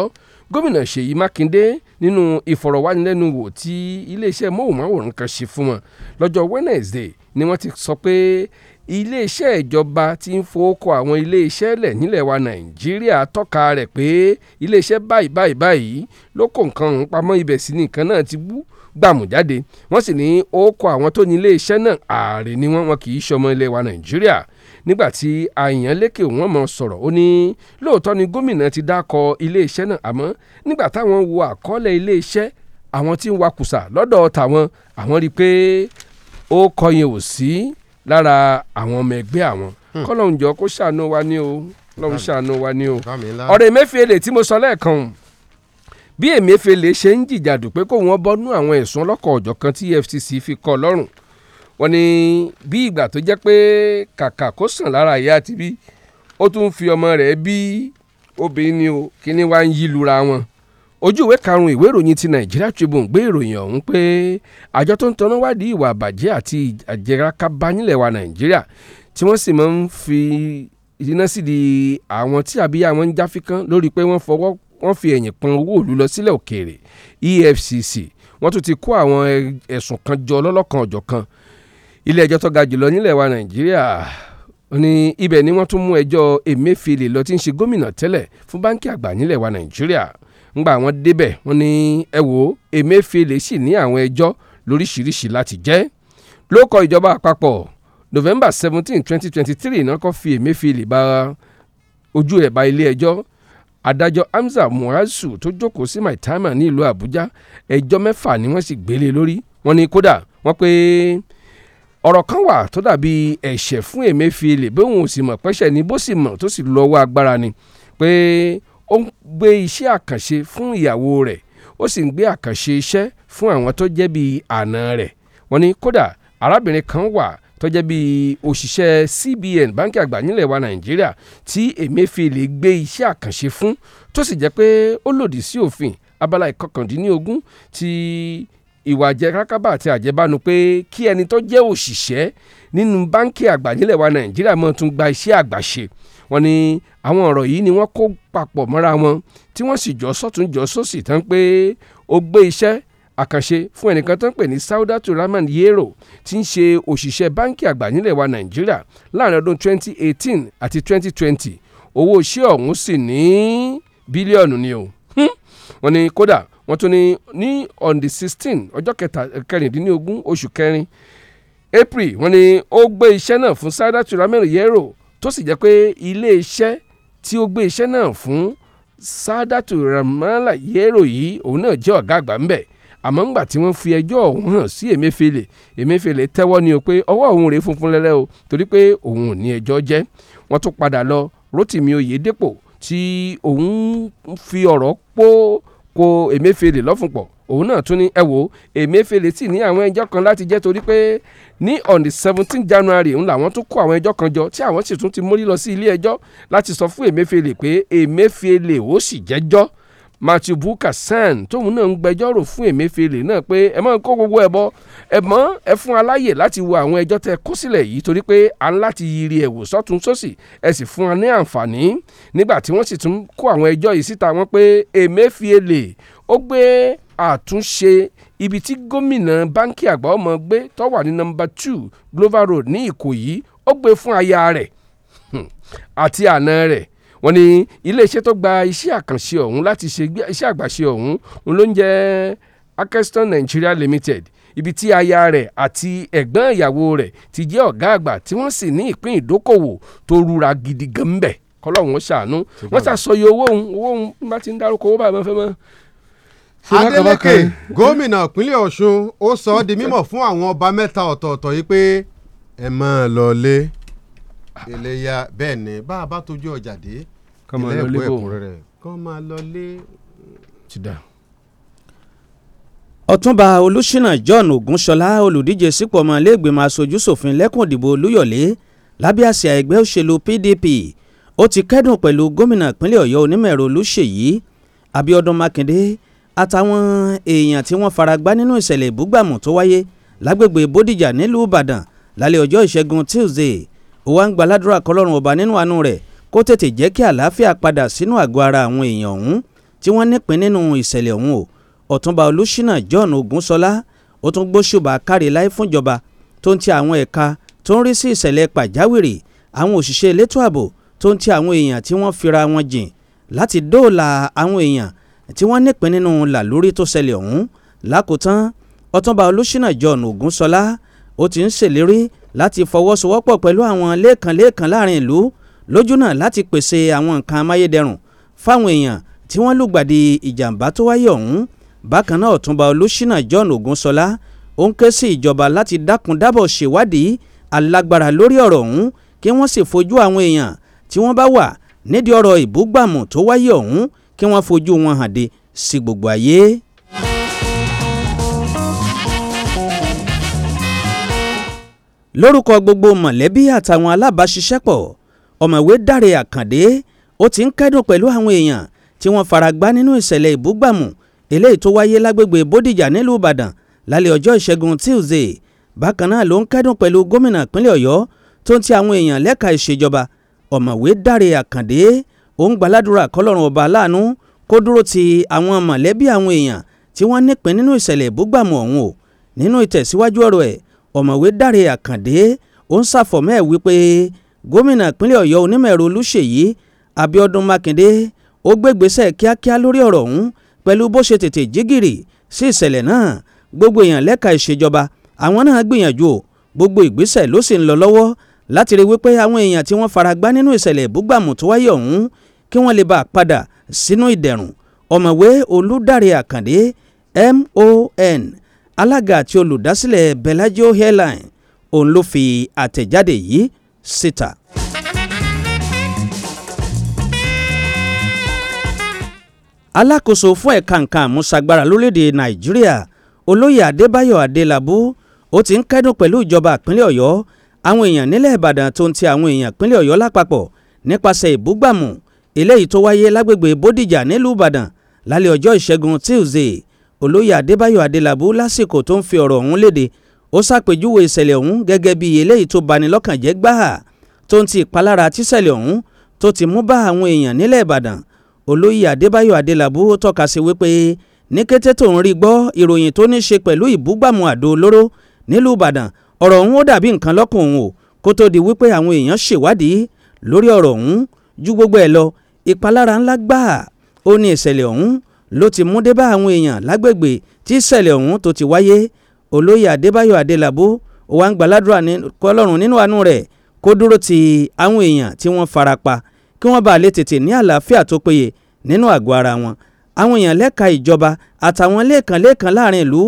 gómìnà ṣèyí mákindé nínú ìfọ̀rọ̀wánilẹ́nuwò tí iléeṣẹ́ móhùnmáwòrán kan ṣe fún wọn lọ́jọ́ wednesday ni wọ́n ti sọ pé iléeṣẹ́ ìjọba tí ń fowókọ àwọn iléeṣẹ́ lẹ̀ nílẹ̀ wa nàìjíríà tọ́ka rẹ̀ pé iléeṣẹ́ báyìí báyìí báyìí ló kó nǹkan ọ̀hún pamọ́ ibẹ̀ sí ni nǹkan náà ti bú gbàmù jáde wọ́n sì ní ó kọ àwọn tó ní iléeṣẹ́ náà ààrẹ ni wọ́n wọn kì í ṣọmọ ilẹ̀ wa nàìjíríà nígbàtí àyànlékè wọn mọ sọ̀rọ̀ ó ní lóòótọ́ ni gómìnà ti dákọ iléeṣẹ́ náà àmọ́ nígbà táwọn wo àkọọ́lẹ̀ iléeṣẹ́ àwọn tí ń wakùsà lọ́dọ̀ tàwọn àwọn rí i pé ó kọyìn ò sí lára àwọn ọmọ ẹgbẹ́ àwọn hmm. kọ́lọ́hún jọ kó ṣàánú wa ní o lọ́hún ṣàánú wa ní o ọ̀rọ̀ Emefiele tí mo sọ lẹ́ẹ̀kan bí Emefiele ṣe ń jìjàdù pé kó wọ́n bọ́nú àwọn ẹ̀sùn ọlọ́kọ̀ ọ̀jọ̀ kan tí EFCC fi kọ́ lọ́rùn wọ́n ní bí ìgbà tó jẹ́ pé kàkà kó sàn lára ìyá àti bí ó tún fi ọmọ rẹ̀ bí obìnrin ni o kíní wá ń yí lura wọn ojú ìwé karùn-ún ìwé ìròyìn ti Nigeria Tribune gbé ìròyìn ọ̀hún pé àjọ tó ń tọ́nà wádìí ìwà àbàjẹ́ àti àjẹrákábá nílẹ̀ wa Nàìjíríà tí wọ́n sì máa ń fi iná sí di àwọn tí àbíyá wọn ń jáfikán lórí pé wọ́n fọwọ́ wọ́n fi ẹ̀yìn pọn owó òlu lọ sílẹ̀ òkèèrè EFCC wọ́n tún ti kó àwọn ẹ̀sùn kan jọ lọ́lọ́kan ọ̀jọ̀ kan ilé ẹjọ́ tó ga jùlọ nílẹ̀ wa Nàìjíríà ní ibẹ̀ ni wọ́n tún mú ẹjọ́ Emefiele lọ tí ń ṣe gómìnà tẹ́lẹ̀ fún báńkì àgbà nílẹ̀ wa Nàìjíríà ńgbà wọ́n débẹ̀ wọ́n ní ẹ wò ó Emefiele sì ní àwọn ẹjọ́ lóríṣiríṣi láti jẹ́ ló ìjọba àpapọ̀ November seventeen twenty twenty three náà kọ́ fi Emefiele bá ojú ẹ̀ bá ilé ẹjọ́ adájọ́ Hamza Muazu tó jókòó sí Maitama ní ìlú Àbújá ẹjọ́ mẹ́fà ni wọ́n sì gbélé lórí wọ́n ní kódà wọ́n pé ọ̀rọ̀ kan wà tó dàbí ẹ̀ṣẹ̀ fún Emefiele bóun ò sì mọ̀ pẹ́ṣẹ̀ ni bó sì mọ̀ tó sì lọ́wọ́ agbára ni pé ó ń gbé iṣẹ́ àkànṣe fún ìyàwó rẹ̀ ó sì ń gbé àkànṣe iṣẹ́ fún àwọn tó jẹ́ bíi àna rẹ̀ wọ́n ní kódà arábìnrin kan wà tó jẹ́ bíi òṣìṣẹ́ CBN báńkì àgbà nílẹ̀ wa Nàìjíríà tí Emefiele gbé iṣẹ́ àkànṣe fún tó sì jẹ́ pé ó lòdì sí òfin abala ìkọkàndínlógún ti ìwà àjẹkákábà àti àjẹbánu pé kí ẹni tó jẹ́ òṣìṣẹ́ nínú báńkì àgbà nílẹ̀ wa Nàìjíríà mọ̀ tún gba iṣẹ́ àgbàṣe wọ́n ní àwọn ọ̀rọ̀ yìí ni wọ́n kó papọ̀ mọ́ra wọn tí wọ́n sì jọ sọ́tún jọ sósì tán pé ó gbé iṣẹ́ àkànṣe fún ẹnìkan tó ń pè ní Saudatu Rahman Yero tí ń ṣe òṣìṣẹ́ báńkì àgbà nílẹ̀ wa Nàìjíríà láàrin ọdún 2018 àti 2020 owó iṣẹ́ ọ̀hún sì ní bílíọ̀nù ni o wọ́n ní kódà wọ́n tún ní ní on the 16 ọjọ́ kẹrìndínlógún oṣù kẹrin April wọ́n ní ó gbé iṣẹ́ náà fún Saudatu Rahman Yero tó sì jẹ́ pé iléeṣẹ́ tí ó gbé iṣẹ́ náà fún Sádàtù Ramala Yero yìí òun náà jẹ́ ọ̀gá àgbà ńbẹ̀ àmọ́ ńgbà tí wọ́n fi ẹjọ́ ọ̀hún hàn sí Emefiele Emefiele tẹ́wọ́ ni o pé ọwọ́ òun rèé funfun lẹ́lẹ́ o torí pé òun ò ní ẹjọ́ jẹ́ wọ́n tún padà lọ Rotimi Oyedepo tí òun fi ọ̀rọ̀ pọ̀ kó emefiele lọ́fùnpọ̀ òun náà tún ní ẹ wò ó emefiele sì ní àwọn ẹjọ́ kan láti jẹ́ torí pé ní on the seventeen january ń làwọn tún kó àwọn ẹjọ́ kan jọ tí àwọn sì tún ti mórí lọ sí ilé ẹjọ́ láti sọ fún emefiele pé emefiele ó sì jẹ́jọ́ Matibu Kassan tóun náà ń gbẹjọ́rò fún Emefiele náà pé ẹ mọ̀ kó gbogbo ẹ̀ bọ́ ẹ mọ̀ ẹ fún aláyè láti wo àwọn ẹjọ́ tẹ kó sílẹ̀ yìí torí pé à ń láti yiri ẹ̀ wò sọ́tún sósì ẹ sì fún wa ní àǹfààní nígbà tí wọ́n sì tún kó àwọn ẹjọ́ yìí síta wọn pé Emefiele ó gbé àtúnṣe ibi tí gómìnà báńkì àgbà ọmọ gbé tó wà ní nọ́mbà two Global Road ní Ìkòyí ó gbé fún aya rẹ̀ hmm, àti àna rẹ̀ wọ́n ní iléeṣẹ́ tó gba iṣẹ́ àkànṣe ọ̀hún láti ṣe iṣẹ́ àgbàṣe ọ̀hún ló ń jẹ́ Akeston Nigeria Limited ibi tí aya rẹ̀ àti ẹ̀gbọ́n ìyàwó rẹ̀ ti jẹ́ ọ̀gá àgbà tí wọ́n sì ní ìpín ìdókòwò tó rúra gidi gan ń bẹ̀ kọ́lọ́hún ṣàánú wọ́n ṣàṣọyọ owó òun owó òun bá ti ń dárúkọ owó báyìí fẹ́ mọ́. Adeleke gómìnà ìpínlẹ̀ Ọ̀ṣun ó sọ ọ́ di mímọ̀ fún àwọn ọba mẹ́ta ọ̀tọ̀ọ̀tọ̀ yìí pé ẹ máa lọ lé ah. eléyà bá a bá tójú ọjà dé kán máa lọ lé bò kán máa lọ lé ti dà. ọ̀túnba olùṣínà John Ògúnṣọlá olùdíje sípò ọmọ iléègbèmọ̀ aṣojúṣòfin lẹ́kùn ìdìbò olúyọ̀lé lábẹ́ àsíá ẹgbẹ́ òṣèlú PDP ó ti kẹ́dùn pẹ̀lú gómìnà ìpínlẹ̀ Ọ̀yọ́ onímọ̀ẹ̀rọ Olúṣèyí Abíọ́dún Mákindé àtàwọn èèyàn tí wọ́n faragbá nínú ìṣẹ̀lẹ̀ ìbúgbàmù tó wáyé lágbègbè Bódìjà nílùú Ìbàdàn lálẹ́ ọjọ́ ìṣẹ́gun Tuesday ó wá ń gbàládùra kọlọ́run ọba nínú àánú rẹ̀ kó tètè jẹ́ kí àlàáfíà padà sínú àgọ́ ara àwọn èèyàn ọ̀hún tí wọ́n nípìn nínú ìṣẹ̀lẹ̀ ọ̀hún o ọ̀túnba olùṣínà John Ògúnṣọlá ó tún gbóṣùbà kárí láì fúnjọba tó ń ti àwọn ẹ̀ka tó ń rí sí ìṣẹ̀lẹ̀ pàjáwìrì àwọn òṣìṣẹ́ elétò ààbò tó ń ti àwọn èèyàn tí wọ́n fira wọn jìn láti dóòlà àwọn èèyàn tí wọ́n nípìn nínú làlórí tó ṣẹlẹ̀ ọ̀hún lákòótán ọ̀túnba olùṣínà John Ògúnṣọlá ó ti ń ṣèlérí láti fọwọ́sowọ́pọ̀ pẹ̀lú àwọn lẹ́ẹ̀kan lẹ́ẹ̀kan láàrin ìlú lójú náà láti pèsè àwọn nǹkan amáyédẹrùn fáwọn èèyàn tí wọ́n lùgbàdì ìjàmbá tó wáyé ọ̀hún bákan náà ọ̀túnba olùṣínà John Ògúnṣọlá ó ń ké sí ìjọba láti dákun dábọ̀ ṣèwádìí alágbára lórí ọ̀rọ̀ ọ̀hún kí wọ́n sì fojú àwọn èèyàn tí wọ́n bá wà nídìí ọ̀rọ̀ ìbúgbàmù tó wáyé ọ̀hún kí wọ́n fojú wọn hànde sí gbogbo ayé. lórúkọ gbogbo mọ̀lẹ́bí àtàwọn alábàáṣiṣẹ́pọ̀ ọ̀mọ̀wé Dáre Àkàndé ó ti ń kẹ́dùn pẹ̀lú àwọn èèyàn tí wọ́n faragbá nínú ìṣẹ̀lẹ̀ ìbúgbàmù eléyìí tó wáyé lágbègbè Bódìjà nílùú Ìbàdàn lálẹ́ ọjọ́ ìṣẹ́gun Tuesday bákan náà ló ń kẹ́dùn pẹ̀lú gómìnà ìpínlẹ̀ Ọ̀yọ́ tó ń ti àwọn èèyàn lẹ́ka ìṣèjọba ọ̀mọ̀wé Dáre Àkàndé ó ń gbàládùra kọlọ́run ọba láàánú kó dúró ti àwọn mọ̀lẹ́bí àwọn èèyàn tí wọ́n nípìn nínú ìṣẹ̀lẹ̀ ìbúgbàmù ọ̀hún o nínú ìtẹ̀síwájú ọ̀rọ̀ ẹ̀ ọ̀mọ̀wé Dáre Àkàndé ó ń ṣàfọ̀mọ́ wípé gómìnà ìpínlẹ̀ ọ̀yọ́ onímọ̀ ẹ̀rọ olúṣèyí abíọ́dún mákindé ó gbégbésẹ̀ kíákíá lórí ọ̀rọ̀ ọ̀hún pẹ̀lú bó ṣe tètè jígìrì sí ìṣẹ̀lẹ̀ náà gbogbo èèyàn lẹ́ka ìṣèjọba àwọn náà gbìyànjú o gbogbo ìgbésẹ̀ ló sì ń lọ lọ́wọ́ láti rí wípé àwọn èèyàn tí wọ́n fara gbá nínú ìṣẹ̀lẹ̀ ìbúgbàmù tó wáyé ọ̀hún kí wọ́n lè bá a padà sínú ìdẹ̀rùn ọ̀mọ̀wé olúdáre àkàndé MON alága àti olùdásílẹ̀ Bellagio airline òun ló fi àtẹ̀jáde yìí síta. alákòóso fún ẹ̀ka nǹkan àmúṣagbára lórílẹ̀‐èdè nàìjíríà olóyè adébáyọ̀ adélabú ó ti ń kẹ́dùn pẹ̀lú ìjọba ìpínlẹ̀ ọ̀yọ́ àwọn èèyàn nílẹ̀ ìbàdàn tó ń ti àwọn èèyàn ìpínlẹ̀ ọ̀yọ́ lápapọ̀ nípasẹ̀ ìbúgbàmù eléyìí tó wáyé lágbègbè bódìjà nílùú ìbàdàn lálẹ́ ọjọ́ ìṣẹ́gun tuesday olóyè adébáyọ̀ adélabú lásìkò tó ń fi ọ̀rọ̀ ọ̀hún léde ó ṣàpèjúwe ìṣẹ̀lẹ̀ ọ̀hún gẹ́gẹ́ bí eléyìí tó bani lọ́kàn jẹ́ gbáà tó ń ti ìpalára tíṣẹ̀lẹ̀ ọ̀hún tó ti mú bá àwọn èèyàn nílẹ̀ Ìbàdàn olóyè Adébáyọ̀ Adélabú ó tọ́ka sí wípé ní kété tó ń rí gbọ́ ìròyìn tó ní ṣe pẹ̀lú ìbúgbàmù àdó olóró nílùú Ìbàdàn ọ̀rọ̀ ọ̀hún ó dàbí nǹkan lọ́kàn òun o kó tó di wípé àwọn èèyàn ṣèwádìí lórí ọ̀rọ̀ ọ̀hún ju gbogbo ẹ̀ lọ ìpalára ńlá gbáà ó ní ìṣẹ̀lẹ̀ ọ̀hún ló ti mú dé bá àwọn èèyàn lágbègbè tí ìṣẹ̀lẹ̀ ọ̀hún tó ti wáyé olóyè adébáyọ̀ adélabú ó wá ń gbàládùra kọlọ́run nínú àánú rẹ̀ kó dúró ti àwọn èèyàn tí wọ́n farapa kí wọ́n bàa lè tètè ní àlàáfíà tó péye nínú àgọ́ ara wọn àwọn èèyàn lẹ́ka ìjọba àtàwọn lẹ́ẹ̀kan lẹ́ẹ̀kan láàrin ìlú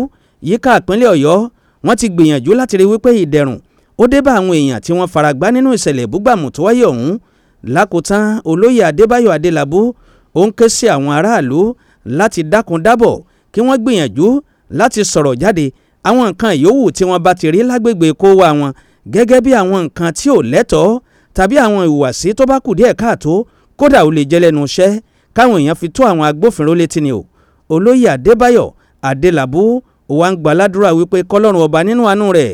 yíká ìpínlẹ̀ ọ̀yọ́ wọ́n ti gbìyànjú láti rí wípé ìdẹ̀rùn ó dé bá àwọn èèyàn tí wọ́n faragbá nínú ìṣẹ̀lẹ̀ búgbàmù tó wáyé ọ̀hún lákòótán olóyè adébáyọ̀ adélabú ó ń ké sí àwọn aráàlú láti dákun dábọ̀ kí wọ́n gbìyànjú láti sọ̀rọ̀ jáde àwọn nǹkan yòówù tí wọ́n bá ti rí lágbègbè kó wa wọn gẹ́gẹ́ bí àwọn nǹkan tí ò lẹ́tọ̀ọ́ tàbí àwọn ìhùwàsí tó bá kù díẹ̀ káàtó kódà ó lè jẹ́ iṣẹ́ káwọn èèyàn fi tó àwọn agbófinró létí ni o olóyè adébáyọ̀ adélabú wa ń gbàládùra wípé kọlọ́run ọba nínú àánú rẹ̀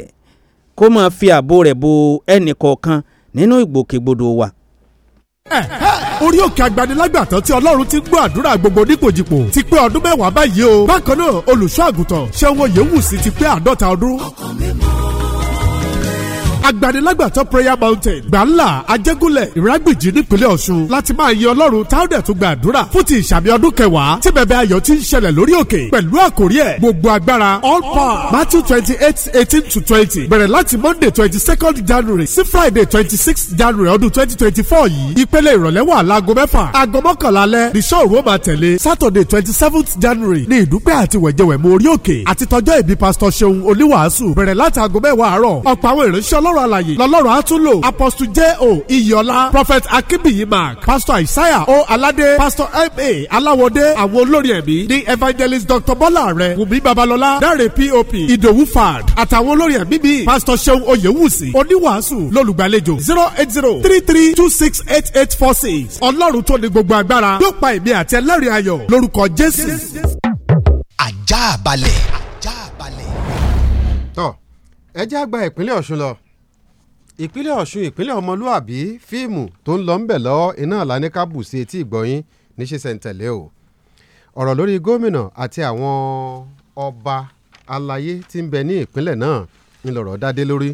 kó máa fi ààbò rẹ̀ bo ẹnì kọ̀ọ̀kan nínú ìgbòkègbodò wa orí òkè agbanilágbàtàn tí ọlọ́run ti gbọ́ àdúrà gbogbo nípòjìpò ti pé ọdún mẹ́wàá báyìí o bákan náà olùṣọ́ àgùntàn ṣẹ́wọ̀n yẹ̀wù sí ti pé àádọ́ta ọdún. ọkàn mi mọ́ agbanilágbàtọ́ prayer mountain gbàlá ajégúnlẹ̀ ìrágbìjì nípínlẹ̀ ọ̀ṣun láti máa yin ọlọ́run táwọnẹ̀ tó gbàdúrà fún ti ìsàmì ọdún kẹwàá tí bẹ̀bẹ̀ ayọ̀ ti ń ṣẹlẹ̀ lórí òkè pẹ̀lú àkórí ẹ̀ gbogbo agbára all power matthew twenty eight eighteen to twenty bẹ̀rẹ̀ láti monday twenty second january sí friday twenty six january ọdún twenty twenty four yìí ìpele ìrọ̀lẹ́ wà láago mẹ́fà aago mọ́kànlá alẹ́ ní sọ́ọ̀rù saturday twenty seventh january ní ìdúpẹ́ àti wẹ̀jẹ̀wẹ̀mú orí òkè àti tọjọ́ ìbí pásítọ̀ ṣeun oníwàásù bẹ̀rẹ̀ láti aago mẹ́wàá àárọ̀ ọ̀pọ̀ àwọn ìránṣẹ́ ọlọ́run àlàyé lọ́lọ́run àtúnlò apostle j o iyọlá prophet akínbíyì mark pastor isaiah o aládé pastor ma aláwọdé àwọn olórin ẹ̀mí ní evangelist dr bọ́lá rẹ̀ wùmí babalọ́lá dáre pop ìdòwú fad àtàwọn olórin ẹ̀mí bíi pastor seun oyewusi oníwàásù lólùgbàlejò zero eight zero three three two six eight eight four six ọlọ́run tó ní gbogbo agbára yóò pa èmi àti ẹlẹ́rìí ayọ̀ lórúkọ jésù. ajá balẹ̀. ajá balẹ̀. tọ́ ẹ jẹ́ àgbà ìpínlẹ̀ ọ̀ṣun lọ ìpínlẹ̀ ọ̀ṣun ìpínlẹ̀ ọmọlúàbí fíìmù tó ń lọ ń bẹ̀ lọ́wọ́ iná àláníkàbù sí etí ìgbọ̀nyín níṣẹ́ sẹ́ńtẹ̀lé o ọ̀rọ̀ lórí gómìnà àti àwọn ọba aláyé tí ń bẹ ní ìpínlẹ̀ náà ńlọrọ̀ dádé lórí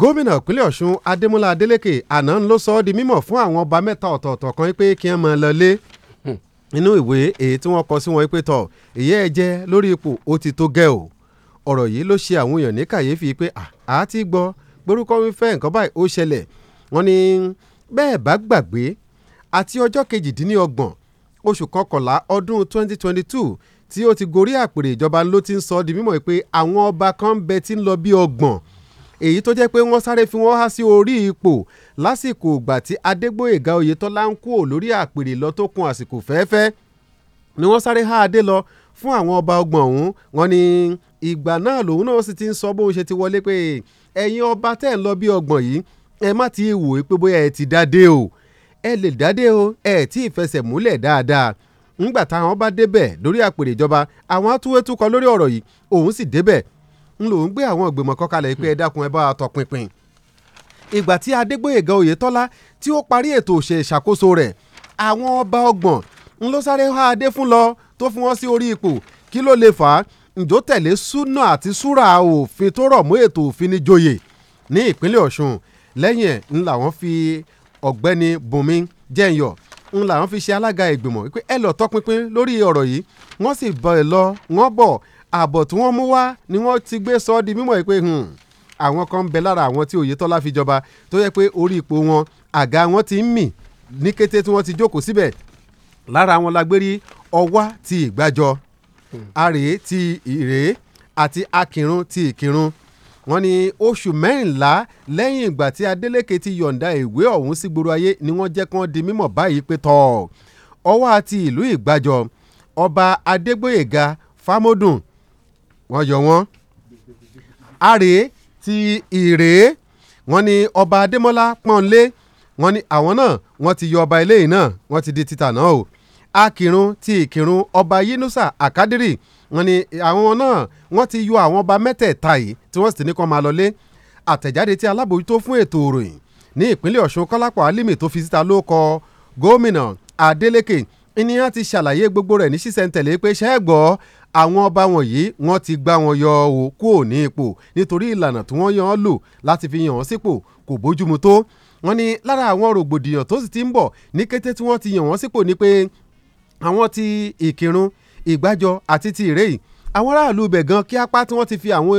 gómìnà ìpínlẹ̀ ọ̀ṣun adémọlá adélékè àná ló sọ ọ́ di mímọ̀ fún àwọn ọba mẹ́ta ọ̀tọ̀ọ̀tọ̀ kan pé kí wọ́n máa lọ lé inú ìwé èyí tí wọ́n kọ sí wọn pé tọ̀ ìyẹ́ ẹ jẹ́ lórí ipò ó ti tó gẹ́ o ọ̀rọ̀ yìí ló ṣe àwọn èèyàn ní kàyéfì pé àá ti gbọ́ pérúkọ wífẹ́ nǹkan báyìí ó ṣẹlẹ̀ wọ́n ní bẹ́ẹ̀ bá gbàgbé àti ọjọ́ kejìdínlọ́gbọ̀n oṣù kọkànlá ọdún 2022 tí ó ti gorí àpèrè ìjọba ló ti ń sọ di mímọ̀ pé àwọn ọba kan ń bẹ tí ń lọ bí ọgbọ̀n èyí tó jẹ́ pé wọ́n sáré fi wọ́n há sí orí ipò lásìkò ìgbà tí Adégbóyèga Oyètọ́lá ń kú lórí àpèrè lọ tó kun àsìkò fẹ́ẹ́fẹ́ ni wọ́n sáré há adé lọ fún àwọn ọba ọgbọ̀n ọ̀hún wọ́n ní ìgbà náà lòun náà sì ti ń sọ bóun ṣe ti wọlé pé ẹ̀yin ọba tẹ́ ẹ̀ lọ bí ọgbọ̀n yìí ẹ má ti wò pé bóyá ẹ ti dádé o ẹ lè dádé o ẹ tí ì fẹsẹ̀ múlẹ̀ dáadáa ńgbà táwọn bá débẹ̀ lórí àpèrè ìjọba àwọn atúwétú kan lórí ọ̀rọ̀ yìí òun sì débẹ̀ ń lòún gbé àwọn ìgbìmọ̀ kan kalẹ̀ pé ẹ dákun ẹ bá wa tọpinpin ìgbà tí adégbòyègà oyètọ́lá tí ó parí ètò òṣè ìṣàkóso rẹ̀ àwọn ọba ọgbọ̀n ń ló sáré há adé fún lọ tó fún wọn sí orí ipò kí ló lè fà ǹjọ́ tẹ̀lé súnà àti súrà òfin tó rọ̀ mú ètò òfin ní joyè ní ìpínlẹ̀ Ọ̀ṣun lẹ́yìn ẹ̀ ń làwọn fi ọ̀gbẹ́ni Bùnmi Jẹ́ǹyọ̀ ń làwọn fi ṣe alága ìgbìmọ̀ pé ẹ lọ tọpinpin lórí ọ̀rọ̀ yìí wọ́n sì bọ̀ ẹ̀ lọ wọ́n bọ̀ àbọ̀ tí wọ́n mú wá ni wọ́n ti gbé sọ ọ́ di mímọ̀ pé hmm, àwọn kan ń bẹ lára àwọn tí Oyètọ́lá fi jọba tó yẹ pé orí ipò wọn àga wọn ti ń mì ní kété tí wọ́n ti jókòó síbẹ̀ lára wọn la ọwá ti ìgbàjọ Are ti ire àti akìrun ti ìkìrun wọ́n ní oṣù mẹ́rìnlá lẹ́yìn ìgbà tí Adeleke ti yọ̀ǹda ìwé ọ̀hún sí gbòòrò ayé ni wọ́n jẹ́ kán di mímọ̀ báyìí pé tọ̀ ọwọ́ àti ìlú ìgbàjọ ọba Adégbóyèga Fámódùn wọ́n yọ wọ́n àrèé ti ire wọ́n ní ọba Adémọ́lá Pọ́nlé wọ́n ní àwọn náà wọ́n ti yọ ọba eléyìí náà wọ́n ti di títà náà o akírun ti ìkírun ọba Yínúsà àkádírì wọ́n ní àwọn náà wọ́n ti yọ àwọn ọba mẹ́tẹ̀ẹ̀ta yìí tí wọ́n sì ní kàn máa lọlé àtẹ̀jáde tí alábòójútó fún ètò òròyìn ní ìpínlẹ̀ Ọ̀ṣun Kọ́lápọ̀ Alimi tó fi síta ló kọ gómìnà Adeleke ni wọ́n ti ṣàlàyé gbogbo rẹ̀ ní sísẹ̀ntẹ̀lé pé ṣẹ́gbọ́ àwọn ọba wọ̀nyí wọ́n ti gbá wọn yọ ọ́ kúrò ní ipò nítorí ìlànà tí wọ́n yàn án lò láti fi yàn án sípò kò bójúmu tó wọ́n ní lára àwọn rògbòdìyàn tó sì ti ń bọ̀ ní kété tí wọ́n ti yàn wọ́n sípò ni pé àwọn ti ìkírun ìgbàjọ àti ti ìrẹ́yìí àwọn aráàlú ibẹ̀ gan kí apá tí wọ́n ti fi àwọn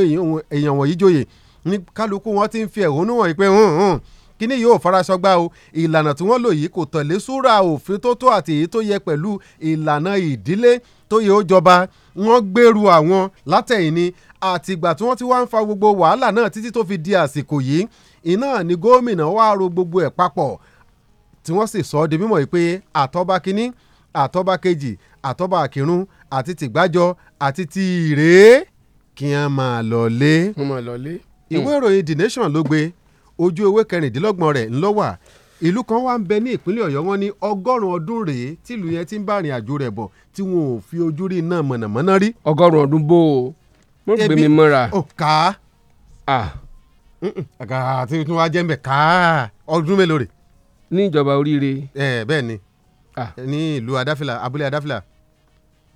èèyàn wọ̀nyí joyè ní kálukú wọn ti ń fi ẹ̀hónú hàn pé kíní yóò farasọgbá o ìlànà tí wọ́n lò yìí kò tẹ̀lé súra òfin tó tó àti èyí tó yẹ pẹ̀lú ìlànà ìdílé tó yẹ ó jọba wọ́n gbèrú àwọn látẹ̀yìn ni àtìgbà tí wọ́n ti wá ń fa gbogbo wàhálà náà títí tó fi di àsìkò yìí iná ni gómìnà wá ro gbogbo ẹ̀ papọ̀ tí wọ́n sì sọ ọ́ di mímọ̀ yìí pé àtọ́ba kínní àtọ́ba kejì àtọ́ba àkírun àti tìgbàjọ àti ti ìrèé kí wọ́n máa lọ lé. wọ́n máa lọ lé. ìwé ìròyìn the nation ló gbé ojú ewé kẹrìndínlọ́gbọ̀n rẹ̀ ńlọ́wà ìlú kan wà ń bẹ ní ìpínlẹ̀ ọ̀yọ́ wọn ní ọgọ́rùn-ún ọdún rèé tìlú yẹn ti ń bá ìrìn àjò rẹ̀ bọ̀ tí wọn ò fi ojú rí iná mọ̀nàmọ́ná rí. ọgọ́rùn-ún ọdún bó o mo gbé mi mọ́ra. ebi ò ká. àgàtí tí wọn á jẹ́ ń bẹ̀ ká ọdún mélòó rè. ní ìjọba oríire. ẹ bẹ́ẹ̀ ni Ah. ní ìlú adáfìlà abúlé adáfìlà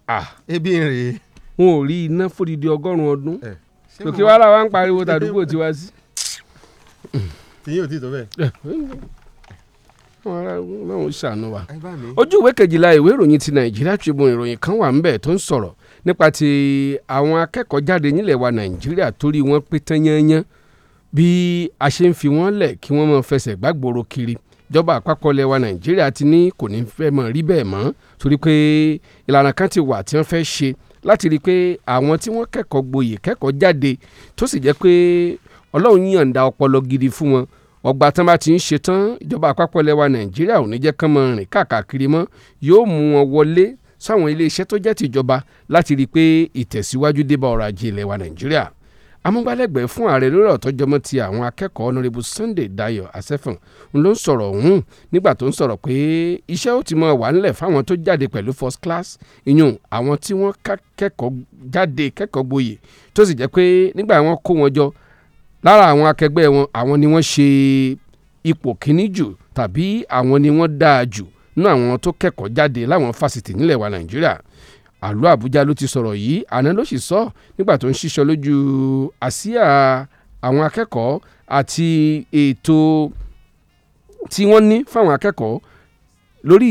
ah. ebi ń rèé. wọn ò rí iná fòdìdí ọgọ́rùn-ún ọdún tòkí wàhálà wa ń pariwo tàdúgbò tiwa sí. tìyín ò tí tó bẹ́ẹ̀. Eh, Ọlọ́run ṣàánú wa ojú ìwé kejìlá ìwé ìròyìn ti Nàìjíríà Tribune ìròyìn kan wà ńbẹ̀ tó ń sọ̀rọ̀ nípa ti àwọn akẹ́kọ̀ọ́ jáde nílẹ̀ wa Nàìjíríà torí wọ́n pé tán yányán bí a ṣe ń fi wọ́n lẹ̀ kí wọ́n máa fẹsẹ̀ gbàgbóró kiri ìjọba àpapọ̀ ilẹ̀ wa nàìjíríà ti ní kò ní fẹ́ mọ̀ rí bẹ́ẹ̀ mọ́ torí pé ìlànà kan ti wà tí wọ́n fẹ́ ṣe láti rí i pé àwọn tí wọ́n kẹ́kọ̀ọ́ gboyè kẹ́kọ̀ọ́ jáde tó sì jẹ́ pé ọlọ́run yíyànda ọpọlọ gidi fún wọn ọgbà tán bá ti ń ṣe tán ìjọba àpapọ̀ ilẹ̀ wa nàìjíríà ò ní jẹ́ kán máa rìn káàkiri mọ́ yóò mú wọn wọlé sáwọn iléeṣẹ́ tó jẹ́ tìjọba láti rí i pé ìtẹ̀síwájú dé bá ọrọ̀ ajé ilẹ̀ wa nàìjíríà amúgbálẹ́gbẹ̀ẹ́ fún ààrẹ lórí ọ̀tọ́ jọmọ́ ti àwọn akẹ́kọ̀ọ́ ọ̀nàrẹ́bù Sunday Dayo Asefun ló ń sọ̀rọ̀ ọ̀hún nígbà tó ń sọ̀rọ̀ pé iṣẹ́ ó ti mọ wà ńlẹ̀ fáwọn tó jáde pẹ̀lú first class ìyún àwọn tí wọ́n kẹ́kọ̀ọ́ jáde kẹ́kọ̀ọ́ gboyè tó sì jẹ́ pé nígbà wọn kó wọn jọ lára àwọn akẹgbẹ́ wọn àwọn ni wọ́n ṣe ipò kíní jù tàbí àwọn ni wọ́n dáa jù nínú àwọn tó kẹ́kọ̀ọ́ jáde láwọn fásitì nílẹ̀ wa Nàìjíríà àlọ́ àbújá ló ti sọ̀rọ̀ yìí àná ló sì sọ nígbà tó ń ṣiṣọ lójú àsíá àwọn akẹ́kọ̀ọ́ àti ètò tí wọ́n ní fáwọn akẹ́kọ̀ọ́ lórí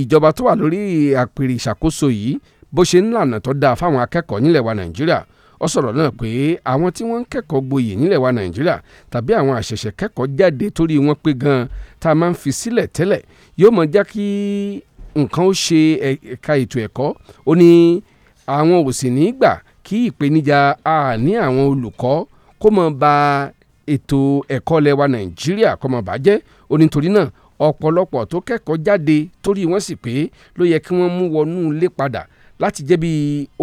ìjọba tó wà lórí àpèrè ìṣàkóso yìí bó ṣe ń lànà tó dáa fáwọn akẹ́kọ̀ọ́ nílẹ̀ wa nàìjíríà ó sọ̀rọ̀ náà pé àwọn tí wọ́n ń kẹ́kọ̀ọ́ gboyè nílẹ̀ wa nàìjíríà tàbí àwọn àṣẹ̀ṣẹ̀ kẹ́kọ̀ọ́ jáde torí wọ́n pé gan-an tá a máa ń fi sílẹ̀ tẹ́lẹ̀ yóò mọ̀ já kí nǹkan ó ṣe ẹ̀ka ètò ẹ̀kọ́ ó ní àwọn ò sì ní gbà kí ìpèníjà àní àwọn olùkọ́ kó má ba ètò ẹ̀kọ́ lẹ́wà nàìjíríà kó má bàjẹ́ ó nítorí náà ọ̀pọ̀lọpọ̀ tó kẹ́kọ̀ọ́ jáde torí wọ́n sì pé ló yẹ kí wọ́n mú wọnú ilé padà láti jẹ́ bí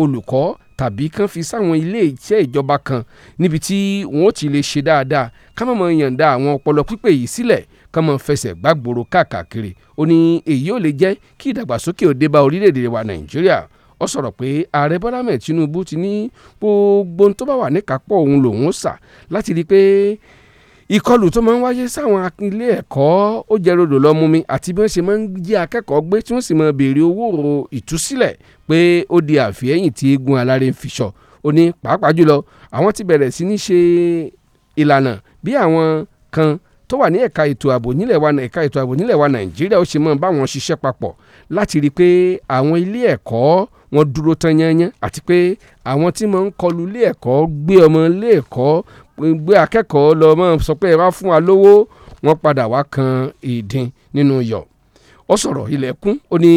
olùkọ́ tàbí kán fi sáwọn ilé iṣẹ́ ìjọba kan níbi tí wọ́n ti lè ṣe dáadáa ká má mọ̀ yàǹda àwọn ọpọlọ pípé yìí sílẹ̀ kán mọ́ fẹsẹ̀ gbàgbòrò káàkiri ó ní èyí ò lè jẹ́ kí ìdàgbàsókè òde bá orílẹ̀-èdè wa nàìjíríà ó sọ̀rọ̀ pé ààrẹ bọ́lá mẹ́ẹ̀ tinubu ti ní gbogbo ohun tó bá wà níkàápọ̀ òun lòun ó sà láti rí i pé ìkọlù tó máa ń wáyé sáwọn ilé ẹ̀kọ́ ó jẹ́ rodò lọ́mú mi àti bí wọ́n ṣe máa ń jí akẹ́kọ̀ọ́ gbé tí wọ́n sì máa béèrè owó ìtúsílẹ̀ pé ó di àfihẹ́yìn tí eégún aláré ń fi ó ní pàápàá jùlọ àwọn ti bẹ̀rẹ̀ sí ní ṣe ìlànà bí àwọn kan tó wà ní ẹ̀ka ètò ààbò nílẹ̀ wa ẹ̀ka ètò ààbò nílẹ̀ wa nàìjíríà ó ṣe mọ́ báwọn ṣiṣẹ́ papọ̀ láti rí i pé àwọn ilé ẹ̀kọ́ wọn dúró tán yányán àti pé àwọn tí mo ń kọlu ilé ẹ̀kọ́ gbé ọmọ ilé ẹ̀kọ́ gbé akẹ́kọ̀ọ́ lọ mọ́ sọ pé ẹ wá fún wa lówó wọ́n padà wá kan ìdín nínú yọ̀ ó sọ̀rọ̀ ilẹ̀kùn ó ní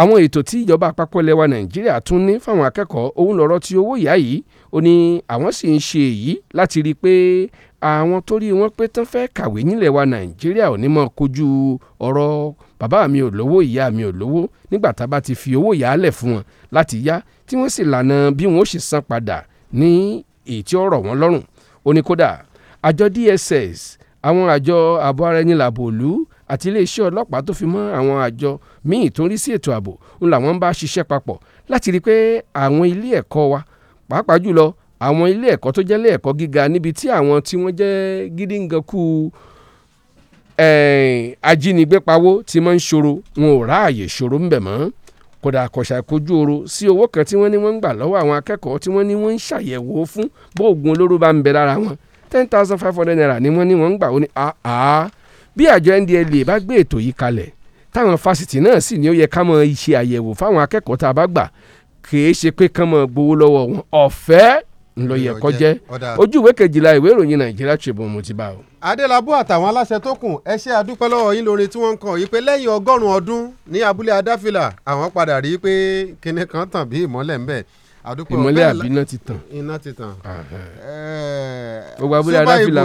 àwọn ètò tí ìjọba àpapọ̀ ilẹ̀ wa nàìjíríà tún ní fáwọn akẹ́kọ̀ọ́ òun lọ́rọ́ tí owó ìyá yìí ó ní àwọn sì ń ṣe èyí láti rí i pé àwọn torí wọn pé tán fẹ́ kàwé nílẹ̀ wa nàìjíríà ò ní mọ̀ kojú ọ̀rọ̀ bàbá mi ò lówó ìyá mi ò lówó nígbà tá a bá ti fi owó yàálẹ̀ fún wọn láti yá tí wọ́n sì lànà bí wọ́n ó ṣe san padà ní èyí tí ó rọ̀ wọ́n lọ́rùn ó ní kódà àjọ DSS àwọn àjọ ààbò ara ẹni làbò òlú àti iléeṣẹ́ ọlọ́pàá tó fi mọ́ àwọn àjọ míì tó ń rí sí ètò ààbò ń làwọn ń bá ṣiṣẹ́ papọ̀ láti rí i pé àwọn ilé ẹ̀kọ́ wa pàápàá jùlọ àwọn ilé ẹ̀kọ́ tó jẹ́ ilé ẹ̀kọ́ gíga níbi tí àwọn tí wọ́n jẹ́ gídíngankú ajínigbé pawó ti máa ń ṣòro wọn ò ráàyè ṣòro ńbẹ̀ mọ́ kódà àkọ́ṣà kojú oro sí owó kan tí wọ́n ní wọ́n ń gbà lọ́wọ́ àwọn akẹ́kọ̀ọ́ tí wọ́n ní wọ́n ń ṣàyẹ̀wò fún bóògùn olóró bá ń bẹ lára wọn ten thousand five hundred naira ni wọ́n ní wọ́n ń gbà ó ní àá bí àjọ NDLEA bá gbé ètò yìí kalẹ̀ táwọn fásitì náà sì ní ó yẹ ká mọ ṣe àyẹ̀wò fáwọn akẹ́kọ̀ọ́ tá a bá gbà kì í ṣe pé kán mọ gbowó lọ́wọ́ wọn ọ̀fẹ́ ńlọ yẹ kó jẹ́ ojú ìwé kejìlá ìwé ìròyìn nàìjíríà Tribune mo ti bá o. adélábù àtàwọn aláṣẹ tó kù ẹ ṣe àdúpẹ́ lọ́wọ́ yín lórí tí wọ́n ń kọ yìí pé lẹ́yìn ọgọ́rùn-ún ọdún ní abúlé adáfilà àwọn padà rí i pé kinní kan tàn bí ìmọ́lẹ̀ ń bẹ àdúpẹ́ ìmọ́lẹ̀ àbí iná ti tàn. iná ti tàn. gbogbo abúlé adáfilà